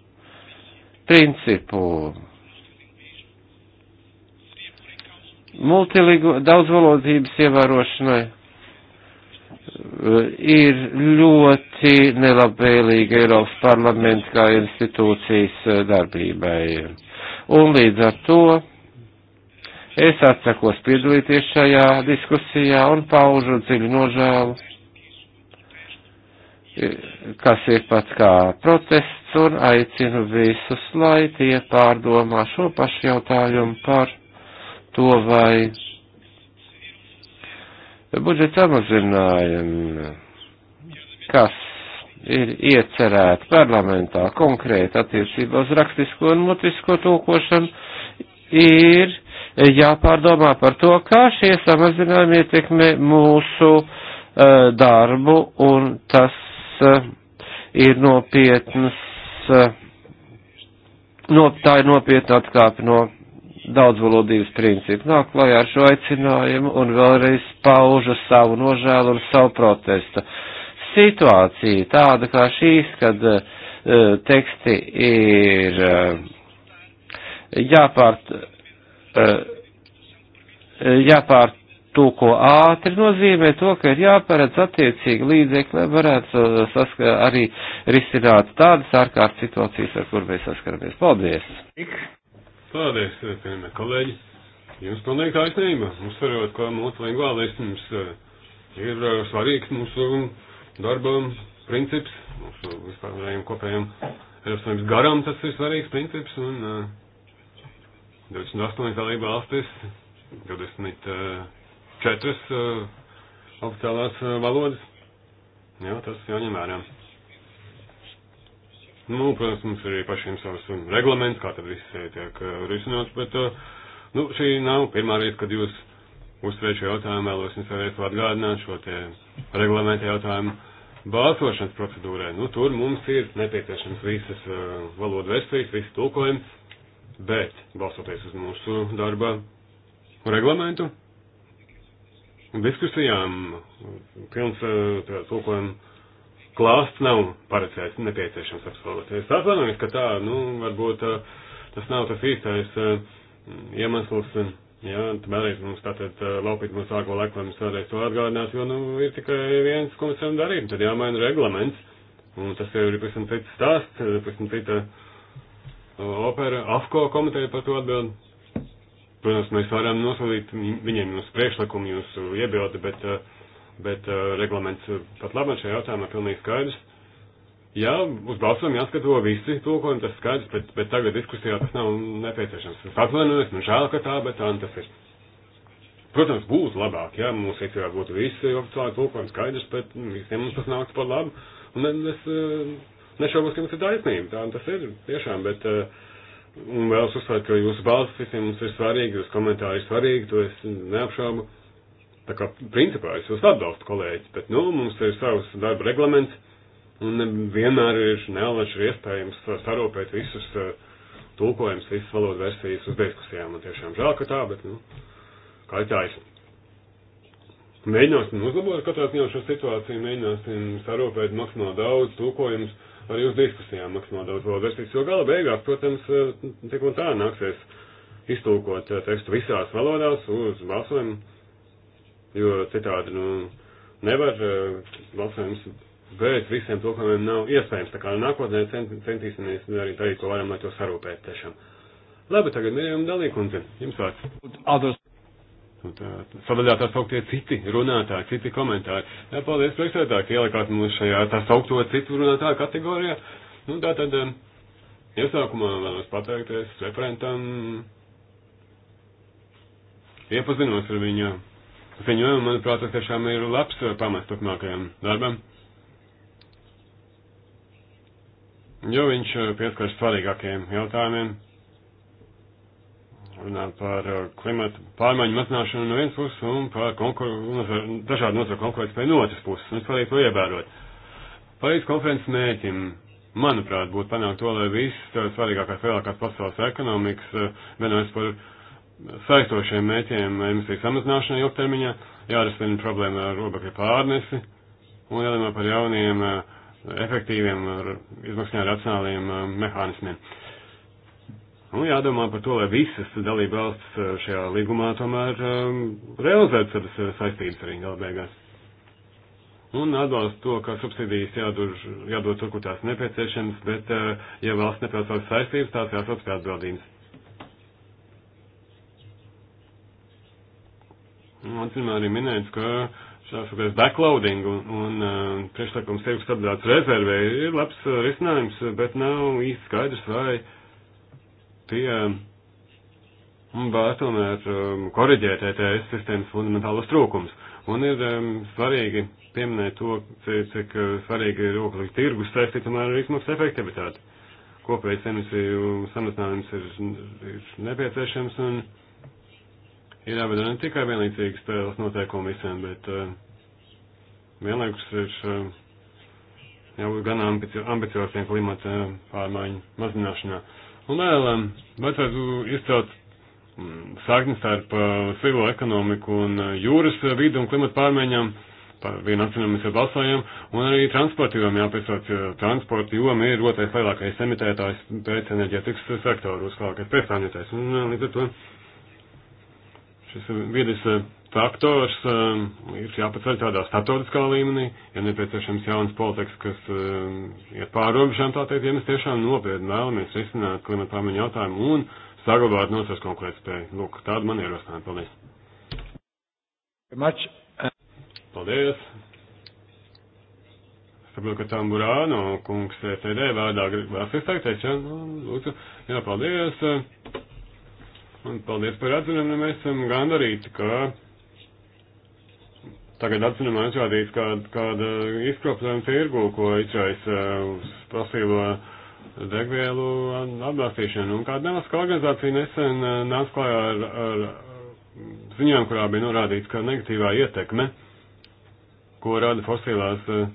principu. Multiligu daudzvalodības ievērošanai eh, ir ļoti nelabvēlīga Eiropas parlamenta kā institūcijas eh, darbībai. Un līdz ar to es atsakos piedalīties šajā diskusijā un paužu dziļu nožēlu kas ir pats kā protests, un aicinu visus, lai tie pārdomā šo pašu jautājumu par to, vai budžeta samazinājumi, kas ir iecerēti parlamentā konkrēti attiecībā uz rakstisko un mutisko tulkošanu, ir jāpārdomā par to, kā šie samazinājumi ietekmē mūsu uh, darbu, un tas ir nopietnas, no, tā ir nopietna atkāpe no daudzvalodības principu. Nāk klajā ar šo aicinājumu un vēlreiz paužu savu nožēlu un savu protestu. Situācija tāda kā šīs, kad uh, teksti ir uh, jāpārt, uh, jāpārt tūko ātri nozīmē to, ka ir jāparedz attiecīgi līdzekļi, lai varētu saskar, arī risināt tādas ārkārtas situācijas, ar kur mēs saskaramies. Paldies! Paldies, cienījamie kolēģi! Jums pilnīgi taisnība, uzsverot, ka mūsu lingvālisms eh, ir eh, svarīgs mūsu darba princips, mūsu vispārējiem kopējiem Eiropas Savienības garam tas ir svarīgs princips, un 28 eh, dalība valstis, 20. Uh, četras uh, oficiālās uh, valodas. Jā, tas jāņem vērā. Nu, protams, mums ir arī pašiem savs reglaments, kā tad viss eh, tiek uh, risināts, bet, uh, nu, šī nav pirmā reize, kad jūs uzsvērt šo jautājumu, vēlos jums vēlreiz atgādināt šo te reglamenta jautājumu balsošanas procedūrai. Nu, tur mums ir nepieciešams visas uh, valodu versijas, visi tulkojumi, bet balsoties uz mūsu darba reglamentu, diskusijām pilns eh, tulkojuma klāsts nav paredzēts nepieciešams absolūti. Es atvainojos, ka tā, nu, varbūt eh, tas nav tas īstais eh, iemesls. Jā, vēlreiz mums tātad laupīt mūsu ārko laiku, lai mums vēlreiz to atgādinās, jo, nu, ir tikai viens, ko mēs varam darīt, tad jāmaina reglaments, un tas jau ir pavisam cits stāsts, pavisam cita opera, AFKO komiteja par to atbildi. Protams, mēs varam nosūtīt viņiem jūsu priekšlikumu, jūsu iebildi, bet, eh, bet eh, reglaments eh, pat labam šajā jautājumā pilnīgi skaidrs. Jā, uz balsojumu jāskatavo visi tulkojumi, tas skaidrs, bet, bet tagad diskusijā tas nav nepieciešams. Es atvainojos, man žēl, ka tā, bet tā nu tas ir. Protams, būtu labāk, ja mums īstenībā būtu visi oficiāli tulkojumi skaidrs, bet nu, visiem mums tas nāktu par labu. Un es nešaubos, ka jums ir taisnība, tā nu tas ir tiešām, bet. Uh, Un vēlos uzsvērt, ka jūsu balss visiem mums ir svarīgi, jūsu komentāri ir svarīgi, to es neapšaubu. Tā kā principā es jūs atbalstu, kolēģi, bet, nu, mums ir savs darba reglaments, un vienmēr ir nealaši ir iespējams saropēt visus eh, tulkojums, visas valodas versijas uz diskusijām. Man tiešām žēl, ka tā, bet, nu, kā ir tais. Mēģināsim uzlabot katrā ziņā šo situāciju, mēģināsim saropēt maksimāli daudz tulkojumus arī uz diskusijām maksimāli daudz valodas versijas, jo gala beigās, protams, eh, tik un tā nāksies iztulkot eh, tekstu visās valodās uz balsojumu, jo citādi, nu, nevar eh, balsojums bez visiem tulkojumiem nav iespējams, tā kā nākotnē cent, centīsimies arī darīt, ko varam, lai to sarūpēt tiešām. Labi, tagad Mirjam Dalīkundze, jums vārds. Eh, sadaļā tā sauktie citi runātāji, citi komentāri. Jā, paldies priekšsēdētāji, ka ielikāt mums šajā tā saukto citu runātāju kategorijā. Nu, tā tad eh, iesākumā vēlos pateikties referentam, iepazinos ar viņu ziņojumu, manuprāt, tas tiešām ir labs eh, pamats turpmākajam darbam. Jo viņš pieskaras svarīgākajiem jautājumiem runā par uh, klimatu pārmaiņu mazināšanu no vienas puses un par konkur nozar, dažādu nozaru konkurētspēju no otras puses, un svarīgi to ievērot. Parīz konferences mēķim, manuprāt, būtu panākt to, lai visas svarīgākās lielākās pasaules ekonomikas uh, vienojas par saistošiem mēķiem emisiju samazināšanai ilgtermiņā, jārisina problēma ar robekļu pārnesi un jādomā par jauniem uh, efektīviem, izmaksņā racionāliem mehānismiem. Uh, Nu, jādomā par to, lai visas dalība valsts eh, šajā līgumā tomēr um, realizētu savas eh, saistības arī gala beigās. Un atbalstu to, ka subsīdijas jādur, jādod tur, kur tās nepieciešams, bet, uh, ja valsts nepilda savas saistības, tās jāsauc pie atbildības. Atcīmā arī minēts, ka šāds backloading un, un uh, priekšlikums tirgus apdāts rezervē ir labs risinājums, bet nav īsti skaidrs, vai. Uh, pie var mm, tomēr mm, koriģēt ETS sistēmas fundamentālus trūkums. Un ir mm, svarīgi pieminēt to, cik svarīgi ir oglīga tirgus saistīt tomēr ar izmaksu efektivitāti. Kopējais emisiju samazinājums ir, ir nepieciešams un ir jāveido ne tikai vienlīdzīgi spēles noteikumi visiem, bet uh, vienlaikus ir uh, jābūt gan ambicio, ambicioziem klimata pārmaiņu mazināšanā. Uh, Un vēl vajadzētu izcelt mm, saknes starp silo ekonomiku un eh, jūras vidu un klimatu pārmaiņām. Par vienu atcīm mēs jau balsojam, un arī transporta jomā jāpiesauc, jo transporta joma ir otrais lielākais emitētājs pēc enerģētikas sektoru, uzklākais pēc planētājs. Un eh, līdz ar to šis viedis uh, eh, faktors um, ir jāpaceļ tādā statotiskā līmenī, ja nepieciešams jaunas politikas, kas um, iet pāri robežām, tā teikt, ja mēs tiešām nopietni vēlamies risināt klimata pārmaiņu jautājumu un saglabāt nozars konkurētspēju. Lūk, tāda man ierosinājuma. Paldies. Much. Paldies. Saprotu, ka Tamburāno kungs CD e vārdā gribas izteikties, jā, nu, lūdzu, jā, paldies. Un paldies par atzinumu, mēs esam gandarīti, ka tagad atzinumā izrādīs kāda, kāda izkropļojuma tirgu, ko izraisa uz pasīvo degvielu atbalstīšanu. Un kāda nevalstiskā organizācija nesen eh, nāca klājā ar, ar ziņām, kurā bija norādīts, ka negatīvā ietekme, ko rada fosilās eh,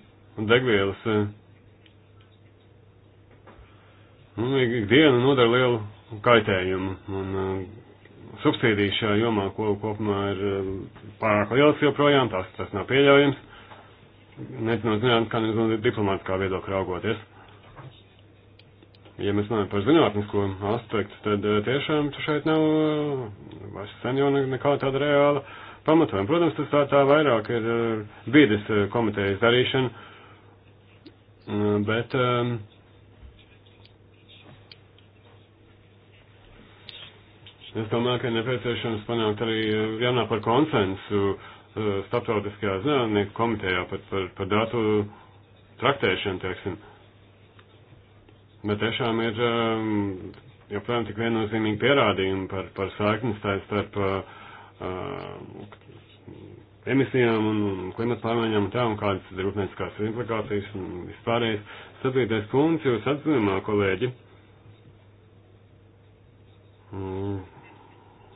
degvielas, eh, nu, ikdienu nodara lielu kaitējumu. Un, subsīdijas šajā jomā ko, kopumā ir eh, pārāk liels joprojām, tas, tas nav pieļaujams. Nezinot zināt, kā nezinu, diplomātiskā viedokļa raugoties. Ja mēs runājam par zinātnisko aspektu, tad eh, tiešām šeit nav eh, vairs sen jau nekā tāda reāla pamatojuma. Protams, tas tā, tā vairāk ir bīdes komitejas darīšana, mm, bet. Um, Es domāju, ka nepieciešams panākt arī eh, jārunā par konsensu eh, starptautiskajā zinātnieku komitejā par, par, par datu traktēšanu, teiksim. Bet tiešām ir eh, joprojām tik viennozīmīgi pierādījumi par, par saiknes tā starp uh, emisijām un klimata pārmaiņām un tā, un kādas ir rūpnieciskās implikācijas un vispārējais. Sabiedrēs punkts jūs atzīmā, kolēģi. Mm,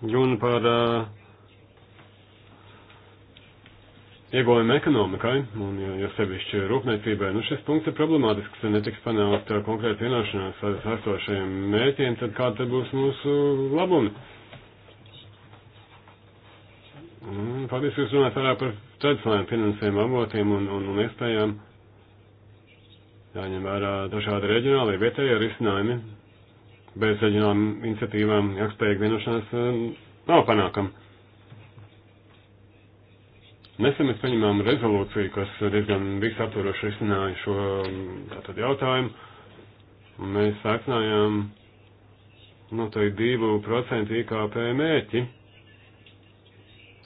Runa par uh, eh, ieguvumu ekonomikai un, ja, ja sevišķi rūpniecībai, nu šis punkts ir problemātisks, ja netiks panākt uh, konkrēti vienošanās ar esošajiem mērķiem, tad kāda tad būs mūsu labumi? Mm, paldies, jūs runājat vairāk par tradicionāliem finansējuma avotiem un, un, un iespējām jāņem vērā dažādi reģionālie vietējie risinājumi bez reģionālām iniciatīvām jākspējīga vienošanās eh, nav panākama. Nesen mēs pieņemām rezolūciju, kas diezgan visaptvaroši izcināja šo mm, tātad, jautājumu. Mēs aicinājām noteikti 2% IKP mērķi.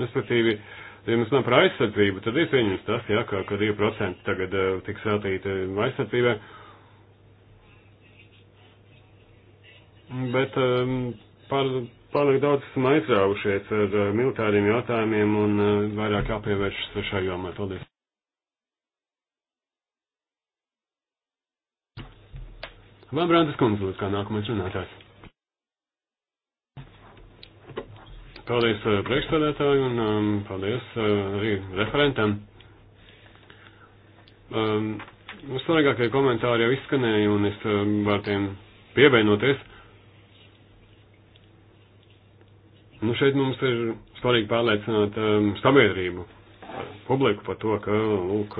Respektīvi, ja mēs runājam par aizsardzību, tad ir pieņems tas, jā, ka, ka 2% tagad eh, tiks veltīti aizsardzībai. bet um, par, pārāk daudz esam aizrāvušies ar uh, militāriem jautājumiem un uh, vairāk jāpievēršas šai jomai. Paldies! Labrāntas kundze, kā nākamais runātājs. Paldies uh, priekšstādētāju un um, paldies arī referentam. Um, Svarīgākie komentāri jau izskanēja un es um, var tiem pievienoties. Nu, šeit mums ir svarīgi pārliecināt um, sabiedrību, publiku par to, ka, lūk,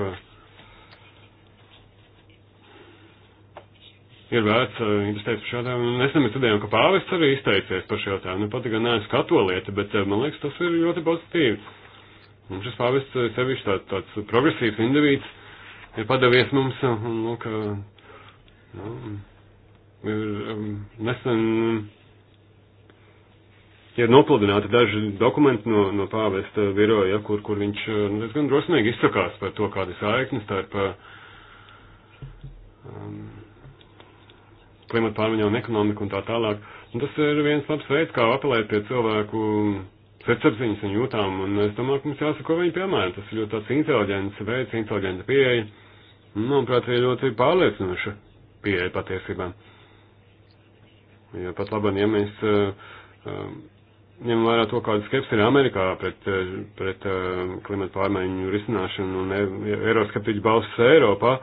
ir vērts uh, investēt par šādām. Nesen mēs dzirdējām, ka pāvests arī izteicies par šo jautājumu. Nu, pat gan neesmu katolieti, bet uh, man liekas, tas ir ļoti pozitīvi. Un šis pāvests uh, sevišķi tā, tāds progresīvs individs ir padavies mums, uh, un, lūk, uh, nu, ir um, nesen ir nopludināti daži dokumenti no, no pāvesta viroja, ja, kur, kur viņš eh, nu, diezgan drosmīgi izsakās par to, kāda ir saikne starp eh, um, klimata pārmaiņām un ekonomiku un tā tālāk. Un tas ir viens labs veids, kā apelēt pie cilvēku sirdsapziņas un jūtām, un es domāju, ka mums jāsako viņu piemēram. Tas ir ļoti tāds inteliģents veids, inteliģenta pieeja. Manuprāt, ir ļoti pārliecinoša pieeja patiesībā. Jo pat labam, ja mēs uh, um, ņem vērā to, kāda skepsi ir Amerikā pret, eh, pret eh, klimatu pārmaiņu risināšanu un e, eiroskeptiķu balsis Eiropā,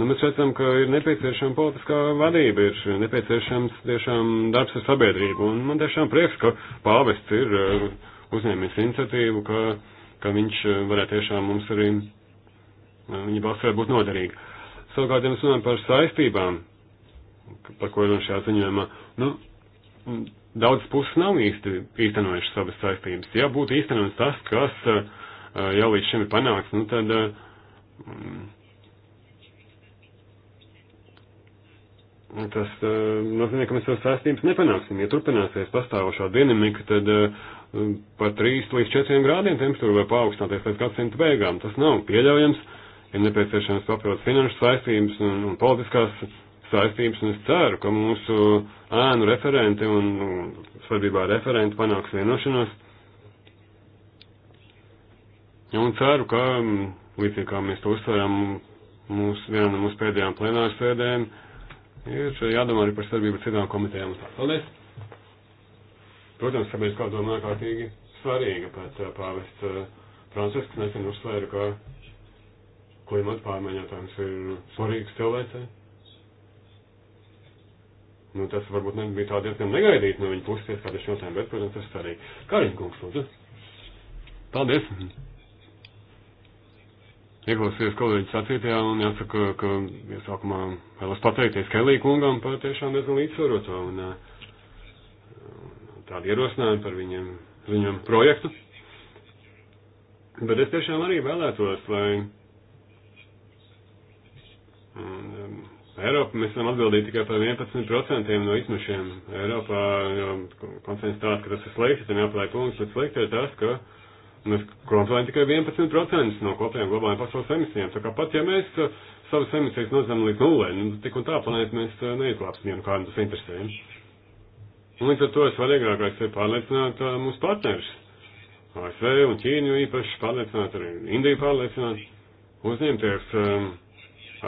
nu mēs redzam, ka ir nepieciešama politiskā vadība, ir nepieciešams tiešām darbs ar sabiedrību. Un man tiešām prieks, ka pāvests ir eh, uzņēmis iniciatīvu, ka, ka viņš varētu tiešām mums arī, viņa balss varētu būt noderīga. Savukārt, ja mēs runājam par saistībām, par ko ir un šajā ziņojumā, nu, daudz puses nav īsti īstenojuši savas saistības. Ja būtu īstenots tas, kas eh, eh, jau līdz šim ir panāks, nu tad. Eh, mm, tas nozīmē, ka mēs savas saistības nepanāksim. Ja turpināsies pastāvošā dinamika, tad par 3 līdz 4 grādiem temperatūra var paaugstināties līdz gadsimta beigām. Tas nav pieļaujams, ir nepieciešams papildus finanšu saistības un, un politiskās saistības, un es ceru, ka mūsu ēnu referenti un sadarbībā referenti panāks vienošanos. Un ceru, ka mm, līdzīgi kā mēs to uzsveram mūsu vienā no mūsu pēdējām plenāru sēdēm, ir jādomā arī par sadarbību ar citām komitejām. Paldies! Protams, sabiedriskā domā kārtīgi svarīga pēc pāvests Francisks nesen uzsvēra, ka klimata pārmaiņā tās ir svarīgas cilvēcei. Nu, tas varbūt nebija tā diezgan negaidīti no viņa puses, kā tas jautājumu, bet, protams, tas arī Kariņa kungs lūdzu. Paldies! Ieklausījos kolēģi sacītajā un jāsaka, ka iesākumā vēlos pateikties Kelī kungam par tiešām diezgan līdzsvaroto un eh, tādu ierosinājumu par viņiem, viņam projektu. Bet es tiešām arī vēlētos, lai Eiropa mēs esam atbildīgi tikai par 11% no izmešiem Eiropā, jo konsensus tāds, ka tas ir slikti, tam jāpaliek punkts, bet slikti ir tas, ka mēs kontrolējam tikai 11% no kopējām globālajām pasaules emisijām. Tā kā pat ja mēs uh, savas emisijas nozam līdz nulē, nu, tik un tā planētu mēs uh, neizglābsim, ja nu kādam tas interesē. Un līdz ar to svarīgākais ir pārliecināt uh, mūsu partnerus. ASV un Ķīnu īpaši pārliecināt, arī Indiju pārliecināt, uzņemties um,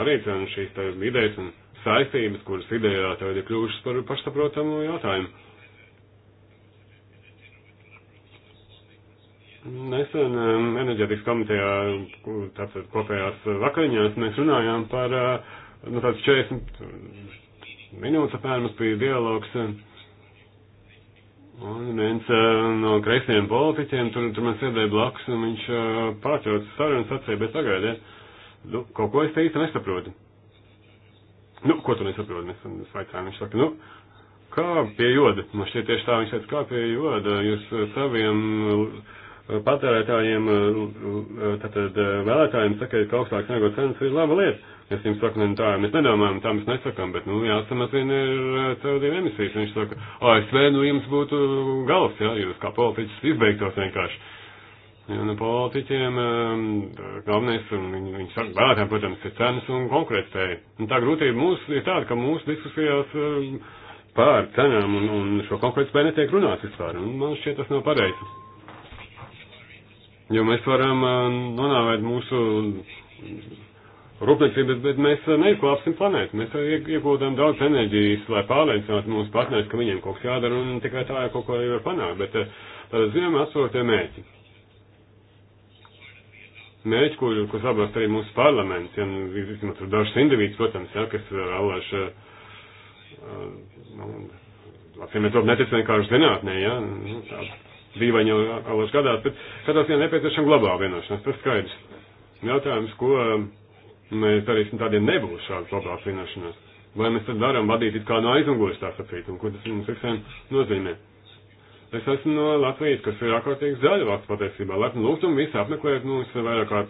arī dzen, šīs tā, idejas un saistības, kuras idejā tagad ir kļuvušas par pašsaprotamu jautājumu. Nesen um, enerģētikas komitejā, tātad kopējās vakariņās, mēs runājām par, uh, nu, tāds 40 minūtes apmēram bija dialogs. Uh, un viens uh, no kreisajiem politiķiem, tur, tur man sēdēja blakus, un viņš pārtrauca sarunu sacīja, bet tagad, ja, Nu, kaut ko es te īsti nesaprotu. Nu, ko tu nesaproti? Mēs, mēs vaicājām, viņš saka, nu, kā pie joda? Man nu, šķiet tieši tā, viņš teica, kā pie joda. Jūs eh, saviem eh, patērētājiem, eh, tātad vēlētājiem sakat, ka augstāks nego cenas ir laba lieta. Es jums saku, nu tā, mēs nedomājam, tā mēs nesakām, bet, nu, jāsamazina ir CO2 emisijas. Viņš saka, ASV, nu, jums būtu gals, jā, jūs kā politiķis izbeigtos vienkārši. Jo, nu, politiķiem um, galvenais, un viņi, viņi saka, vēlētājiem, protams, ir cenas un konkurētspēja. Un tā grūtība mūs ir tāda, ka mūsu diskusijās um, pār cenām un, un šo konkurētspēju netiek runāts vispār. Un man šķiet, tas nav pareizi. Jo mēs varam um, nonāvēt mūsu rūpniecību, bet, bet mēs uh, neizklāpsim planētu. Mēs uh, iegūdam daudz enerģijas, lai pārliecinātu mūsu partneri, ka viņiem kaut kas jādara un tikai tā jau kaut ko jau var panākt. Bet uh, tādā ziņā mēs atsvarot tie mērķi mērķi, kur, kurus atbalsta arī mūsu parlaments, ja nu, vismaz tur dažs individs, protams, ja, kas vēlēš, uh, uh, nu, acīm redzot, netic vienkārši zinātnē, ja, nu, tā dīvaini jau vēlēš gadās, bet skatās, ja nepieciešama globāla vienošanās, tas skaidrs. Jautājums, ko um, mēs darīsim tādiem nebūs šādas globālas vienošanās. Vai mēs tad darām vadīt it kā no aizmugures tā sacīt, un ko tas mums visiem nozīmē? Es esmu no Latvijas, kas ir ārkārtīgi zaļa valsts patiesībā. Lepni lūgtum visi apmeklēt mūs nu, vairāk kā,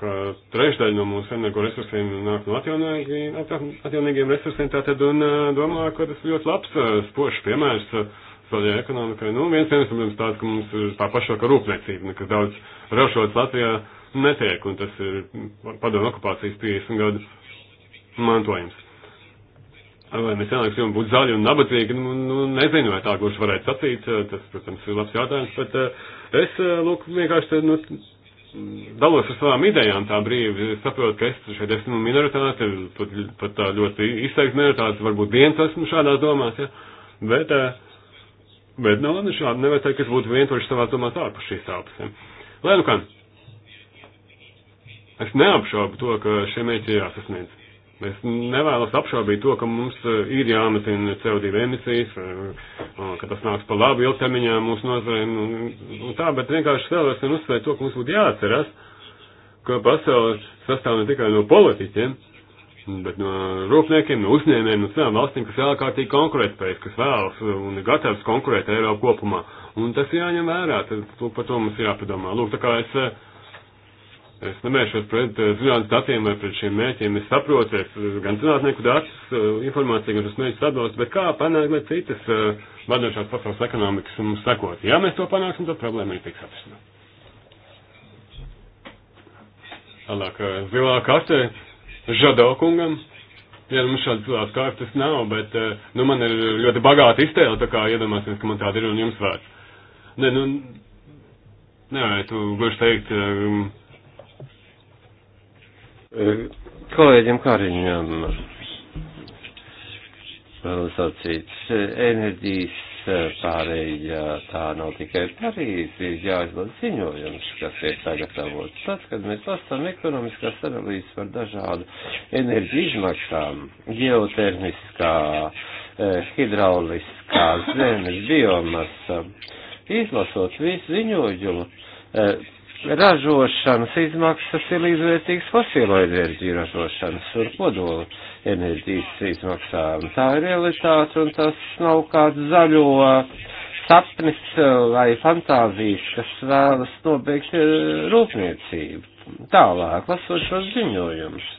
kā trešdaļu no mūsu energoresursiem nāk no atjaunīgiem, atjaunīgiem resursiem. Tātad un domāju, ka tas ir ļoti labs, spošs piemērs zaļajai ekonomikai. Nu, viens piemērs, protams, tāds, ka mums ir tā pašāka rūpniecība, nekas daudz ražots Latvijā netiek, un tas ir padomu okupācijas 50 gadu mantojums vai mēs vienlaikus jau būtu zaļi un nabadzīgi, nu, nu nezinu, vai tā gluži varētu sacīt, eh, tas, protams, ir labs jautājums, bet eh, es, eh, lūk, vienkārši, nu, dalos ar savām idejām tā brīvi, saprotu, ka es šeit esmu minoritāte, pat, pat tā ļoti izteikti minoritāte, varbūt viens esmu šādās domās, ja, bet, bet nav nu, labi šādi, nevajag teikt, ka es būtu vienkārši savās domās ārpus šīs tāpas, ja. Lai nu kā, es neapšaubu to, ka šie mērķi jāsasniedz. Es nevēlos apšaubīt to, ka mums e, ir jāmazina CO2 emisijas, e, ka tas nāks pa labu ilgtermiņā mūsu nozarēm un, un tā, bet vienkārši vēlēsim uzsvērt to, ka mums būtu jāatceras, ka pasaule sastāv ne tikai no politiķiem, bet no rūpniekiem, no uzņēmējiem, no citām valstīm, kas vēl kārtīgi konkurētspējas, kas vēlas e, un ir gatavs konkurēt Eiropā kopumā. Un tas jāņem vērā, tad lūk, par to mums jāpadomā. Lūk, tā kā es Es nevēršos pret eh, zinātnes datiem vai pret šiem mēķiem. Es saprotu, es eh, gan zinātnieku datus, eh, informāciju, gan šos mēģus atbalstu, bet kā panākt, lai citas vadošās pasaules ekonomikas mums sekot? Ja mēs to panāksim, tad problēma ir tiks atrisināt. Tālāk, zilā karte Žadokungam. Jā, nu šādas zilās kartes nav, bet nu, man ir ļoti bagāta iztēle, tā kā iedomāsimies, ka man tāda ir un jums vērts. Nu, nē, nu, nevarētu gluži teikt. Um, Kolēģim Kariņam vēlos sacīt, enerģijas pārējā tā nav tikai Parīze, ir jāizlaiž ziņojums, kas ir sagatavots. Tad, kad mēs lasām ekonomiskās analīzes par dažādu enerģiju izmaksām, geotermiskā, eh, hidrauliskā, zemes biomasa, izlasot visu ziņojumu, eh, ražošanas izmaksas ir līdzvērtīgas fosilo enerģiju ražošanas un kodolu enerģijas izmaksām. Tā ir realitāte un tas nav kāds zaļo sapnis vai fantāzijas, kas vēlas nobeigt rūpniecību. Tālāk, lasot šos ziņojumus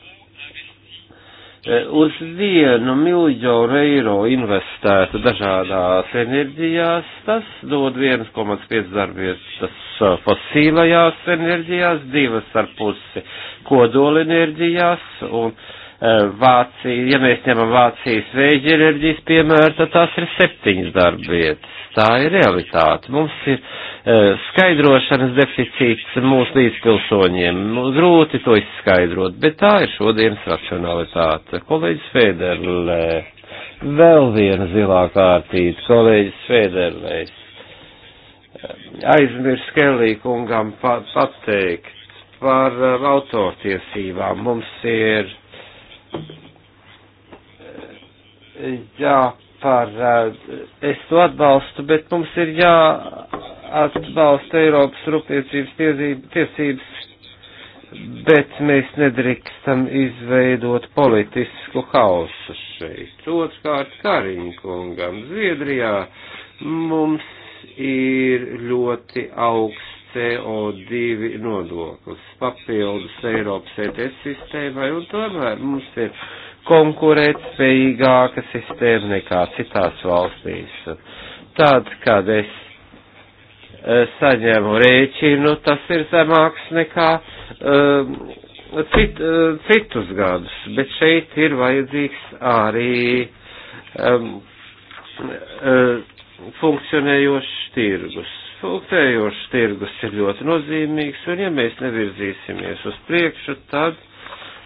Eh, uz vienu miljonu eiro investētu dažādās enerģijās, tas dod 1,5 darbietas eh, fosīlajās enerģijās, 2,5 kodolenerģijās un eh, Vācija, ja mēs ņemam Vācijas vēģa enerģijas piemēru, tad tās ir septiņas darbietas tā ir realitāte. Mums ir uh, skaidrošanas deficīts mūsu līdzpilsoņiem. Grūti to izskaidrot, bet tā ir šodienas racionalitāte. Kolēģis Federlē, vēl viena zilā kārtība, kolēģis Federlē. Aizmirst Kelī kungam pa pateikt par uh, autortiesībām. Mums ir. Uh, jā, par eh, es to atbalstu, bet mums ir jāatbalsta Eiropas rūpniecības tiesības, bet mēs nedrīkstam izveidot politisku hausu šeit. Otrkārt, Kariņkungam Zviedrijā mums ir ļoti augsts CO2 nodoklis papildus Eiropas ETS sistēmai, un tomēr mums ir konkurētspējīgāka sistēma nekā citās valstīs. Tad, kad es eh, saņemu rēķinu, nu, tas ir zemāks nekā um, cit, eh, citus gadus, bet šeit ir vajadzīgs arī um, funkcionējošs tirgus. Funkcionējošs tirgus ir ļoti nozīmīgs, un ja mēs nevirzīsimies uz priekšu, tad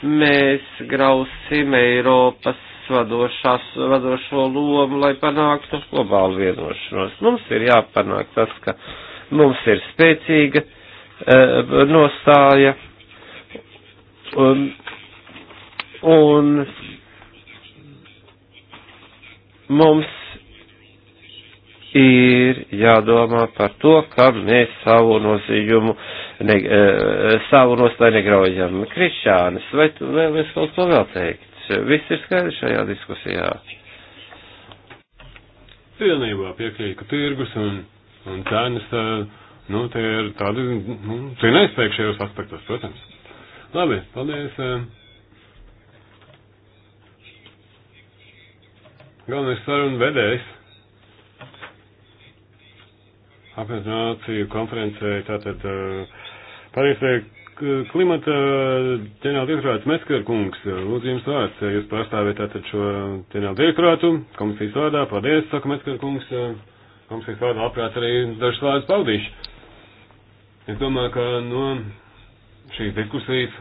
mēs grausim Eiropas vadošās, vadošo lomu, lai panāktu globālu vienošanos. Mums ir jāpanāk tas, ka mums ir spēcīga e, nostāja un, un mums ir jādomā par to, ka mēs savu nozījumu uh, ne, e, savu nostāju negraujam. Krišānis, vai tu vēlies kaut ko vēl teikt? Viss ir skaidrs šajā diskusijā. Pilnībā piekrītu, ka tirgus un, un cenas, e, nu, tie ir tādi, nu, cienējspēk šajos aspektos, protams. Labi, paldies. E. Galvenais saruna vedējs apvienāciju konferencē tātad uh, Parīzē klimata ģenerāla direktorāts Mesker kungs, lūdzu jums vārds, jūs pārstāvēt tātad šo ģenerāla direktorātu, komisijas vārdā, paldies, saka Mesker kungs, komisijas vārdā labprāt arī dažas vārdas paudīšu. Es domāju, ka no šīs diskusijas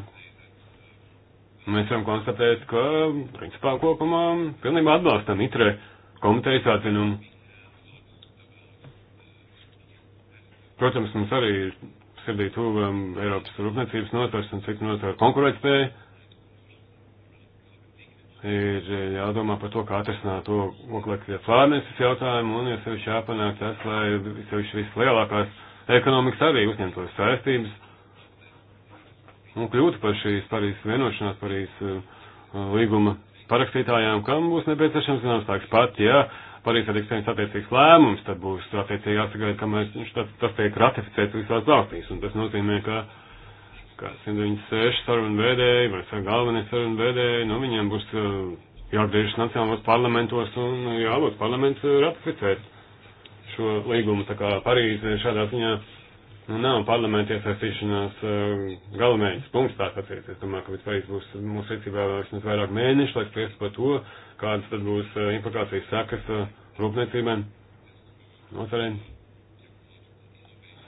mēs varam konstatēt, ka principā kopumā pilnībā atbalstam itre komitejas atzinumu. Protams, mums arī ir sirdītu um, Eiropas rūpniecības nozars un citu nozaru konkurētspēju. Ir eh, jādomā par to, kā atrisināt to oglekļa flārneses jautājumu un ir sevišķi jāpanāk tas, lai sevišķi vislielākās ekonomikas arī uzņemtos saistības un kļūtu par šīs Parīzes vienošanās, Parīzes uh, līguma parakstītājām, kam būs nepieciešams zināms tāds pat, ja Parīzē tiks saņemts attiecīgs lēmums, tad būs attiecīgi jāsagaida, kamēr tas, tas tiek ratificēts visās valstīs. Un tas nozīmē, ka, ka 196 sarunu vēdēji vai galvenie sarunu vēdēji, nu viņiem būs uh, jāatgriežas nacionālos parlamentos un jābūt parlaments uh, ratificēt šo līgumu. Tā kā Parīze šādā ziņā nu, nav parlamenta iesaistīšanās uh, galvenais punkts tā sacīt. Es domāju, ka vispār būs mūsu rīcībā vismaz vairāk mēnešu, lai spriestu par to kādas tad būs eh, implikācijas sekas eh, rūpniecībai. Nozarēm.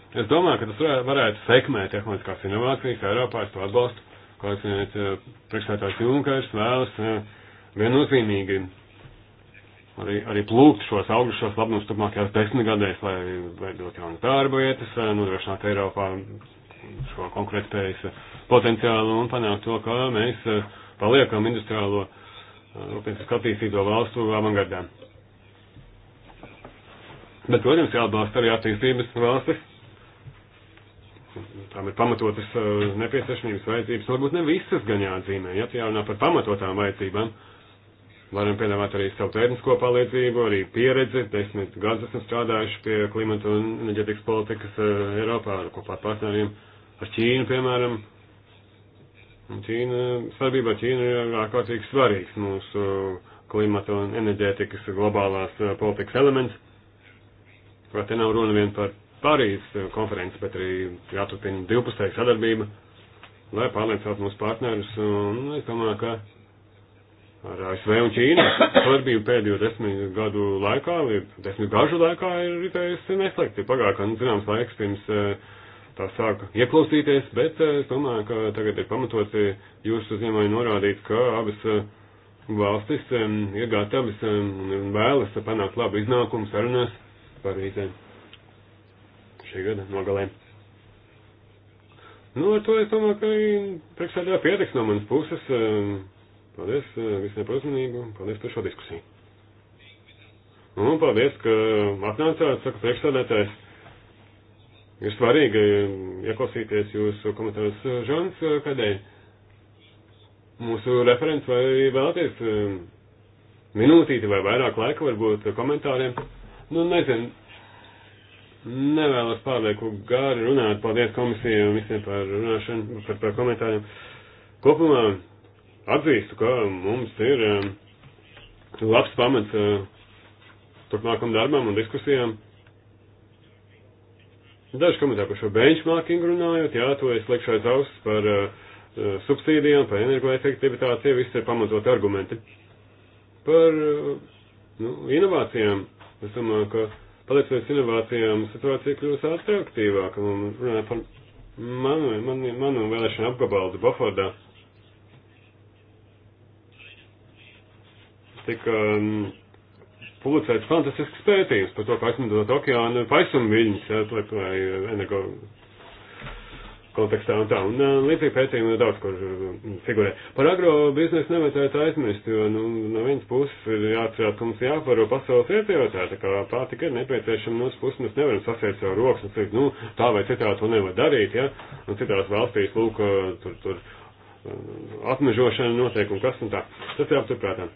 Nu, es domāju, ka tas varētu sekmēt tehnoloģiskās inovācijas Eiropā, es to atbalstu. Kā jūs zināt, eh, priekšsētājs Junkers vēlas viennozīmīgi arī, arī plūkt šos augšos labums turpmākajās desmitgadēs, lai veidot jaunas darba vietas, nodrošināt Eiropā šo konkurētspējas potenciālu un panākt to, ka mēs paliekam industriālo uh, rūpnieciski attīstīto valstu avangardā. Bet, protams, jāatbalsta arī attīstības valstis. Tām ir pamatotas uh, nepieciešamības vajadzības. Varbūt ne visas gan jāatzīmē, ja jārunā par pamatotām vajadzībām. Varam piedāvāt arī savu tērnisko palīdzību, arī pieredzi. Desmit gadus esmu strādājuši pie klimata un enerģetikas politikas uh, Eiropā kopā ar partneriem, ar Ķīnu, piemēram, Ķīna, sadarbība ar Ķīnu ir ārkārtīgi svarīgs mūsu klimata un enerģētikas globālās eh, politikas elements. Vai te nav runa vien par Parīzes eh, konferenci, bet arī jāturpina divpusēja sadarbība, lai pārliecinātu mūsu partnerus. Un es domāju, ka ar ASV un Ķīnu sadarbību pēdējo desmit gadu laikā, desmit gažu laikā ir ritējusi neslikti. Pagāja, ka, zināms, laiks pirms uh, tā sāka ieklausīties, bet eh, es domāju, ka tagad ir pamatots jūsu uzņēmumi norādīt, ka abas eh, valstis ir gatavas un vēlas panākt labu iznākumu sarunās par vīzēm šī gada nogalē. Nu, ar to es domāju, ka priekšsēdējā pietiks no manas puses. Paldies eh, visiem par uzmanību, paldies par šo diskusiju. Nu, un paldies, ka atnācāt, saka priekšsēdētājs. Ir svarīgi ieklausīties jūsu komentārus, Žons, kādēļ mūsu referents vai vēlaties um, minūtīti vai vairāk laika varbūt komentāriem. Nu, nezinu, nevēlas pārlieku gāri runāt. Paldies komisijai un visiem par runāšanu, par, par komentāriem. Kopumā atzīstu, ka mums ir um, labs pamats uh, turpmākam darbam un diskusijām. Daži komentāri par šo benchmarking runājot, jā, to es liekšu aiz auss par uh, subsīdijām, par energoefektivitāti, tie visi ir pamatot argumenti. Par uh, nu, inovācijām, es domāju, ka pateicoties inovācijām, situācija kļūst atraktīvāka. Un runāju par manu, manu, manu vēlēšanu apgabalu Bofordā. Tika. Um, publicēts fantastisks pētījums par to, kā izmantot okeānu paisumu viļņus, ja, lai, lai energo kontekstā un tā. Un līdzīgi pētījumi daudz kur figurē. Par agro biznesu nevajadzētu aizmirst, jo nu, no vienas puses ir jāatcerās, ka mums jāapvaro pasaules iedzīvotāji, tā kā pārtika ir nepieciešama mūsu puses, mēs nevaram sasēt savu rokas un teikt, nu, tā vai citā to nevar darīt, ja, un citās valstīs, lūk, tur, tur apmežošana notiek un kas un tā. Tas jāpaturprātā.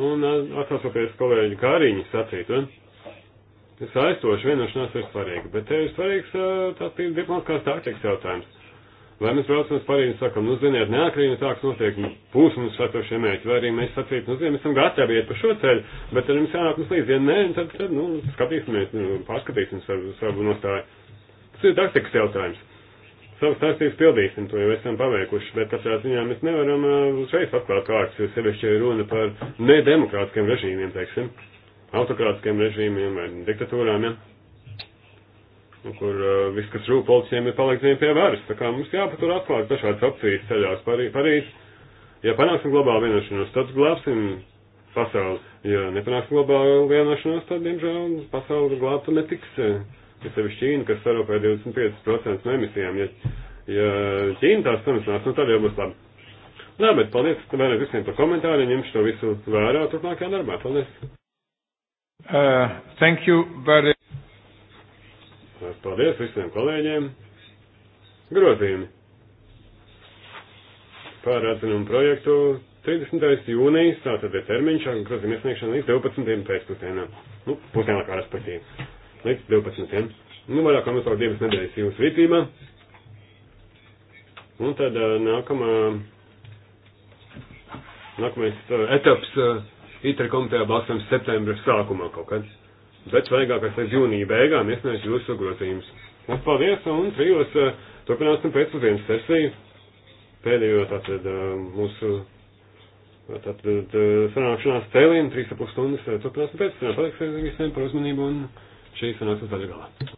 Un atsaucoties kolēģi Kāriņa sacītu, es aizstošu vienošanās ir svarīga, bet te ir svarīgs tāds diplomātiskās taktikas jautājums. Vai mēs braucam uz Parīzi un sakam, nu ziniet, neatkarīgi no tā, kas notiek, nu, būs mums satošie mērķi, vai arī mēs sacītu, nu ziniet, mēs esam gatavi iet pa šo ceļu, bet tad jums jānāk mums līdzi, ja nē, tad, tad, nu, skatīsimies, nu, pārskatīsim savu, savu nostāju. Tas ir taktikas jautājums savas saistības pildīsim, to jau esam paveikuši, bet katrā ziņā mēs nevaram uzreiz uh, atklāt kārtas, jo sevišķi runa par nedemokrātiskiem režīmiem, teiksim, autokrātiskiem režīmiem vai diktatūrām, ja? Nu, kur uh, viss, kas rūp policijiem, ir palikt vien pie varas. Tā kā mums jāpatur atklāt dažādas opcijas ceļās Parī, Parīz. Ja panāksim globālu vienošanos, tad glābsim pasauli. Ja nepanāksim globālu vienošanos, tad, diemžēl, pasauli glābtu netiks. Uh, ja sevišķi Ķīna, kas saro par 25% no emisijām, ja, ja Ķīna tās samazinās, nu tad jau būs labi. Nē, bet paldies vēlreiz visiem par komentāriem, ņemšu to visu vērā turpmākajā darbā. Paldies! Uh, thank you very much. Paldies visiem kolēģiem. Grozījumi. Par atzinumu projektu 30. jūnijas, tātad ir termiņš, grozījuma iesniegšana līdz 12. pēcpusdienām. Nu, pusdienā kā respektīvi līdz 12. Nu, vairāk kā mēs vēl divas nedēļas jūsu rīcībā. Un tad nākamā, nākamais etaps ITRE komitejā balsojums septembra sākumā kaut kad. Bet svaigākais līdz jūnija beigām iesniegšu jūsu grozījumus. Un paldies, un trijos turpināsim pēcpusdienas sesiju. Pēdējo tātad mūsu tātad sanākšanās cēlīna, 3,5 stundas turpināsim pēcpusdienā. Paldies visiem par uzmanību un. Šīs un otras daļas galā.